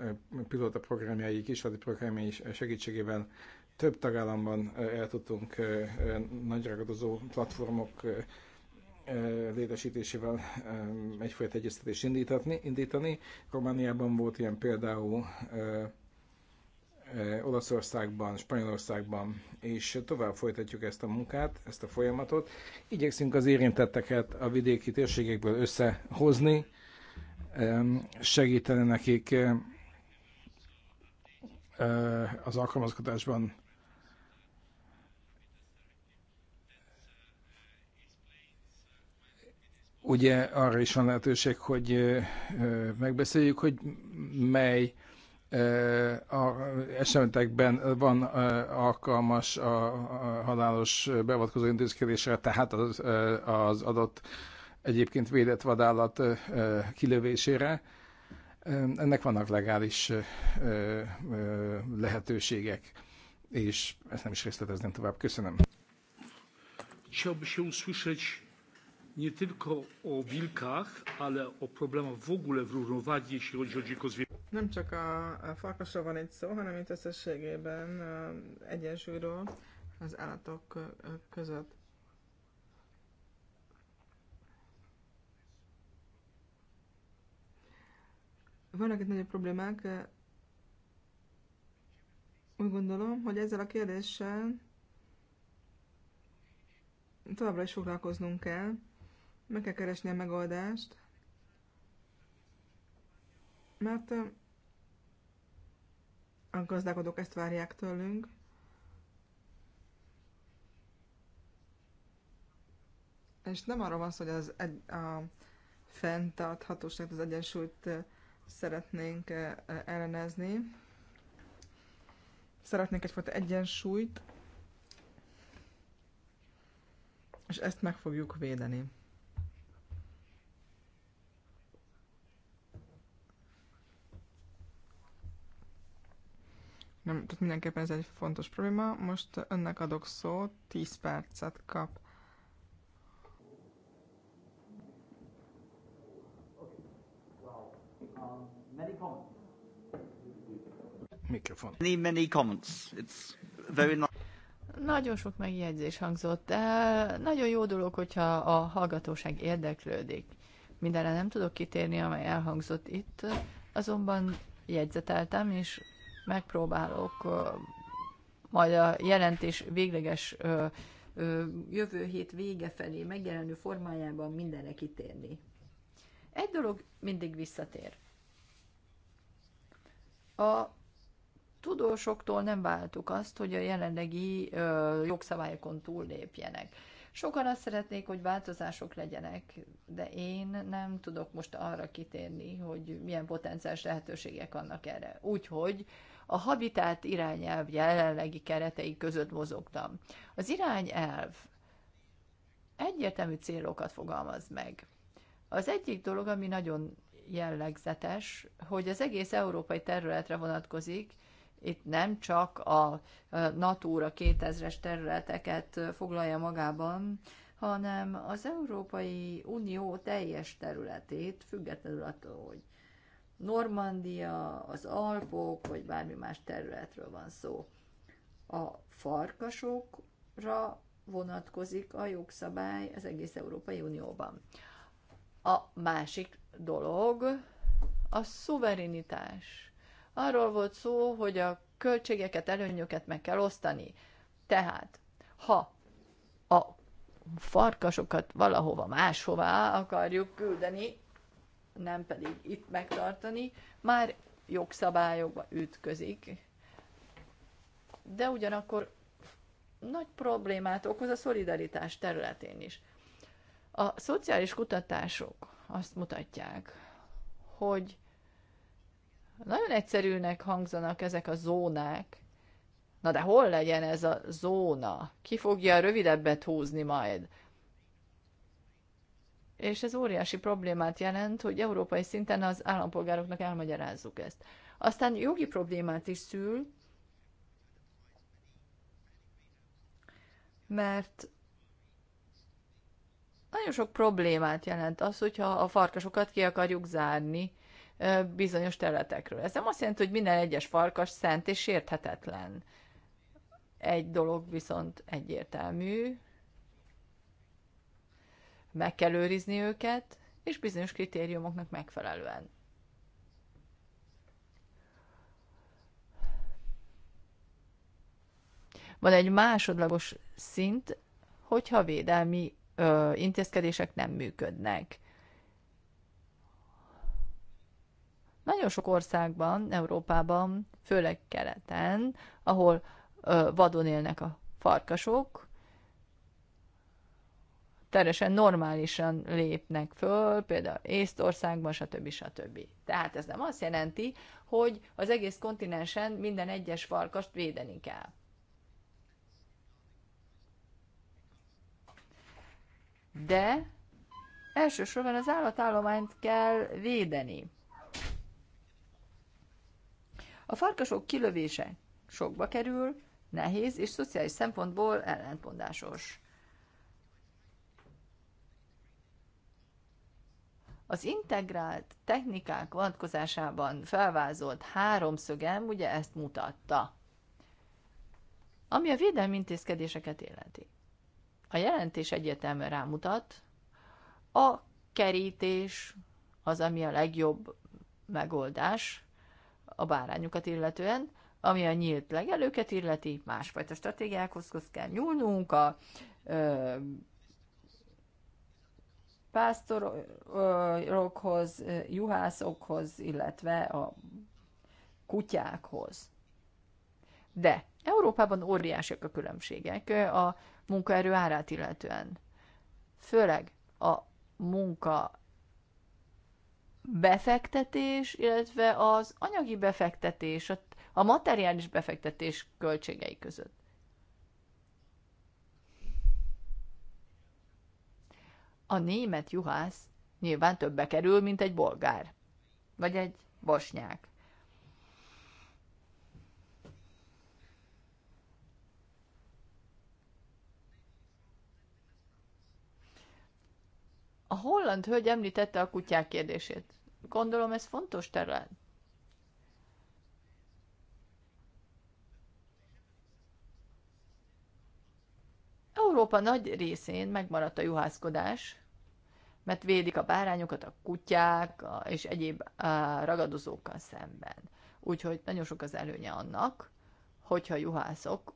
pilóta programjai, kísérleti programjai segítségével több tagállamban el tudtunk nagy ragadozó platformok létesítésével egyfajta egyeztetést indítani. indítani. Romániában volt ilyen például Eh, Olaszországban, Spanyolországban, és tovább folytatjuk ezt a munkát, ezt a folyamatot. Igyekszünk az érintetteket a vidéki térségekből összehozni, segíteni nekik eh, az alkalmazkodásban Ugye arra is van lehetőség, hogy eh, megbeszéljük, hogy mely a esetekben van alkalmas a halálos beavatkozó intézkedésre, tehát az, az adott egyébként védett vadállat kilövésére. Ennek vannak legális lehetőségek, és ezt nem is részletezném tovább. Köszönöm. Chciałby się usłyszeć nie tylko o wilkach, ale o problemach w ogóle w równowadze, jeśli chodzi o dziko zwierzę. Nem csak a farkasról van egy szó, hanem itt összességében egyensúlyról az állatok között. Vannak itt nagyobb problémák. Úgy gondolom, hogy ezzel a kérdéssel továbbra is foglalkoznunk kell. Meg kell keresni a megoldást. Mert a gazdálkodók ezt várják tőlünk. És nem arra van szó, hogy az egy, a fenntarthatóságot, az egyensúlyt szeretnénk ellenezni. Szeretnénk egyfajta egyensúlyt, és ezt meg fogjuk védeni. Nem, tehát mindenképpen ez egy fontos probléma. Most önnek adok szó, 10 percet kap. Mikrofon. Many, many comments. It's very nice. Nagyon sok megjegyzés hangzott el. Nagyon jó dolog, hogyha a hallgatóság érdeklődik. Mindenre nem tudok kitérni, amely elhangzott itt, azonban jegyzeteltem, és megpróbálok majd a jelentés végleges jövő hét vége felé megjelenő formájában mindenre kitérni. Egy dolog mindig visszatér. A tudósoktól nem váltuk azt, hogy a jelenlegi ö, jogszabályokon túllépjenek. Sokan azt szeretnék, hogy változások legyenek, de én nem tudok most arra kitérni, hogy milyen potenciális lehetőségek vannak erre. Úgyhogy ö, a habitát irányelv jelenlegi keretei között mozogtam. Az irányelv egyértelmű célokat fogalmaz meg. Az egyik dolog, ami nagyon jellegzetes, hogy az egész európai területre vonatkozik, itt nem csak a Natura 2000-es területeket foglalja magában, hanem az Európai Unió teljes területét, függetlenül attól, hogy Normandia, az Alpok, vagy bármi más területről van szó. A farkasokra vonatkozik a jogszabály az egész Európai Unióban. A másik dolog a szuverenitás. Arról volt szó, hogy a költségeket, előnyöket meg kell osztani. Tehát, ha a farkasokat valahova máshová akarjuk küldeni, nem pedig itt megtartani, már jogszabályokba ütközik. De ugyanakkor nagy problémát okoz a szolidaritás területén is. A szociális kutatások azt mutatják, hogy nagyon egyszerűnek hangzanak ezek a zónák. Na de hol legyen ez a zóna? Ki fogja rövidebbet húzni majd? és ez óriási problémát jelent, hogy európai szinten az állampolgároknak elmagyarázzuk ezt. Aztán jogi problémát is szül, mert nagyon sok problémát jelent az, hogyha a farkasokat ki akarjuk zárni bizonyos területekről. Ez nem azt jelenti, hogy minden egyes farkas szent és sérthetetlen. Egy dolog viszont egyértelmű, meg kell őrizni őket, és bizonyos kritériumoknak megfelelően. Van egy másodlagos szint, hogyha védelmi ö, intézkedések nem működnek. Nagyon sok országban, Európában, főleg keleten, ahol ö, vadon élnek a farkasok, teljesen normálisan lépnek föl, például Észtországban, stb. stb. Tehát ez nem azt jelenti, hogy az egész kontinensen minden egyes farkast védeni kell. De elsősorban az állatállományt kell védeni. A farkasok kilövése sokba kerül, nehéz és szociális szempontból ellentmondásos. Az integrált technikák vonatkozásában felvázolt háromszögem ugye ezt mutatta, ami a védelmi intézkedéseket illeti. A jelentés egyértelműen rámutat, a kerítés az, ami a legjobb megoldás a bárányokat illetően, ami a nyílt legelőket illeti, másfajta stratégiákhoz kell nyúlnunk, a ö, pásztorokhoz, juhászokhoz, illetve a kutyákhoz. De Európában óriásiak a különbségek a munkaerő árát illetően. Főleg a munka befektetés, illetve az anyagi befektetés, a materiális befektetés költségei között. A német juhász nyilván többe kerül, mint egy bolgár. Vagy egy bosnyák. A holland hölgy említette a kutyák kérdését. Gondolom ez fontos terület. Európa nagy részén megmaradt a juhászkodás, mert védik a bárányokat a kutyák és egyéb ragadozókkal szemben. Úgyhogy nagyon sok az előnye annak, hogyha juhászok,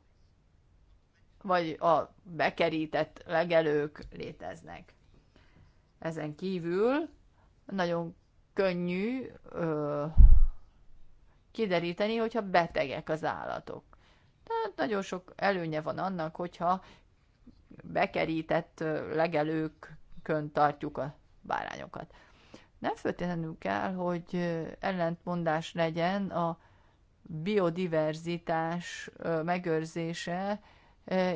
vagy a bekerített legelők léteznek. Ezen kívül nagyon könnyű ö, kideríteni, hogyha betegek az állatok. Tehát nagyon sok előnye van annak, hogyha bekerített legelőkön tartjuk a bárányokat. Nem feltétlenül kell, hogy ellentmondás legyen a biodiverzitás megőrzése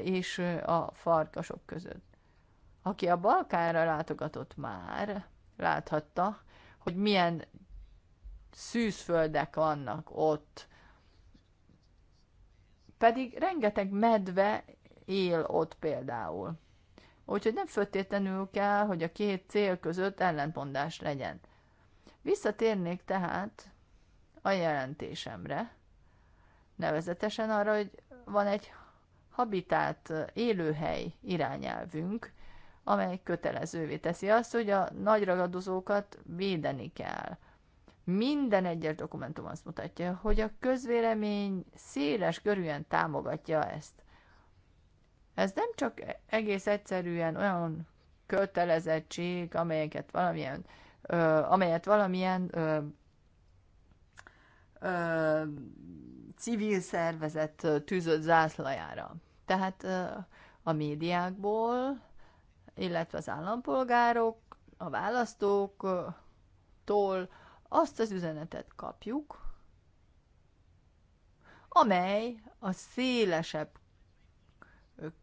és a farkasok között. Aki a Balkánra látogatott már, láthatta, hogy milyen szűzföldek vannak ott. Pedig rengeteg medve él ott például. Úgyhogy nem föltétlenül kell, hogy a két cél között ellentmondás legyen. Visszatérnék tehát a jelentésemre, nevezetesen arra, hogy van egy habitát élőhely irányelvünk, amely kötelezővé teszi azt, hogy a nagy ragadozókat védeni kell. Minden egyes dokumentum azt mutatja, hogy a közvélemény széles körűen támogatja ezt. Ez nem csak egész egyszerűen olyan kötelezettség, amelyeket valamilyen, ö, amelyet valamilyen ö, ö, civil szervezet tűzött zászlajára. Tehát ö, a médiákból, illetve az állampolgárok, a választóktól azt az üzenetet kapjuk, amely a szélesebb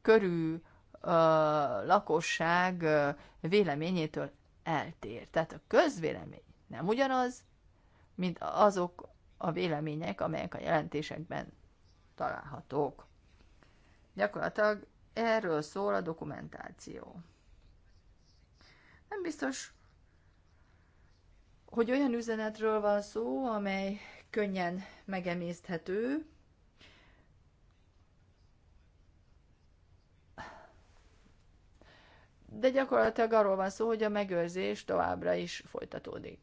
körű ö, lakosság ö, véleményétől eltér. Tehát a közvélemény nem ugyanaz, mint azok a vélemények, amelyek a jelentésekben találhatók. Gyakorlatilag erről szól a dokumentáció. Nem biztos, hogy olyan üzenetről van szó, amely könnyen megemészthető, de gyakorlatilag arról van szó, hogy a megőrzés továbbra is folytatódik.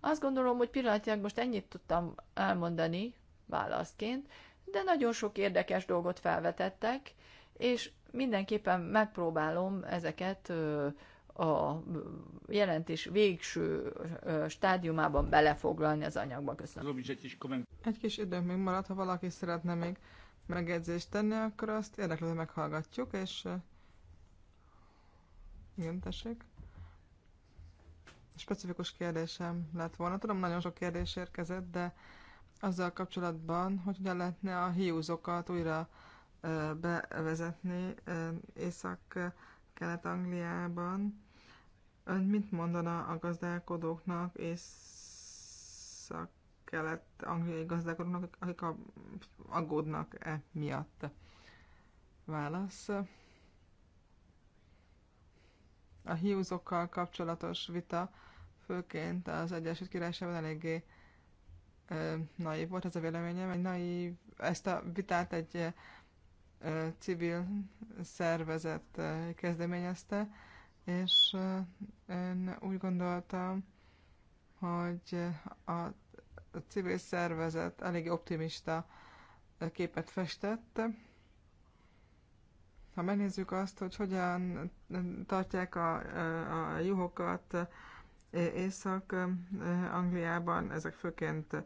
Azt gondolom, hogy pillanatilag most ennyit tudtam elmondani válaszként, de nagyon sok érdekes dolgot felvetettek, és mindenképpen megpróbálom ezeket a jelentés végső stádiumában belefoglalni az anyagba. Köszönöm. Egy kis időnk még maradt, ha valaki szeretne még megjegyzést tenni, akkor azt érdeklődve meghallgatjuk, és igen, tessék. Specifikus kérdésem lett volna. Tudom, nagyon sok kérdés érkezett, de azzal kapcsolatban, hogy hogyan lehetne a hiúzokat újra bevezetni Észak-Kelet-Angliában. Ön mit mondana a gazdálkodóknak, Észak-Kelet-Angliai gazdálkodóknak, akik aggódnak e miatt? Válasz. A hiúzokkal kapcsolatos vita, főként az Egyesült Királyságban eléggé ö, naív volt ez a véleményem. Egy naív, ezt a vitát egy ö, civil szervezet ö, kezdeményezte, és ö, én úgy gondoltam, hogy a, a civil szervezet elég optimista képet festett, ha megnézzük azt, hogy hogyan tartják a, a juhokat Észak-Angliában, ezek főként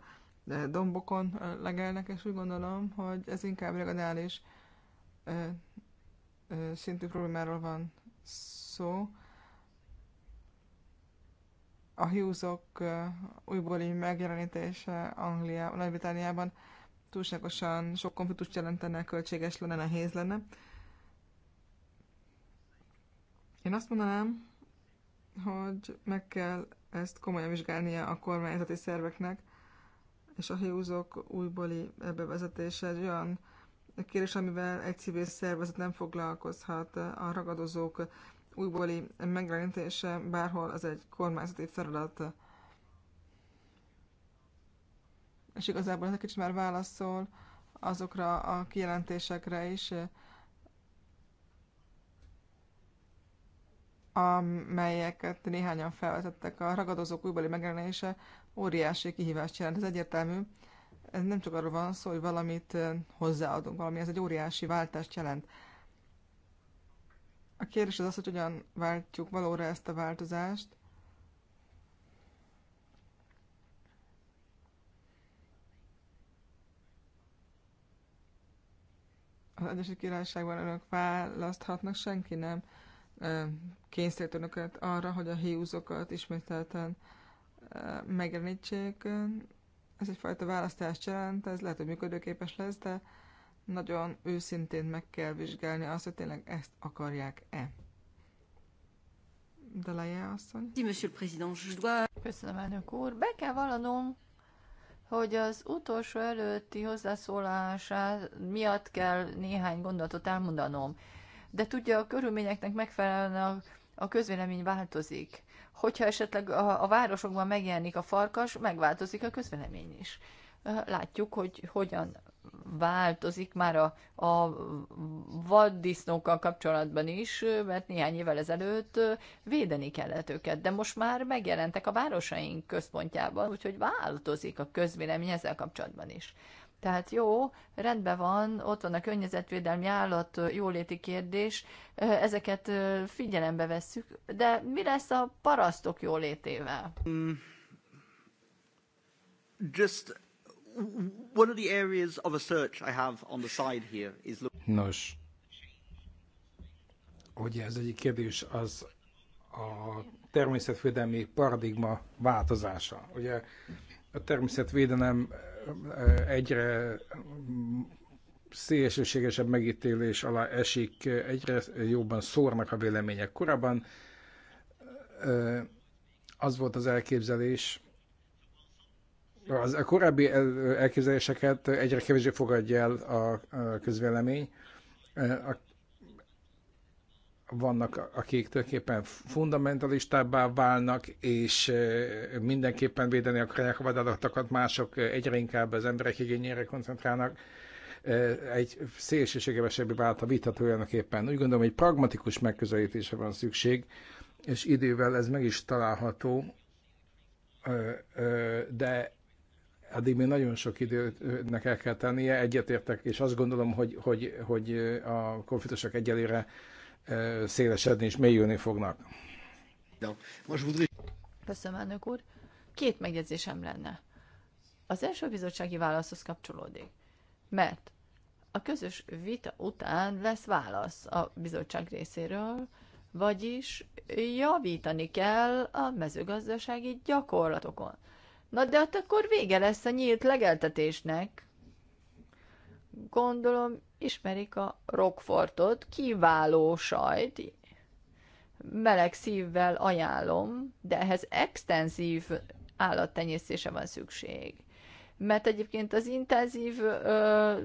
dombokon legelnek, és úgy gondolom, hogy ez inkább regionális szintű problémáról van szó. A újból újbóli megjelenítése Angliában Nagy-Britániában túlságosan sok konfliktust jelentene, költséges lenne, nehéz lenne. Én azt mondanám, hogy meg kell ezt komolyan vizsgálnia a kormányzati szerveknek, és a hiúzók újbóli bevezetése egy olyan kérdés, amivel egy civil szervezet nem foglalkozhat. A ragadozók újbóli megjelenítése bárhol az egy kormányzati feladat. És igazából ez egy kicsit már válaszol azokra a kijelentésekre is, amelyeket néhányan felvetettek. A ragadozók újbeli megjelenése óriási kihívást jelent. Ez egyértelmű. Ez nem csak arról van szó, hogy valamit hozzáadunk, valami, ez egy óriási váltást jelent. A kérdés az az, hogy hogyan váltjuk valóra ezt a változást. Az Egyesült Királyságban önök választhatnak, senki nem kényszerít önöket arra, hogy a híúzokat ismételten megjelenítsék. Ez egyfajta választást jelent, ez lehet, hogy működőképes lesz, de nagyon őszintén meg kell vizsgálni azt, hogy tényleg ezt akarják-e. Dalaja asszony. Köszönöm, elnök úr. Be kell vallanom, hogy az utolsó előtti hozzászólásá miatt kell néhány gondolatot elmondanom de tudja, a körülményeknek megfelelően a, a közvélemény változik. Hogyha esetleg a, a városokban megjelenik a farkas, megváltozik a közvélemény is. Látjuk, hogy hogyan változik már a, a vaddisznókkal kapcsolatban is, mert néhány évvel ezelőtt védeni kellett őket, de most már megjelentek a városaink központjában, úgyhogy változik a közvélemény ezzel kapcsolatban is. Tehát jó, rendben van, ott van a környezetvédelmi állat, jóléti kérdés, ezeket figyelembe vesszük, de mi lesz a parasztok jólétével? Mm, just one of the areas of a search I have on the side here is... Nos, ugye ez egyik kérdés az a természetvédelmi paradigma változása. Ugye a természetvédelem egyre szélsőségesebb megítélés alá esik, egyre jobban szórnak a vélemények. Korábban az volt az elképzelés, az a korábbi elképzeléseket egyre kevésbé fogadja el a közvélemény. A vannak, akik tulajdonképpen fundamentalistábbá válnak, és mindenképpen védeni akarják a vadállatokat, mások egyre inkább az emberek igényére koncentrálnak. Egy szélsőségesebbé vált a vita tulajdonképpen. Úgy gondolom, hogy pragmatikus megközelítése van szükség, és idővel ez meg is található, de addig még nagyon sok időnek el kell tennie, egyetértek, és azt gondolom, hogy, hogy, hogy a konfliktusok egyelőre szélesedni és mélyülni fognak. Köszönöm, elnök úr. Két megjegyzésem lenne. Az első bizottsági válaszhoz kapcsolódik, mert a közös vita után lesz válasz a bizottság részéről, vagyis javítani kell a mezőgazdasági gyakorlatokon. Na de hát akkor vége lesz a nyílt legeltetésnek, gondolom ismerik a Rockfortot, kiváló sajt, meleg szívvel ajánlom, de ehhez extenzív állattenyésztése van szükség. Mert egyébként az intenzív ö,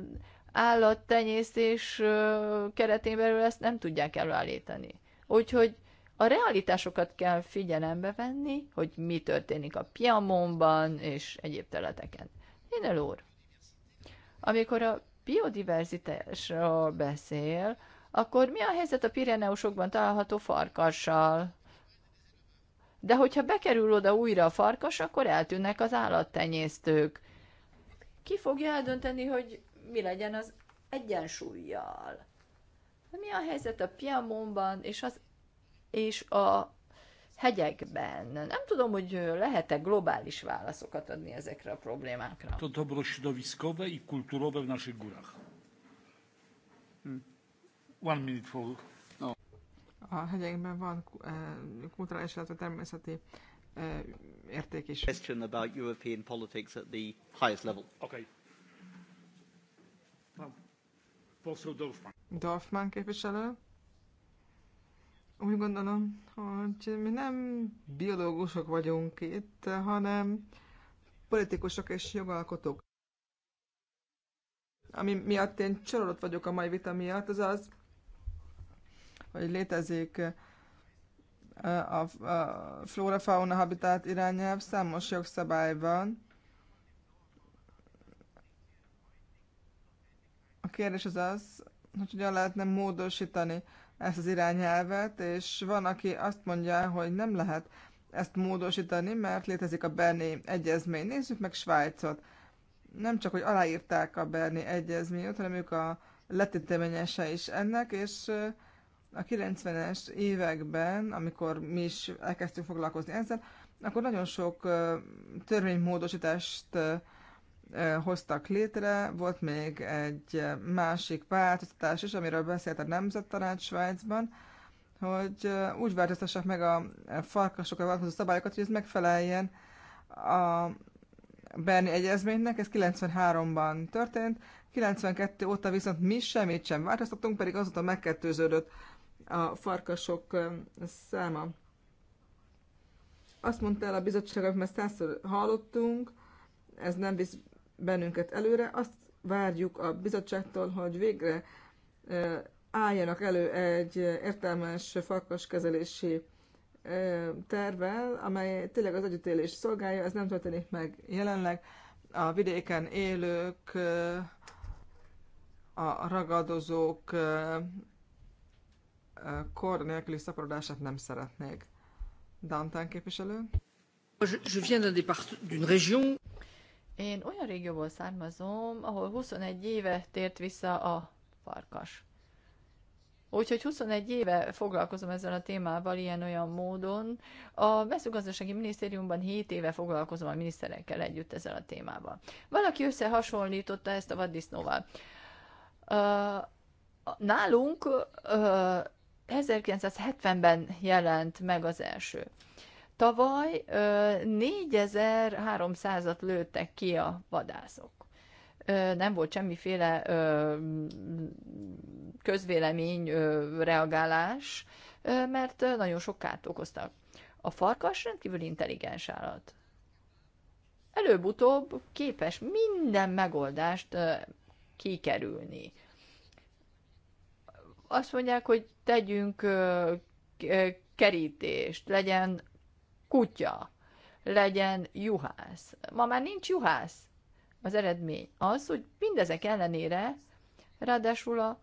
állattenyésztés ö, keretén belül ezt nem tudják előállítani. Úgyhogy a realitásokat kell figyelembe venni, hogy mi történik a Piamonban és egyéb területeken. Én úr, amikor a biodiverzitásról beszél, akkor mi a helyzet a Pireneusokban található farkassal? De hogyha bekerül oda újra a farkas, akkor eltűnnek az állattenyésztők. Ki fogja eldönteni, hogy mi legyen az egyensúlyjal? Mi a helyzet a Piemonban és, az, és a hegyekben. Nem tudom, hogy lehet-e globális válaszokat adni ezekre a problémákra. To dobro środowiskowe i kulturowe w naszych górach. Hmm. One minute for... A hegyekben van e, kulturális, illetve természeti e, érték is. Question about European politics at the highest level. Okay. Dorfman képviselő. Úgy gondolom, hogy mi nem biológusok vagyunk itt, hanem politikusok és jogalkotók. Ami miatt én csalódott vagyok a mai vita miatt, az az, hogy létezik a, flóra-fauna habitát irányelv, számos jogszabály van. A kérdés az az, hogy hogyan lehetne módosítani ezt az irányelvet, és van, aki azt mondja, hogy nem lehet ezt módosítani, mert létezik a Berni egyezmény. Nézzük meg Svájcot. Nem csak, hogy aláírták a Berni egyezményt, hanem ők a letéteményese is ennek, és a 90-es években, amikor mi is elkezdtünk foglalkozni ezzel, akkor nagyon sok törvénymódosítást hoztak létre, volt még egy másik változtatás is, amiről beszélt a Nemzettanács Svájcban, hogy úgy változtassák meg a farkasokra változó szabályokat, hogy ez megfeleljen a Berni Egyezménynek, ez 93-ban történt, 92 óta viszont mi semmit sem változtattunk, pedig azóta megkettőződött a farkasok száma. Azt mondta el a bizottság, mert már százszor hallottunk, ez nem visz bennünket előre. Azt várjuk a bizottságtól, hogy végre álljanak elő egy értelmes farkaskezelési tervvel, amely tényleg az együttélés szolgálja, ez nem történik meg jelenleg. A vidéken élők, a ragadozók kor nélküli szaporodását nem szeretnék. Dantán képviselő. Je viens d'une région én olyan régióból származom, ahol 21 éve tért vissza a farkas. Úgyhogy 21 éve foglalkozom ezzel a témával ilyen-olyan módon. A mezőgazdasági minisztériumban 7 éve foglalkozom a miniszterekkel együtt ezzel a témával. Valaki összehasonlította ezt a vaddisznóval. Nálunk 1970-ben jelent meg az első. Tavaly 4300-at lőttek ki a vadászok. Nem volt semmiféle közvélemény reagálás, mert nagyon sok kárt okoztak. A farkas rendkívül intelligens állat. Előbb-utóbb képes minden megoldást kikerülni. Azt mondják, hogy tegyünk kerítést, legyen kutya, legyen juhász. Ma már nincs juhász. Az eredmény az, hogy mindezek ellenére, ráadásul a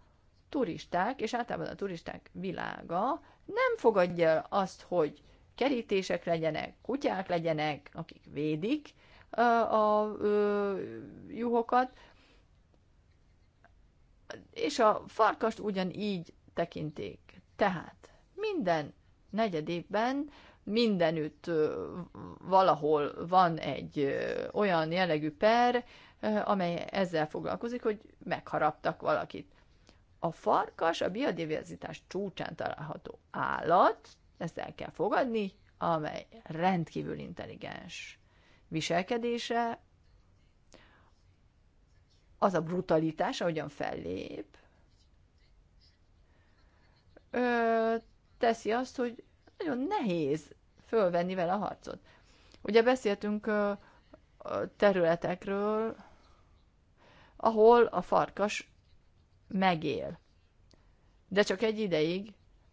turisták, és általában a turisták világa nem fogadja azt, hogy kerítések legyenek, kutyák legyenek, akik védik a, a, a juhokat, és a farkast ugyanígy tekintik. Tehát minden negyed évben mindenütt valahol van egy olyan jellegű per, amely ezzel foglalkozik, hogy megharaptak valakit. A farkas a biodiverzitás csúcsán található állat, ezt el kell fogadni, amely rendkívül intelligens viselkedése, az a brutalitás, ahogyan fellép, teszi azt, hogy nagyon nehéz fölvenni vele a harcot. Ugye beszéltünk területekről, ahol a farkas megél. De csak egy ideig,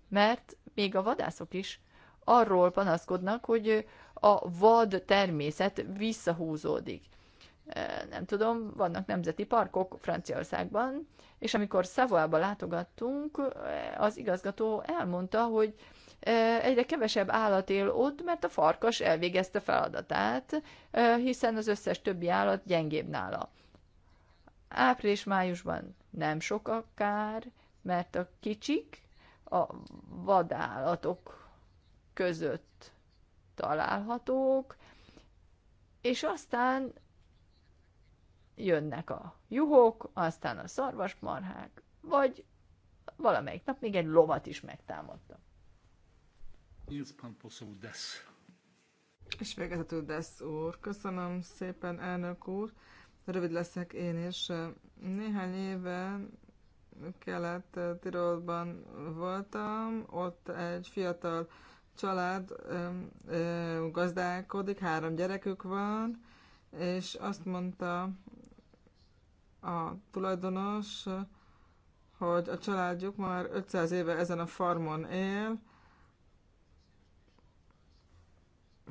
mert még a vadászok is arról panaszkodnak, hogy a vad természet visszahúzódik. Nem tudom, vannak nemzeti parkok Franciaországban, és amikor Szavoába látogattunk, az igazgató elmondta, hogy egyre kevesebb állat él ott, mert a farkas elvégezte feladatát, hiszen az összes többi állat gyengébb nála. Április-májusban nem sok a kár, mert a kicsik a vadállatok között találhatók, és aztán jönnek a juhok, aztán a szarvasmarhák, vagy valamelyik nap még egy lovat is megtámadtak. És végezetül Dess úr. Köszönöm szépen, elnök úr. Rövid leszek én is. Néhány éve Kelet-Tirolban voltam, ott egy fiatal család gazdálkodik, három gyerekük van, és azt mondta a tulajdonos, hogy a családjuk már 500 éve ezen a farmon él,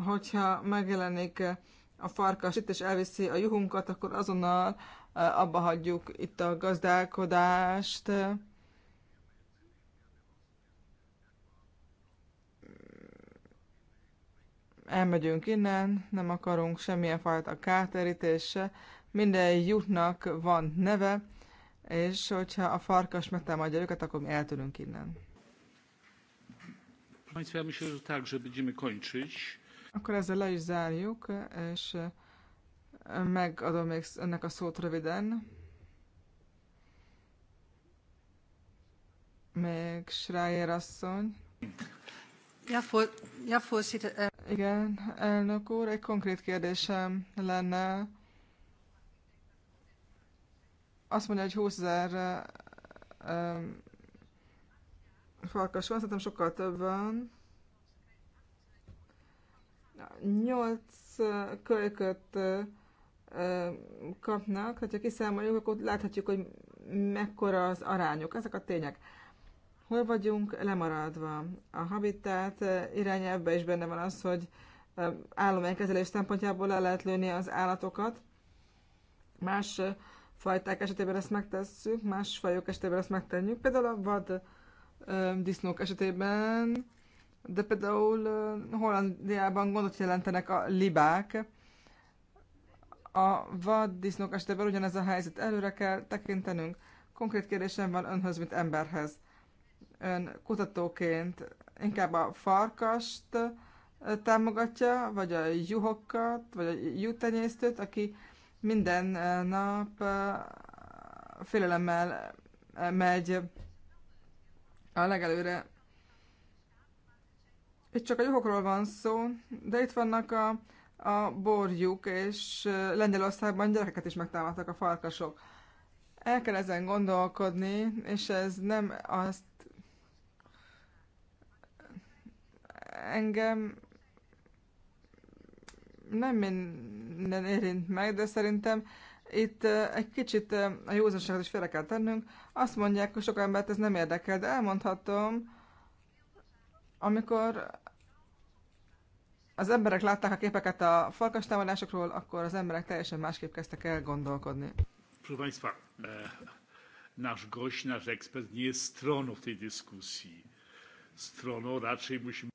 hogyha megjelenik eh, a farkas itt, és elviszi a juhunkat, akkor azonnal eh, abba hagyjuk itt a gazdálkodást. Elmegyünk innen, nem akarunk semmilyen fajta káterítése. Minden jutnak van neve, és hogyha a farkas megtámadja őket, akkor mi eltűnünk innen. Państwa, ja myślę, że tak, że będziemy kończyć. Akkor ezzel le is zárjuk, és megadom még ennek a szót röviden. Még Schreier asszony. Ja, for, ja, for, Igen, elnök úr, egy konkrét kérdésem lenne. Azt mondja, hogy 20 ezer um, farkas van, szerintem sokkal több van. 8 kölyköt kapnak, hogyha kiszámoljuk, akkor láthatjuk, hogy mekkora az arányuk. Ezek a tények. Hol vagyunk lemaradva? A habitát irányában is benne van az, hogy állománykezelés szempontjából le lehet lőni az állatokat. Más fajták esetében ezt megtesszük, más fajok esetében ezt megtenjük. Például a vad disznók esetében de például Hollandiában gondot jelentenek a libák. A vaddisznók esetében ugyanez a helyzet. Előre kell tekintenünk. Konkrét kérdésem van önhöz, mint emberhez. Ön kutatóként inkább a farkast támogatja, vagy a juhokat, vagy a jutenyésztőt, aki minden nap félelemmel megy a legelőre itt csak a juhokról van szó, de itt vannak a, a borjuk, és Lengyelországban gyerekeket is megtámadtak a farkasok. El kell ezen gondolkodni, és ez nem azt engem nem minden érint meg, de szerintem itt egy kicsit a józanságot is félre kell tennünk. Azt mondják, hogy sok embert ez nem érdekel, de elmondhatom, amikor az emberek látták a képeket a támadásokról, akkor az emberek teljesen másképp kezdtek el gondolkodni. Proszę Państwa, e, nasz gość, nasz ekspert nie jest stroną w tej dyskusji. Stroną raczej musimy...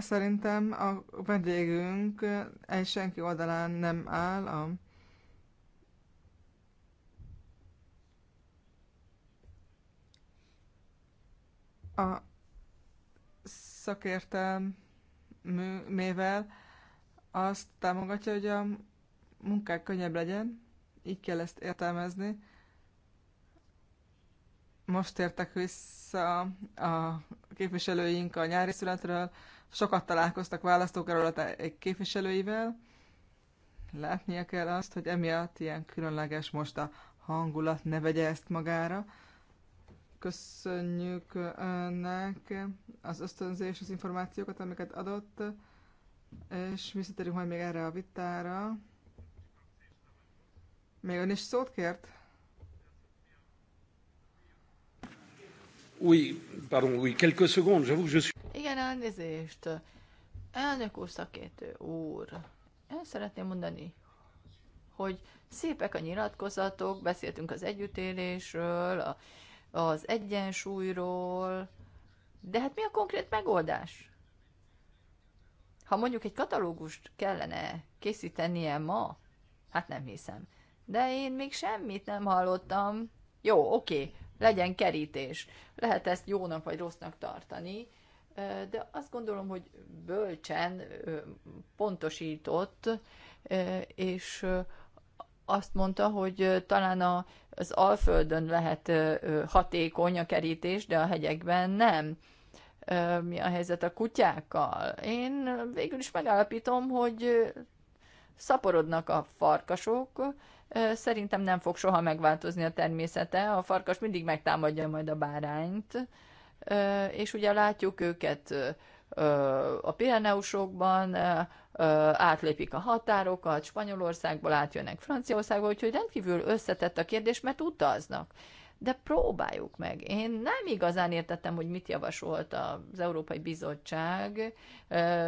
Szerintem a vendégünk egy senki oldalán nem áll a a szakértelm mével azt támogatja, hogy a munkák könnyebb legyen, így kell ezt értelmezni. Most értek vissza a képviselőink a nyári születről, sokat találkoztak választókerület képviselőivel, látnia kell azt, hogy emiatt ilyen különleges most a hangulat, ne vegye ezt magára. Köszönjük önnek az ösztönzés, az információkat, amiket adott, és visszatérünk majd még erre a vitára. Még ön is szót kért? Új, pardon, új quelques secondes, j'avoue que je suis... Igen, elnézést. Elnök úr, szakértő úr, én szeretném mondani, hogy szépek a nyilatkozatok, beszéltünk az együttélésről, a az egyensúlyról, de hát mi a konkrét megoldás? Ha mondjuk egy katalógust kellene készítenie ma, hát nem hiszem. De én még semmit nem hallottam. Jó, oké, legyen kerítés. Lehet ezt jónak vagy rossznak tartani, de azt gondolom, hogy bölcsen, pontosított, és azt mondta, hogy talán a, az Alföldön lehet hatékony a kerítés, de a hegyekben nem. Mi a helyzet a kutyákkal? Én végül is megállapítom, hogy szaporodnak a farkasok, szerintem nem fog soha megváltozni a természete, a farkas mindig megtámadja majd a bárányt, és ugye látjuk őket a Pireneusokban, átlépik a határokat, Spanyolországból átjönnek Franciaországba, úgyhogy rendkívül összetett a kérdés, mert utaznak. De próbáljuk meg. Én nem igazán értettem, hogy mit javasolt az Európai Bizottság,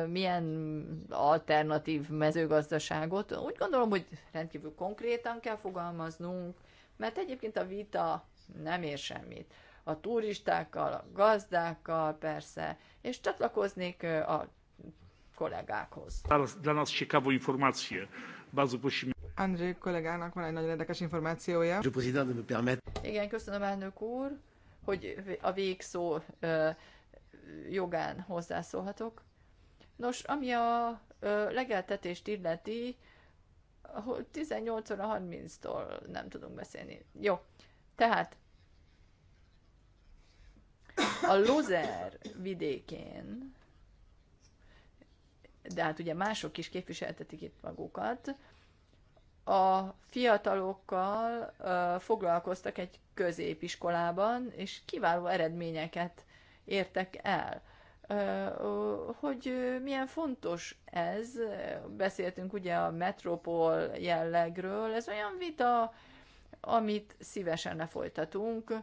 milyen alternatív mezőgazdaságot. Úgy gondolom, hogy rendkívül konkrétan kell fogalmaznunk, mert egyébként a vita nem ér semmit a turistákkal, a gazdákkal persze, és csatlakoznék a kollégákhoz. André kollégának van egy nagyon érdekes információja. Igen, köszönöm elnök úr, hogy a végszó jogán hozzászólhatok. Nos, ami a legeltetést illeti, 18 óra 30-tól nem tudunk beszélni. Jó, tehát a Lozer vidékén, de hát ugye mások is képviseltetik itt magukat, a fiatalokkal uh, foglalkoztak egy középiskolában, és kiváló eredményeket értek el. Uh, hogy milyen fontos ez, beszéltünk ugye a metropol jellegről, ez olyan vita, amit szívesen lefolytatunk, e,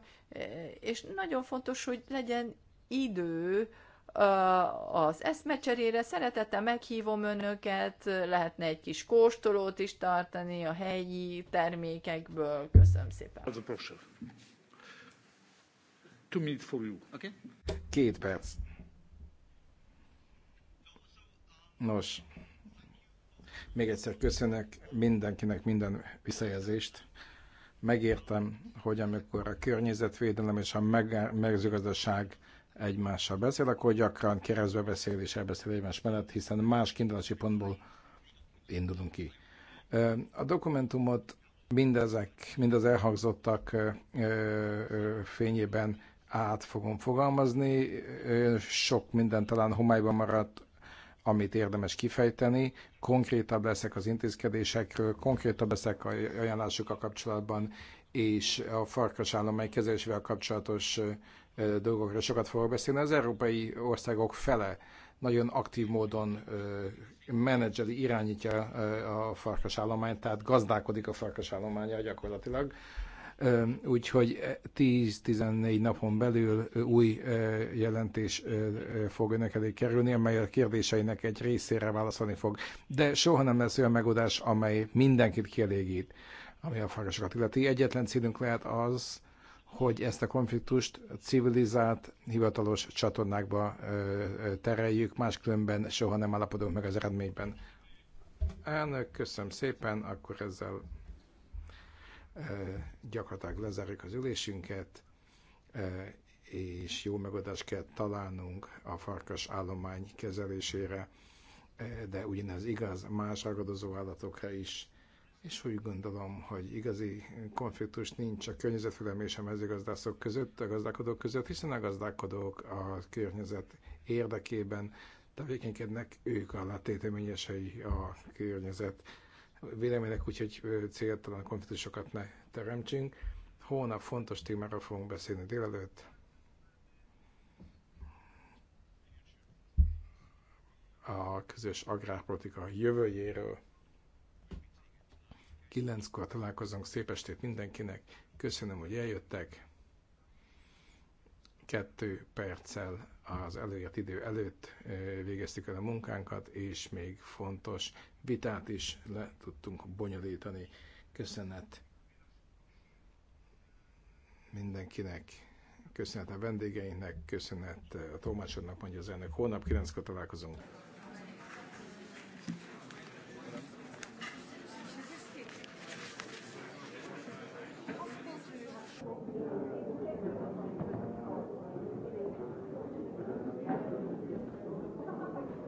és nagyon fontos, hogy legyen idő e, az eszmecserére. Szeretettel meghívom önöket, lehetne egy kis kóstolót is tartani a helyi termékekből. Köszönöm szépen. Two minutes for you. Okay. Két perc. Nos, még egyszer köszönök mindenkinek minden visszajelzést. Megértem, hogy amikor a környezetvédelem és a mezőgazdaság egymással beszél, akkor gyakran keresztbe beszél és elbeszél egymás mellett, hiszen más kiindulási pontból indulunk ki. A dokumentumot mindezek, az elhangzottak fényében át fogom fogalmazni. Sok minden talán homályban maradt, amit érdemes kifejteni, konkrétabb leszek az intézkedésekről, konkrétabb leszek a ajánlásokkal kapcsolatban, és a farkas állomány kezelésével kapcsolatos dolgokra sokat fogok beszélni. Az európai országok fele nagyon aktív módon menedzseli, irányítja a farkas állományt, tehát gazdálkodik a farkas állománya gyakorlatilag úgyhogy 10-14 eh, napon belül új jelentés fog önök elé kerülni, amely a kérdéseinek egy részére válaszolni fog. De soha nem lesz olyan megoldás, amely mindenkit kielégít, ami a fárasokat illeti. Egyetlen célunk lehet az, hogy ezt a konfliktust civilizált, hivatalos csatornákba tereljük, máskülönben soha nem állapodunk meg az eredményben. Elnök, köszönöm szépen, akkor ezzel gyakorlatilag lezárjuk az ülésünket, és jó megoldást kell találnunk a farkas állomány kezelésére, de ugyanez igaz más ragadozó állatokra is, és úgy gondolom, hogy igazi konfliktus nincs a környezetvédelem és a mezőgazdászok között, a gazdálkodók között, hiszen a gazdálkodók a környezet érdekében tevékenykednek, ők a letéteményesei a környezet vélemények, úgyhogy céltalan konfliktusokat ne teremtsünk. Hónap fontos témára fogunk beszélni délelőtt. A közös agrárpolitika jövőjéről. Kilenckor találkozunk, szép estét mindenkinek. Köszönöm, hogy eljöttek. Kettő perccel az előjött idő előtt végeztük el a munkánkat, és még fontos vitát is le tudtunk bonyolítani. Köszönet mindenkinek, köszönet a vendégeinknek, köszönet a tolmácsodnak, mondja az elnök. 9-kor találkozunk.